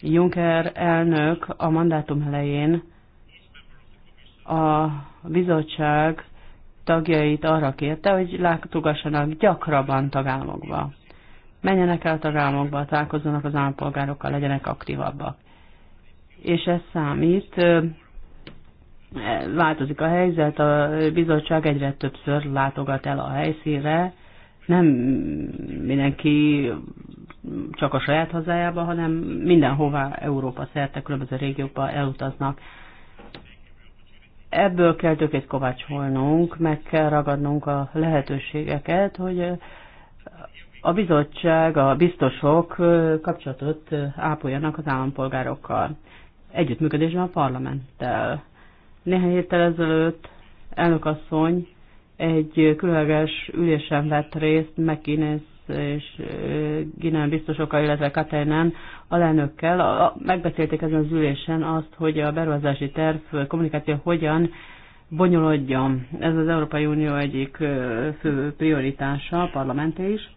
Juncker elnök a mandátum elején a bizottság tagjait arra kérte, hogy látogassanak gyakrabban tagállamokba. Menjenek el tagállamokba, találkozzanak az állampolgárokkal, legyenek aktívabbak. És ez számít, változik a helyzet, a bizottság egyre többször látogat el a helyszínre, nem mindenki csak a saját hazájába, hanem mindenhová Európa szerte, különböző régiókba elutaznak. Ebből kell tökét kovácsolnunk, meg kell ragadnunk a lehetőségeket, hogy a bizottság, a biztosok kapcsolatot ápoljanak az állampolgárokkal. Együttműködésben a parlamenttel. Néhány héttel ezelőtt elnökasszony egy különleges ülésen vett részt McInnes és Ginán biztosokkal, illetve Katajnán alelnökkel megbeszélték ezen az ülésen azt, hogy a beruházási terv kommunikáció hogyan bonyolodjon. Ez az Európai Unió egyik fő prioritása, a parlamenté is.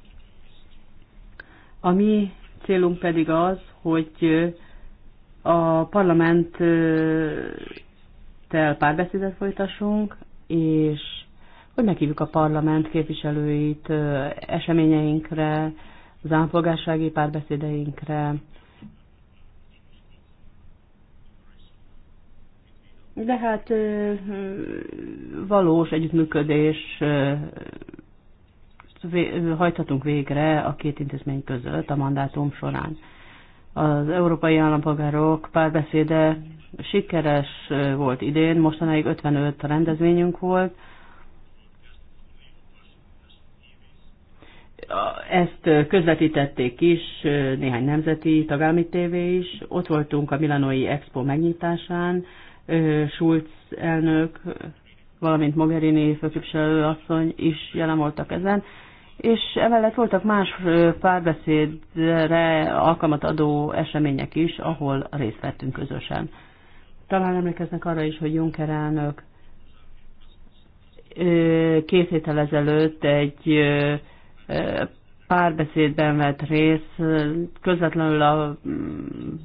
A mi célunk pedig az, hogy a parlamenttel párbeszédet folytassunk, és hogy meghívjuk a parlament képviselőit eseményeinkre, az állampolgársági párbeszédeinkre. De hát valós együttműködés hajthatunk végre a két intézmény között a mandátum során. Az európai állampolgárok párbeszéde sikeres volt idén, mostanáig 55 rendezvényünk volt, ezt közvetítették is néhány nemzeti tagállami tévé is. Ott voltunk a Milanoi Expo megnyitásán, Schulz elnök, valamint Mogherini főképviselő asszony is jelen voltak ezen, és emellett voltak más párbeszédre alkalmat adó események is, ahol részt vettünk közösen. Talán emlékeznek arra is, hogy Juncker elnök két héttel ezelőtt egy párbeszédben vett rész, közvetlenül a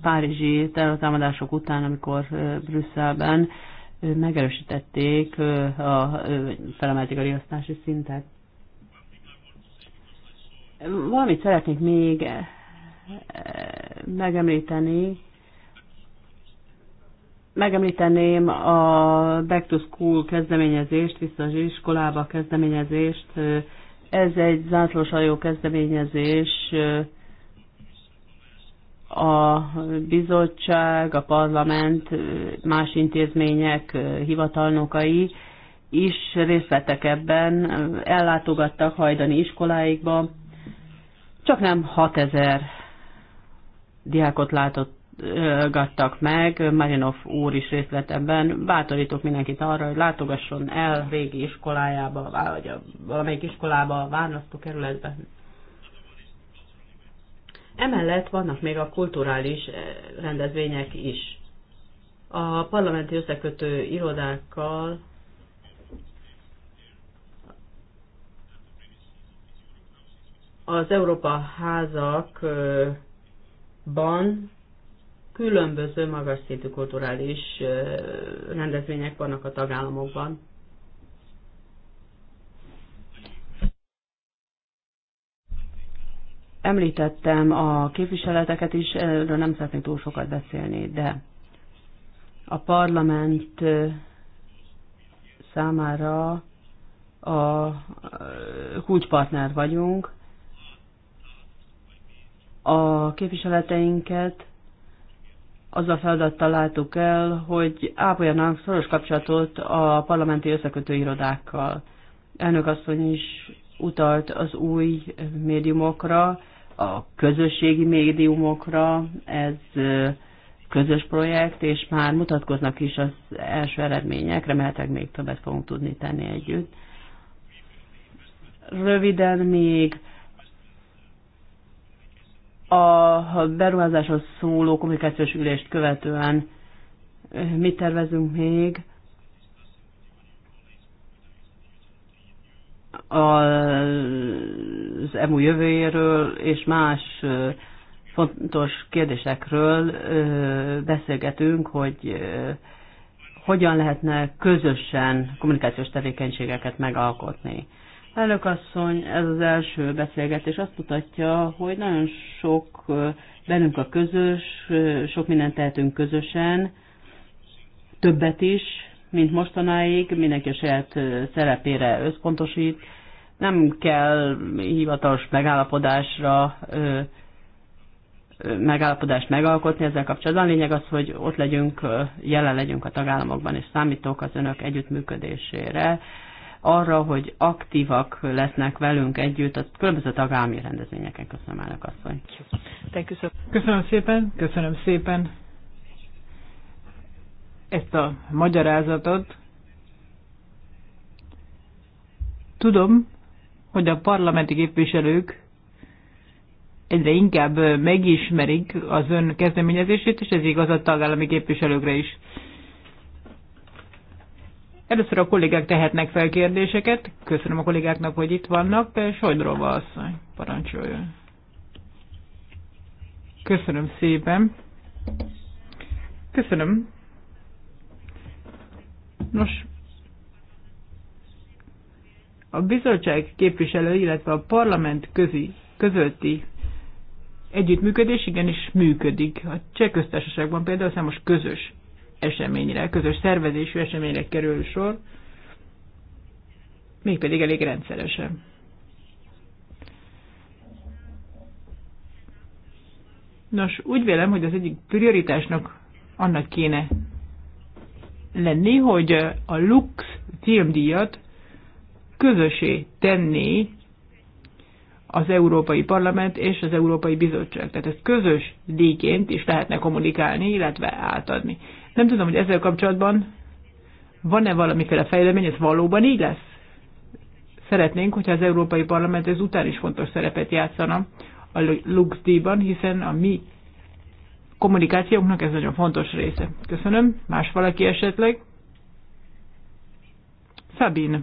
párizsi terrortámadások után, amikor Brüsszelben megerősítették, a, felemelték a riasztási szintet. Valamit szeretnék még megemlíteni. Megemlíteném a Back to School kezdeményezést, vissza az iskolába kezdeményezést, ez egy hajó kezdeményezés, a bizottság, a parlament, más intézmények hivatalnokai is részt vettek ebben, ellátogattak hajdani iskoláikba, csak nem 6000 diákot látott látogattak meg, Marinov úr is részt vett ebben. Bátorítok mindenkit arra, hogy látogasson el régi iskolájába, vagy valamelyik iskolába, a kerületben. Emellett vannak még a kulturális eh, rendezvények is. A parlamenti összekötő irodákkal az Európa házakban különböző magas szintű kulturális rendezvények vannak a tagállamokban. Említettem a képviseleteket is, erről nem szeretnék túl sokat beszélni, de a parlament számára a kulcspartner vagyunk. A képviseleteinket az a feladattal láttuk el, hogy ápoljanak szoros kapcsolatot a parlamenti összekötő irodákkal. Elnök asszony is utalt az új médiumokra, a közösségi médiumokra, ez közös projekt, és már mutatkoznak is az első eredmények, remélhetőleg még többet fogunk tudni tenni együtt. Röviden még a beruházáshoz szóló kommunikációs ülést követően eh, mit tervezünk még? az EMU jövőjéről és más eh, fontos kérdésekről eh, beszélgetünk, hogy hogyan lehetne közösen kommunikációs tevékenységeket megalkotni. Elnök asszony, ez az első beszélgetés azt mutatja, hogy nagyon sok bennünk a közös, sok mindent tehetünk közösen, többet is, mint mostanáig, mindenki a saját szerepére összpontosít. Nem kell hivatalos megállapodásra megállapodást megalkotni ezzel kapcsolatban. A lényeg az, hogy ott legyünk, jelen legyünk a tagállamokban, és számítok az önök együttműködésére arra, hogy aktívak lesznek velünk együtt a különböző tagállami rendezvényeken. Köszönöm, Állak asszony. Köszönöm szépen, köszönöm szépen ezt a magyarázatot. Tudom, hogy a parlamenti képviselők egyre inkább megismerik az ön kezdeményezését, és ez igaz a tagállami képviselőkre is. Először a kollégák tehetnek fel kérdéseket. Köszönöm a kollégáknak, hogy itt vannak. Sojdrova asszony, parancsoljon. Köszönöm szépen. Köszönöm. Nos, a bizottság képviselő, illetve a parlament közi, közötti együttműködés igenis működik. A cseh köztársaságban például számos közös eseményre, közös szervezésű eseményre kerül sor, mégpedig elég rendszeresen. Nos, úgy vélem, hogy az egyik prioritásnak annak kéne lenni, hogy a Lux filmdíjat közösé tenni az Európai Parlament és az Európai Bizottság. Tehát ezt közös díjként is lehetne kommunikálni, illetve átadni. Nem tudom, hogy ezzel kapcsolatban van-e valamiféle fejlemény, ez valóban így lesz? Szeretnénk, hogyha az Európai Parlament ez után is fontos szerepet játszana a Lux ban hiszen a mi kommunikációknak ez nagyon fontos része. Köszönöm. Más valaki esetleg? Sabine.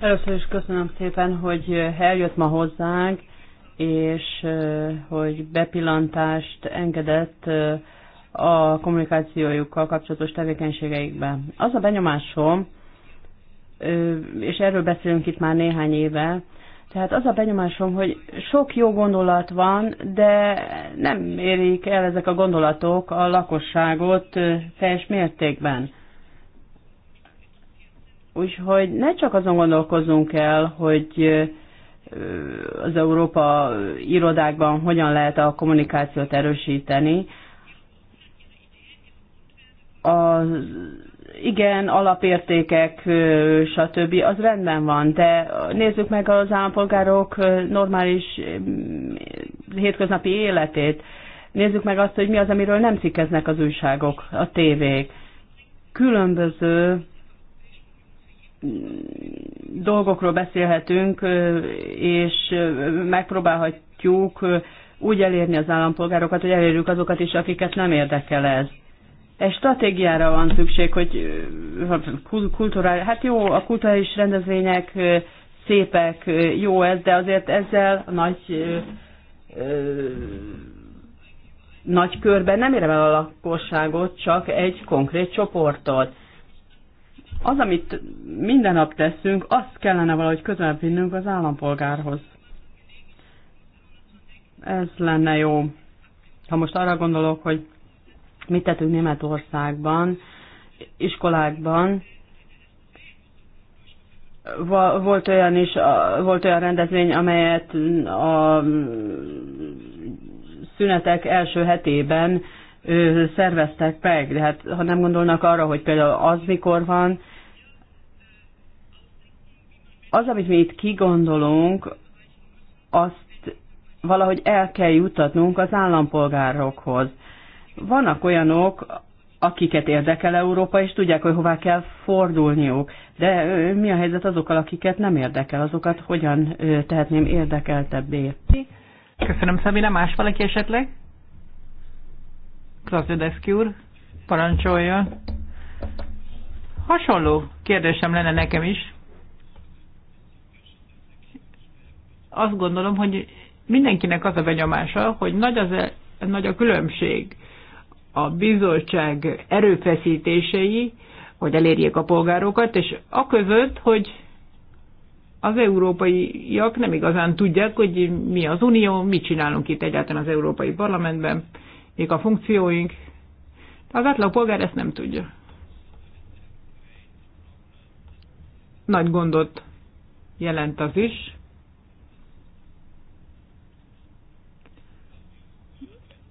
Először is köszönöm szépen, hogy eljött ma hozzánk, és hogy bepillantást engedett a kommunikációjukkal kapcsolatos tevékenységeikbe. Az a benyomásom, és erről beszélünk itt már néhány éve, tehát az a benyomásom, hogy sok jó gondolat van, de nem érik el ezek a gondolatok a lakosságot teljes mértékben. Úgyhogy ne csak azon gondolkozunk el, hogy az Európa irodákban hogyan lehet a kommunikációt erősíteni, a igen, alapértékek, stb. az rendben van, de nézzük meg az állampolgárok normális hétköznapi életét. Nézzük meg azt, hogy mi az, amiről nem cikkeznek az újságok, a tévék. Különböző dolgokról beszélhetünk, és megpróbálhatjuk úgy elérni az állampolgárokat, hogy elérjük azokat is, akiket nem érdekel ez egy stratégiára van szükség, hogy kulturális, hát jó, a kulturális rendezvények szépek, jó ez, de azért ezzel a nagy nagy körben nem érem el a lakosságot, csak egy konkrét csoportot. Az, amit minden nap teszünk, azt kellene valahogy közelebb vinnünk az állampolgárhoz. Ez lenne jó. Ha most arra gondolok, hogy mit tettünk Németországban, iskolákban. Volt olyan is, volt olyan rendezvény, amelyet a szünetek első hetében szerveztek meg, de hát ha nem gondolnak arra, hogy például az mikor van, az, amit mi itt kigondolunk, azt valahogy el kell jutatnunk az állampolgárokhoz. Vannak olyanok, akiket érdekel Európa, és tudják, hogy hová kell fordulniuk. De mi a helyzet azokkal, akiket nem érdekel, azokat hogyan tehetném érdekeltebbé? Köszönöm, Szabina. Más valaki esetleg? Klazdödeszki úr, parancsoljon. Hasonló kérdésem lenne nekem is. Azt gondolom, hogy mindenkinek az a benyomása, hogy nagy, az, e- nagy a különbség a bizottság erőfeszítései, hogy elérjék a polgárokat, és a között, hogy az európaiak nem igazán tudják, hogy mi az Unió, mit csinálunk itt egyáltalán az Európai Parlamentben, még a funkcióink. Az átlag polgár ezt nem tudja. Nagy gondot jelent az is,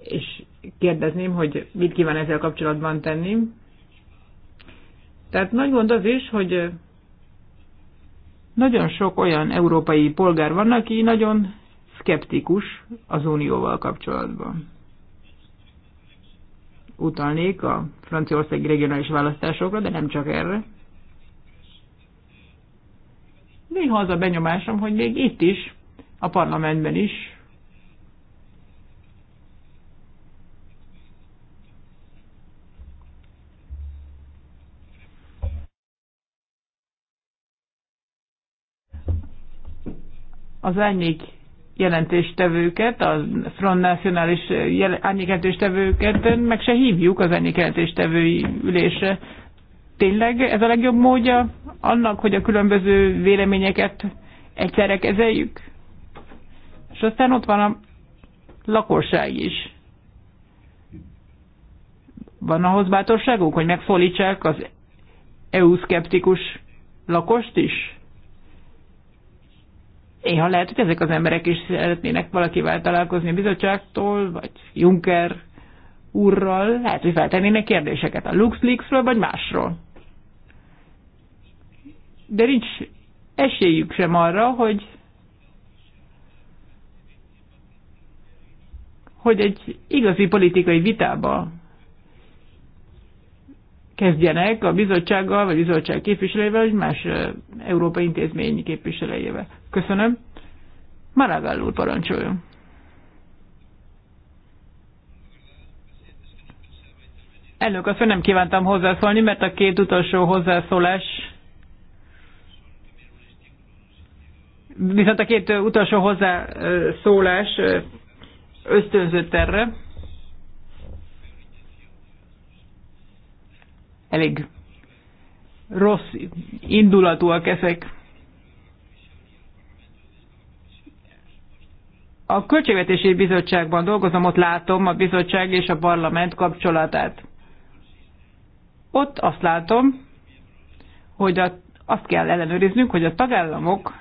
és kérdezném, hogy mit kíván ezzel kapcsolatban tenni. Tehát nagy gond az is, hogy nagyon sok olyan európai polgár van, aki nagyon szkeptikus az unióval kapcsolatban. Utalnék a franciaországi regionális választásokra, de nem csak erre. Néha az a benyomásom, hogy még itt is, a parlamentben is az árnyék jelentéstevőket, a Front Nacionalis árnyékjelentéstevőket meg se hívjuk az jelentéstevői ülésre. Tényleg ez a legjobb módja annak, hogy a különböző véleményeket egyszerre kezeljük? És aztán ott van a lakosság is. Van ahhoz bátorságunk, hogy megszólítsák az EU-szkeptikus lakost is? Néha lehet, hogy ezek az emberek is szeretnének valakivel találkozni a bizottságtól, vagy Juncker úrral, lehet, hogy feltennének kérdéseket a LuxLeaksről, vagy másról. De nincs esélyük sem arra, hogy hogy egy igazi politikai vitába kezdjenek a bizottsággal, vagy bizottság képviselőjével, vagy más európai intézmény képviselőjével. Köszönöm. Maragall úr parancsoljon. Elnök azt nem kívántam hozzászólni, mert a két utolsó hozzászólás viszont a két utolsó hozzászólás ösztönzött erre. elég rossz indulatúak ezek. A Költségvetési Bizottságban dolgozom, ott látom a bizottság és a parlament kapcsolatát. Ott azt látom, hogy a, azt kell ellenőriznünk, hogy a tagállamok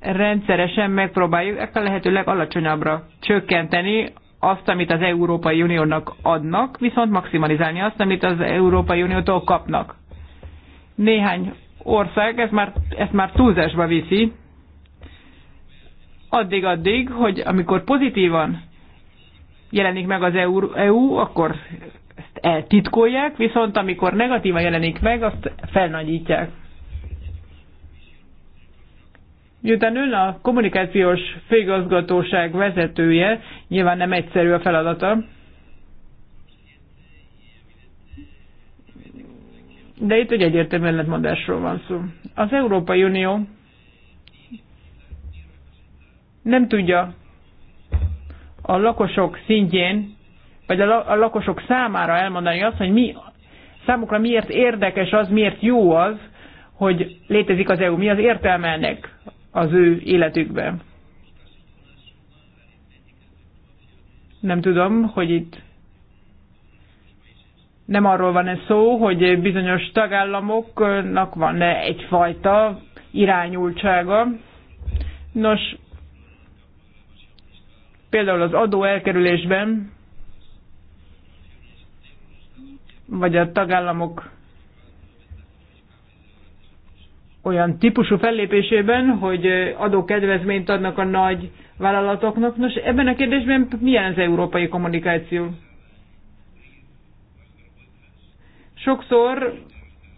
rendszeresen megpróbáljuk a lehető legalacsonyabbra csökkenteni azt, amit az Európai Uniónak adnak, viszont maximalizálni azt, amit az Európai Uniótól kapnak. Néhány ország ezt már, ezt már túlzásba viszi, addig-addig, hogy amikor pozitívan jelenik meg az EU, EU akkor ezt eltitkolják, viszont amikor negatívan jelenik meg, azt felnagyítják. Miután ön a kommunikációs főigazgatóság vezetője, nyilván nem egyszerű a feladata, de itt egy egyértelmű ellentmondásról van szó. Az Európai Unió nem tudja a lakosok szintjén, vagy a, a lakosok számára elmondani azt, hogy mi számukra miért érdekes az, miért jó az, hogy létezik az EU, mi az értelme ennek az ő életükbe. Nem tudom, hogy itt nem arról van ez szó, hogy bizonyos tagállamoknak van egyfajta irányultsága. Nos, például az adó elkerülésben, vagy a tagállamok olyan típusú fellépésében, hogy adó kedvezményt adnak a nagy vállalatoknak. Nos, ebben a kérdésben milyen az európai kommunikáció? Sokszor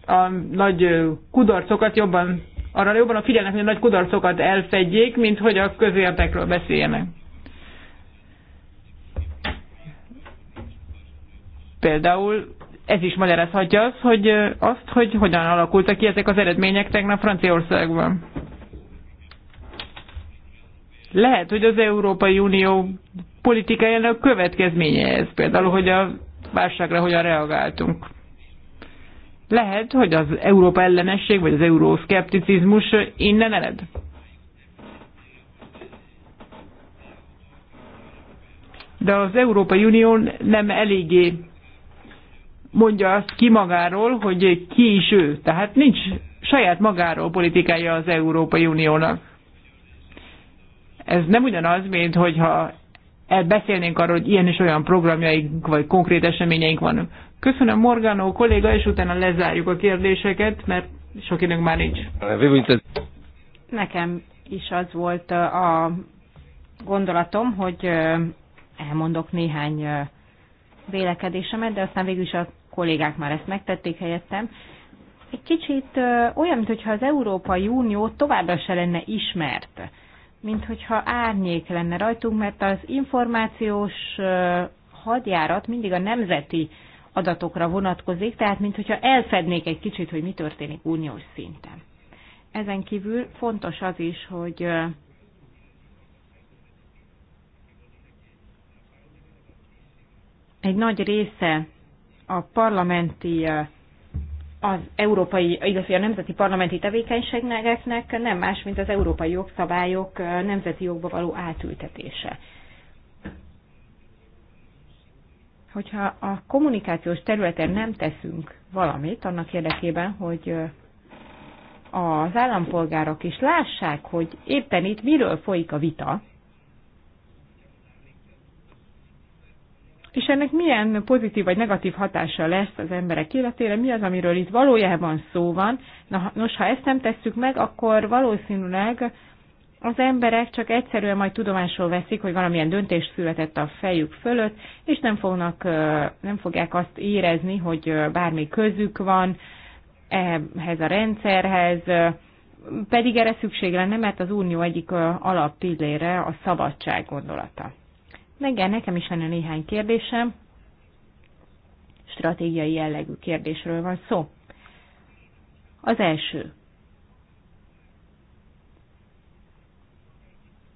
a nagy kudarcokat jobban, arra jobban a figyelnek, hogy a nagy kudarcokat elfedjék, mint hogy a közértekről beszéljenek. Például ez is magyarázhatja az, hogy azt, hogy hogyan alakultak ki ezek az eredmények tegnap Franciaországban. Lehet, hogy az Európai Unió politikájának következménye ez, például, hogy a válságra hogyan reagáltunk. Lehet, hogy az Európa ellenesség vagy az euroszkepticizmus innen ered. De az Európai Unió nem eléggé mondja azt ki magáról, hogy ki is ő. Tehát nincs saját magáról politikája az Európai Uniónak. Ez nem ugyanaz, mint hogyha beszélnénk arról, hogy ilyen és olyan programjaink vagy konkrét eseményeink vannak. Köszönöm Morganó kolléga, és utána lezárjuk a kérdéseket, mert sok időnk már nincs. Nekem is az volt a gondolatom, hogy elmondok néhány vélekedésemet, de aztán végül is a kollégák már ezt megtették helyettem, egy kicsit olyan, mintha az Európai Unió továbbra se lenne ismert, mint hogyha árnyék lenne rajtunk, mert az információs hadjárat mindig a nemzeti adatokra vonatkozik, tehát mint hogyha elfednék egy kicsit, hogy mi történik uniós szinten. Ezen kívül fontos az is, hogy egy nagy része a parlamenti, az európai, illetve a nemzeti parlamenti tevékenységnek nem más, mint az európai jogszabályok nemzeti jogba való átültetése. Hogyha a kommunikációs területen nem teszünk valamit annak érdekében, hogy az állampolgárok is lássák, hogy éppen itt miről folyik a vita, és ennek milyen pozitív vagy negatív hatása lesz az emberek életére, mi az, amiről itt valójában szó van. Na, nos, ha ezt nem tesszük meg, akkor valószínűleg az emberek csak egyszerűen majd tudomásul veszik, hogy valamilyen döntés született a fejük fölött, és nem, fognak, nem fogják azt érezni, hogy bármi közük van ehhez a rendszerhez, pedig erre szükség lenne, mert az unió egyik alappillére a szabadság gondolata. Megjár nekem is lenne néhány kérdésem. Stratégiai jellegű kérdésről van szó. Az első.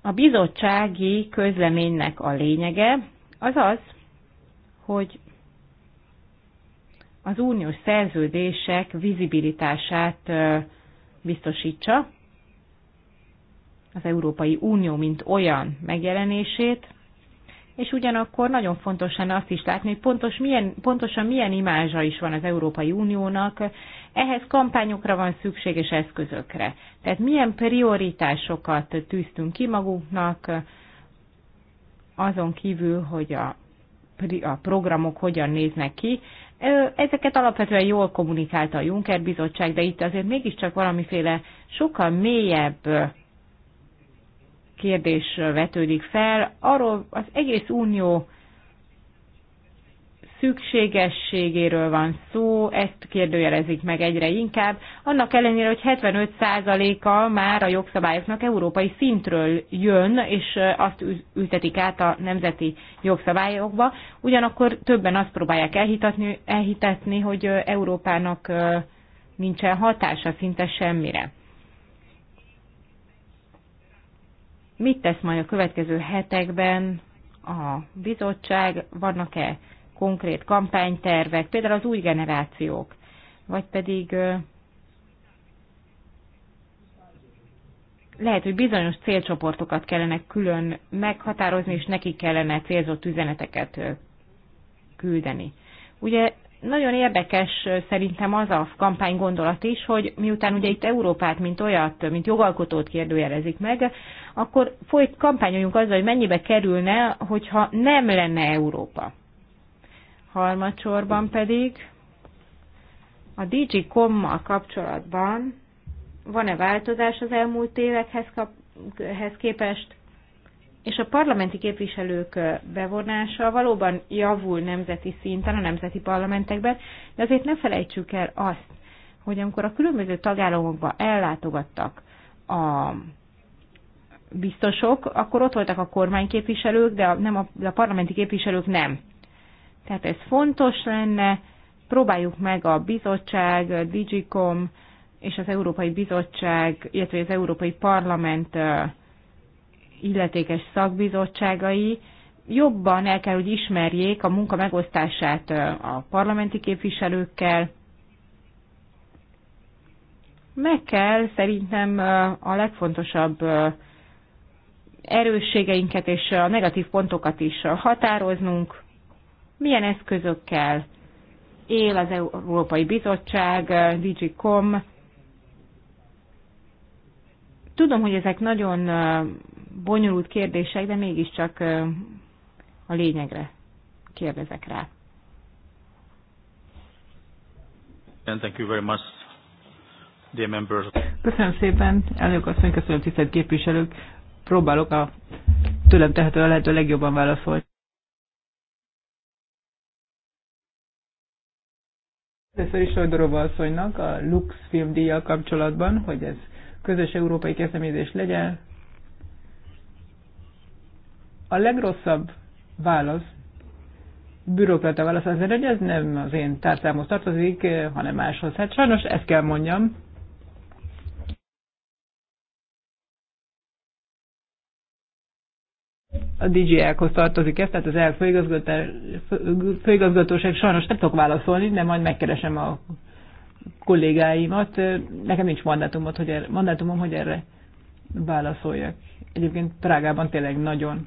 A bizottsági közleménynek a lényege az az, hogy az uniós szerződések vizibilitását biztosítsa, az Európai Unió mint olyan megjelenését, és ugyanakkor nagyon fontos lenne azt is látni, hogy pontos milyen, pontosan milyen imázsa is van az Európai Uniónak, ehhez kampányokra van szükséges eszközökre. Tehát milyen prioritásokat tűztünk ki magunknak, azon kívül, hogy a, a programok hogyan néznek ki. Ezeket alapvetően jól kommunikálta a Juncker Bizottság, de itt azért mégiscsak valamiféle sokkal mélyebb kérdés vetődik fel, arról az egész unió szükségességéről van szó, ezt kérdőjelezik meg egyre inkább, annak ellenére, hogy 75%-a már a jogszabályoknak európai szintről jön, és azt ültetik át a nemzeti jogszabályokba, ugyanakkor többen azt próbálják elhitetni, elhitetni hogy Európának nincsen hatása szinte semmire. Mit tesz majd a következő hetekben a bizottság? Vannak-e konkrét kampánytervek, például az új generációk, vagy pedig lehet, hogy bizonyos célcsoportokat kellene külön meghatározni, és neki kellene célzott üzeneteket küldeni. Ugye nagyon érdekes szerintem az a kampány gondolat is, hogy miután ugye itt Európát, mint olyat, mint jogalkotót kérdőjelezik meg, akkor folyt kampányoljunk azzal, hogy mennyibe kerülne, hogyha nem lenne Európa. Harmadsorban pedig a DigiCom-mal kapcsolatban van-e változás az elmúlt évekhez kap, képest? és a parlamenti képviselők bevonása valóban javul nemzeti szinten, a nemzeti parlamentekben, de azért ne felejtsük el azt, hogy amikor a különböző tagállamokba ellátogattak a biztosok, akkor ott voltak a kormányképviselők, de a, nem a, de a parlamenti képviselők nem. Tehát ez fontos lenne, próbáljuk meg a bizottság, a Digicom és az Európai Bizottság, illetve az Európai Parlament illetékes szakbizottságai jobban el kell, hogy ismerjék a munka megosztását a parlamenti képviselőkkel. Meg kell szerintem a legfontosabb erősségeinket és a negatív pontokat is határoznunk, milyen eszközökkel él az Európai Bizottság, DigiCom. Tudom, hogy ezek nagyon bonyolult kérdések, de mégiscsak a lényegre kérdezek rá. thank you very much, dear members. Köszönöm szépen, elnök asszony, köszönöm tisztelt képviselők. Próbálok a tőlem tehető a lehető legjobban válaszolni. Először is Sajdorova asszonynak a Lux filmdíjjal kapcsolatban, hogy ez közös európai kezdeményezés legyen, a legrosszabb válasz, bürokrata válasz azért, hogy ez nem az én tárcámhoz tartozik, eh, hanem máshoz. Hát sajnos ezt kell mondjam, a dj hoz tartozik ez, tehát az EL főigazgatóság sajnos nem tudok válaszolni, de majd megkeresem a kollégáimat. Eh, nekem nincs mandátumot, hogy erre, mandátumom, hogy erre válaszoljak. Egyébként Prágában tényleg nagyon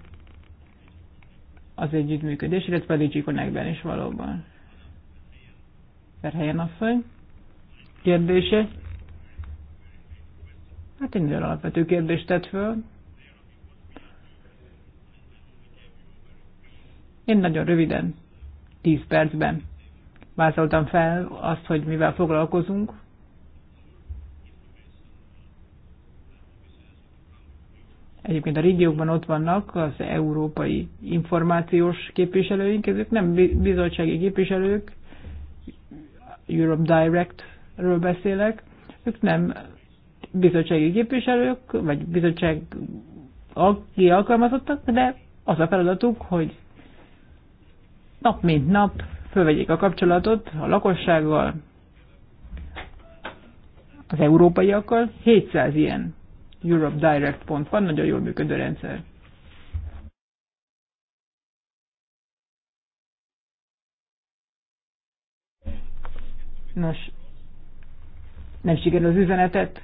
az együttműködés, illetve a Digi Connect-ben is valóban. a asszony. Kérdése? Hát egy nagyon alapvető kérdést tett föl. Én nagyon röviden, 10 percben vázoltam fel azt, hogy mivel foglalkozunk, Egyébként a régiókban ott vannak az európai információs képviselőink, ezek nem bizottsági képviselők, Europe Direct-ről beszélek, ők nem bizottsági képviselők, vagy bizottság aki alkalmazottak, de az a feladatuk, hogy nap mint nap fölvegyék a kapcsolatot a lakossággal, az európaiakkal, 700 ilyen Europe Direct pont van, nagyon jól működő rendszer. Nos, nem sikerül az üzenetet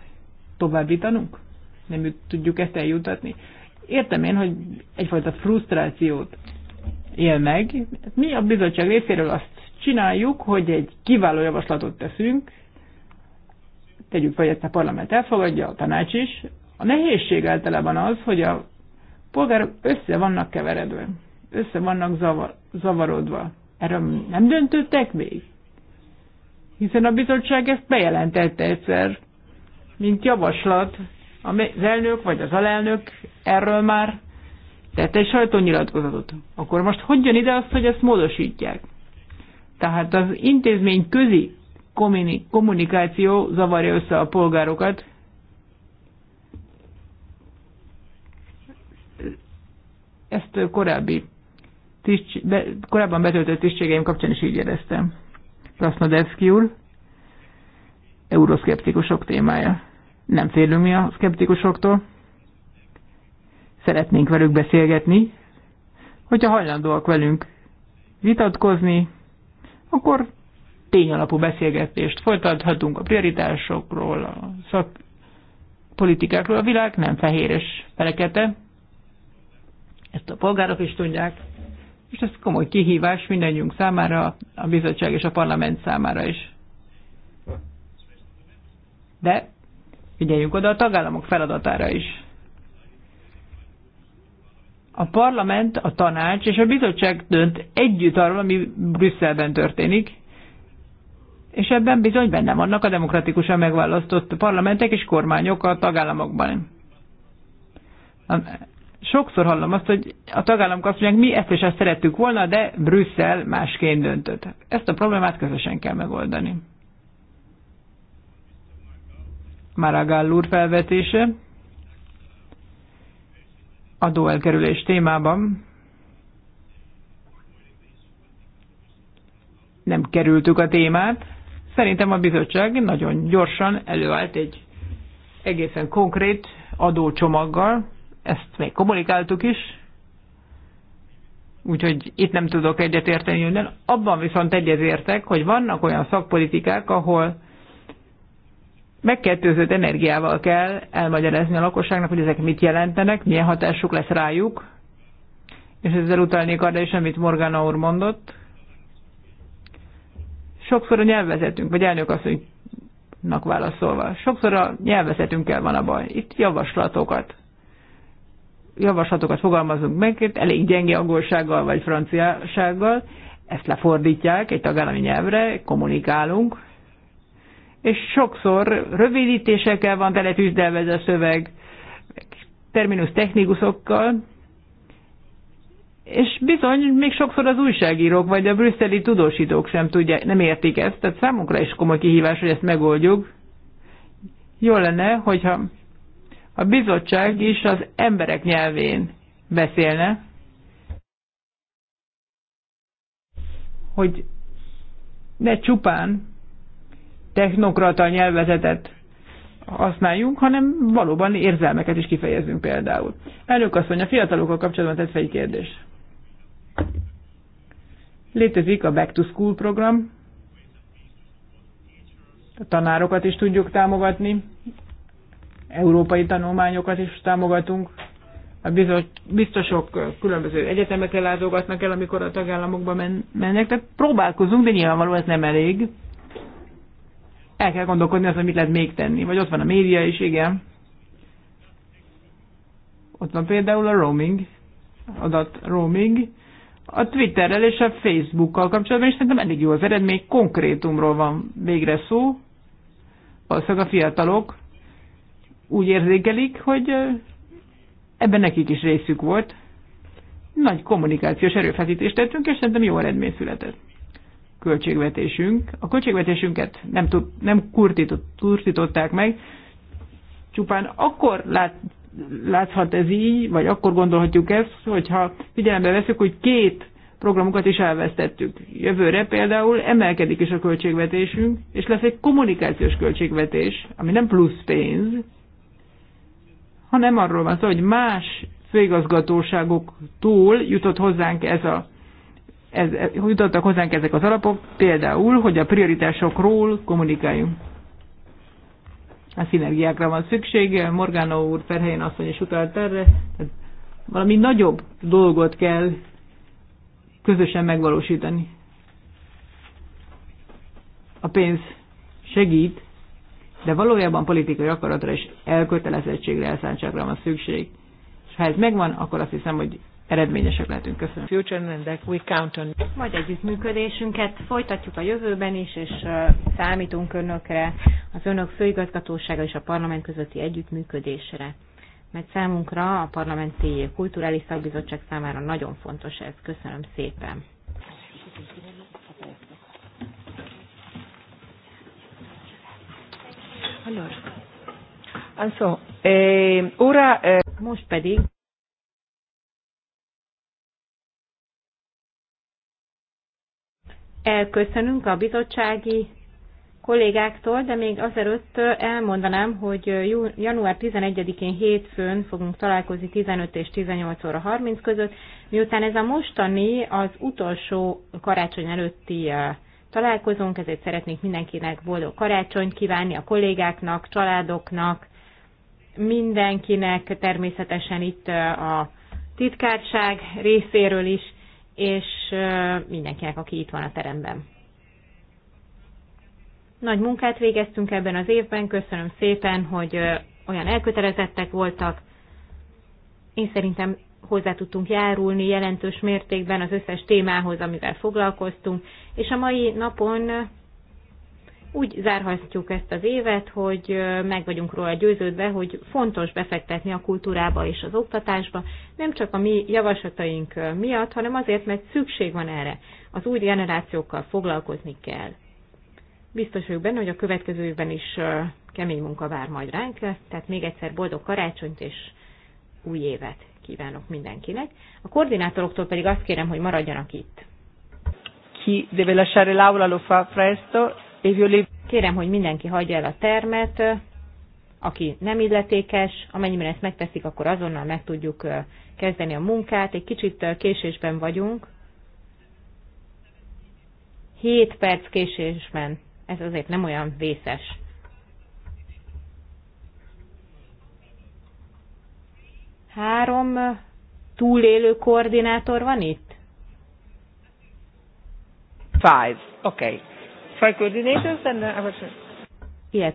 továbbítanunk? Nem tudjuk ezt eljutatni? Értem én, hogy egyfajta frusztrációt él meg. Mi a bizottság részéről azt csináljuk, hogy egy kiváló javaslatot teszünk, tegyük fel, hogy ezt a parlament elfogadja, a tanács is, a nehézség általában az, hogy a polgárok össze vannak keveredve, össze vannak zavar, zavarodva. Erről nem döntöttek még? Hiszen a bizottság ezt bejelentette egyszer, mint javaslat. Az elnök vagy az alelnök erről már tett egy sajtónyilatkozatot. Akkor most hogy jön ide azt, hogy ezt módosítják? Tehát az intézmény közi kommunikáció zavarja össze a polgárokat, Ezt korábbi tiszt, be, korábban betöltött tisztségeim kapcsán is így éreztem. Krasznodevszki úr, euroszkeptikusok témája. Nem félünk mi a szkeptikusoktól. Szeretnénk velük beszélgetni. Hogyha hajlandóak velünk vitatkozni, akkor tényalapú beszélgetést folytathatunk a prioritásokról, a szakpolitikákról. A világ nem fehér és felekete, ezt a polgárok is tudják, és ez komoly kihívás mindannyiunk számára, a bizottság és a parlament számára is. De figyeljünk oda a tagállamok feladatára is. A parlament, a tanács és a bizottság dönt együtt arról, ami Brüsszelben történik, és ebben bizony benne vannak a demokratikusan megválasztott parlamentek és kormányok a tagállamokban sokszor hallom azt, hogy a tagállamok azt mondják, mi ezt és ezt szerettük volna, de Brüsszel másként döntött. Ezt a problémát közösen kell megoldani. Maragall úr felvetése adóelkerülés témában. Nem kerültük a témát. Szerintem a bizottság nagyon gyorsan előállt egy egészen konkrét adócsomaggal, ezt még kommunikáltuk is, úgyhogy itt nem tudok egyetérteni önnel. Abban viszont egyetértek, hogy vannak olyan szakpolitikák, ahol megkettőzött energiával kell elmagyarázni a lakosságnak, hogy ezek mit jelentenek, milyen hatásuk lesz rájuk, és ezzel utalnék arra is, amit Morgana úr mondott. Sokszor a nyelvezetünk, vagy elnökasszonynak válaszolva, sokszor a nyelvezetünkkel van a baj. Itt javaslatokat javaslatokat fogalmazunk meg, elég gyenge angolsággal vagy franciásággal, ezt lefordítják egy tagállami nyelvre, kommunikálunk, és sokszor rövidítésekkel van teletűzdelve ez a szöveg, terminus technikusokkal, és bizony, még sokszor az újságírók vagy a brüsszeli tudósítók sem tudják, nem értik ezt, tehát számunkra is komoly kihívás, hogy ezt megoldjuk. Jó lenne, hogyha a bizottság is az emberek nyelvén beszélne, hogy ne csupán technokrata nyelvezetet használjunk, hanem valóban érzelmeket is kifejezünk például. Elnök asszony, a fiatalokkal kapcsolatban tett fel egy kérdés. Létezik a Back to School program, a tanárokat is tudjuk támogatni európai tanulmányokat is támogatunk. A biztosok különböző egyetemekre látogatnak el, amikor a tagállamokba mennek, tehát próbálkozunk, de nyilvánvaló ez nem elég. El kell gondolkodni azon, mit lehet még tenni. Vagy ott van a média is, igen. Ott van például a roaming, adat roaming, a Twitterrel és a Facebookkal kapcsolatban, is szerintem elég jó az eredmény, konkrétumról van végre szó, valószínűleg a fiatalok úgy érzékelik, hogy ebben nekik is részük volt. Nagy kommunikációs erőfeszítést tettünk, és szerintem jó eredmény született. Költségvetésünk. A költségvetésünket nem, tud, nem kurtított, kurtították meg, csupán akkor lát, láthat ez így, vagy akkor gondolhatjuk ezt, hogyha figyelembe veszük, hogy két programokat is elvesztettük. Jövőre például emelkedik is a költségvetésünk, és lesz egy kommunikációs költségvetés, ami nem plusz pénz, hanem arról van szó, hogy más főigazgatóságok túl jutott hozzánk ez a ez, jutottak hozzánk ezek az alapok, például, hogy a prioritásokról kommunikáljunk. A szinergiákra van szükség, Morgánó úr, Ferhelyen asszony is utalt erre, tehát valami nagyobb dolgot kell közösen megvalósítani. A pénz segít, de valójában politikai akaratra és elkötelezettségre, elszántságra van szükség. És ha ez megvan, akkor azt hiszem, hogy eredményesek lehetünk. Köszönöm. Future and that we count on. Majd együttműködésünket folytatjuk a jövőben is, és számítunk önökre, az önök főigazgatósága és a parlament közötti együttműködésre. Mert számunkra a parlamenti kulturális szakbizottság számára nagyon fontos ez. Köszönöm szépen. Allora. Also, ah, eh, ora, eh... Most pedig elköszönünk a bizottsági kollégáktól, de még azelőtt eh, elmondanám, hogy eh, január 11-én hétfőn fogunk találkozni 15 és 18 óra 30 között, miután ez a mostani az utolsó karácsony előtti eh, találkozónk, ezért szeretnék mindenkinek boldog karácsonyt kívánni, a kollégáknak, családoknak, mindenkinek, természetesen itt a titkárság részéről is, és mindenkinek, aki itt van a teremben. Nagy munkát végeztünk ebben az évben, köszönöm szépen, hogy olyan elkötelezettek voltak. Én szerintem hozzá tudtunk járulni jelentős mértékben az összes témához, amivel foglalkoztunk, és a mai napon úgy zárhatjuk ezt az évet, hogy meg vagyunk róla győződve, hogy fontos befektetni a kultúrába és az oktatásba, nem csak a mi javaslataink miatt, hanem azért, mert szükség van erre. Az új generációkkal foglalkozni kell. Biztos vagyok benne, hogy a következő évben is kemény munka vár majd ránk, tehát még egyszer boldog karácsonyt és új évet! kívánok mindenkinek. A koordinátoroktól pedig azt kérem, hogy maradjanak itt. Ki deve lasciare l'aula lo fa presto e le... Kérem, hogy mindenki hagyja el a termet, aki nem illetékes, amennyiben ezt megteszik, akkor azonnal meg tudjuk kezdeni a munkát. Egy kicsit késésben vagyunk. 7 perc késésben. Ez azért nem olyan vészes. Három túlélő koordinátor van itt? Five. Okay. Five coordinators and uh, I was...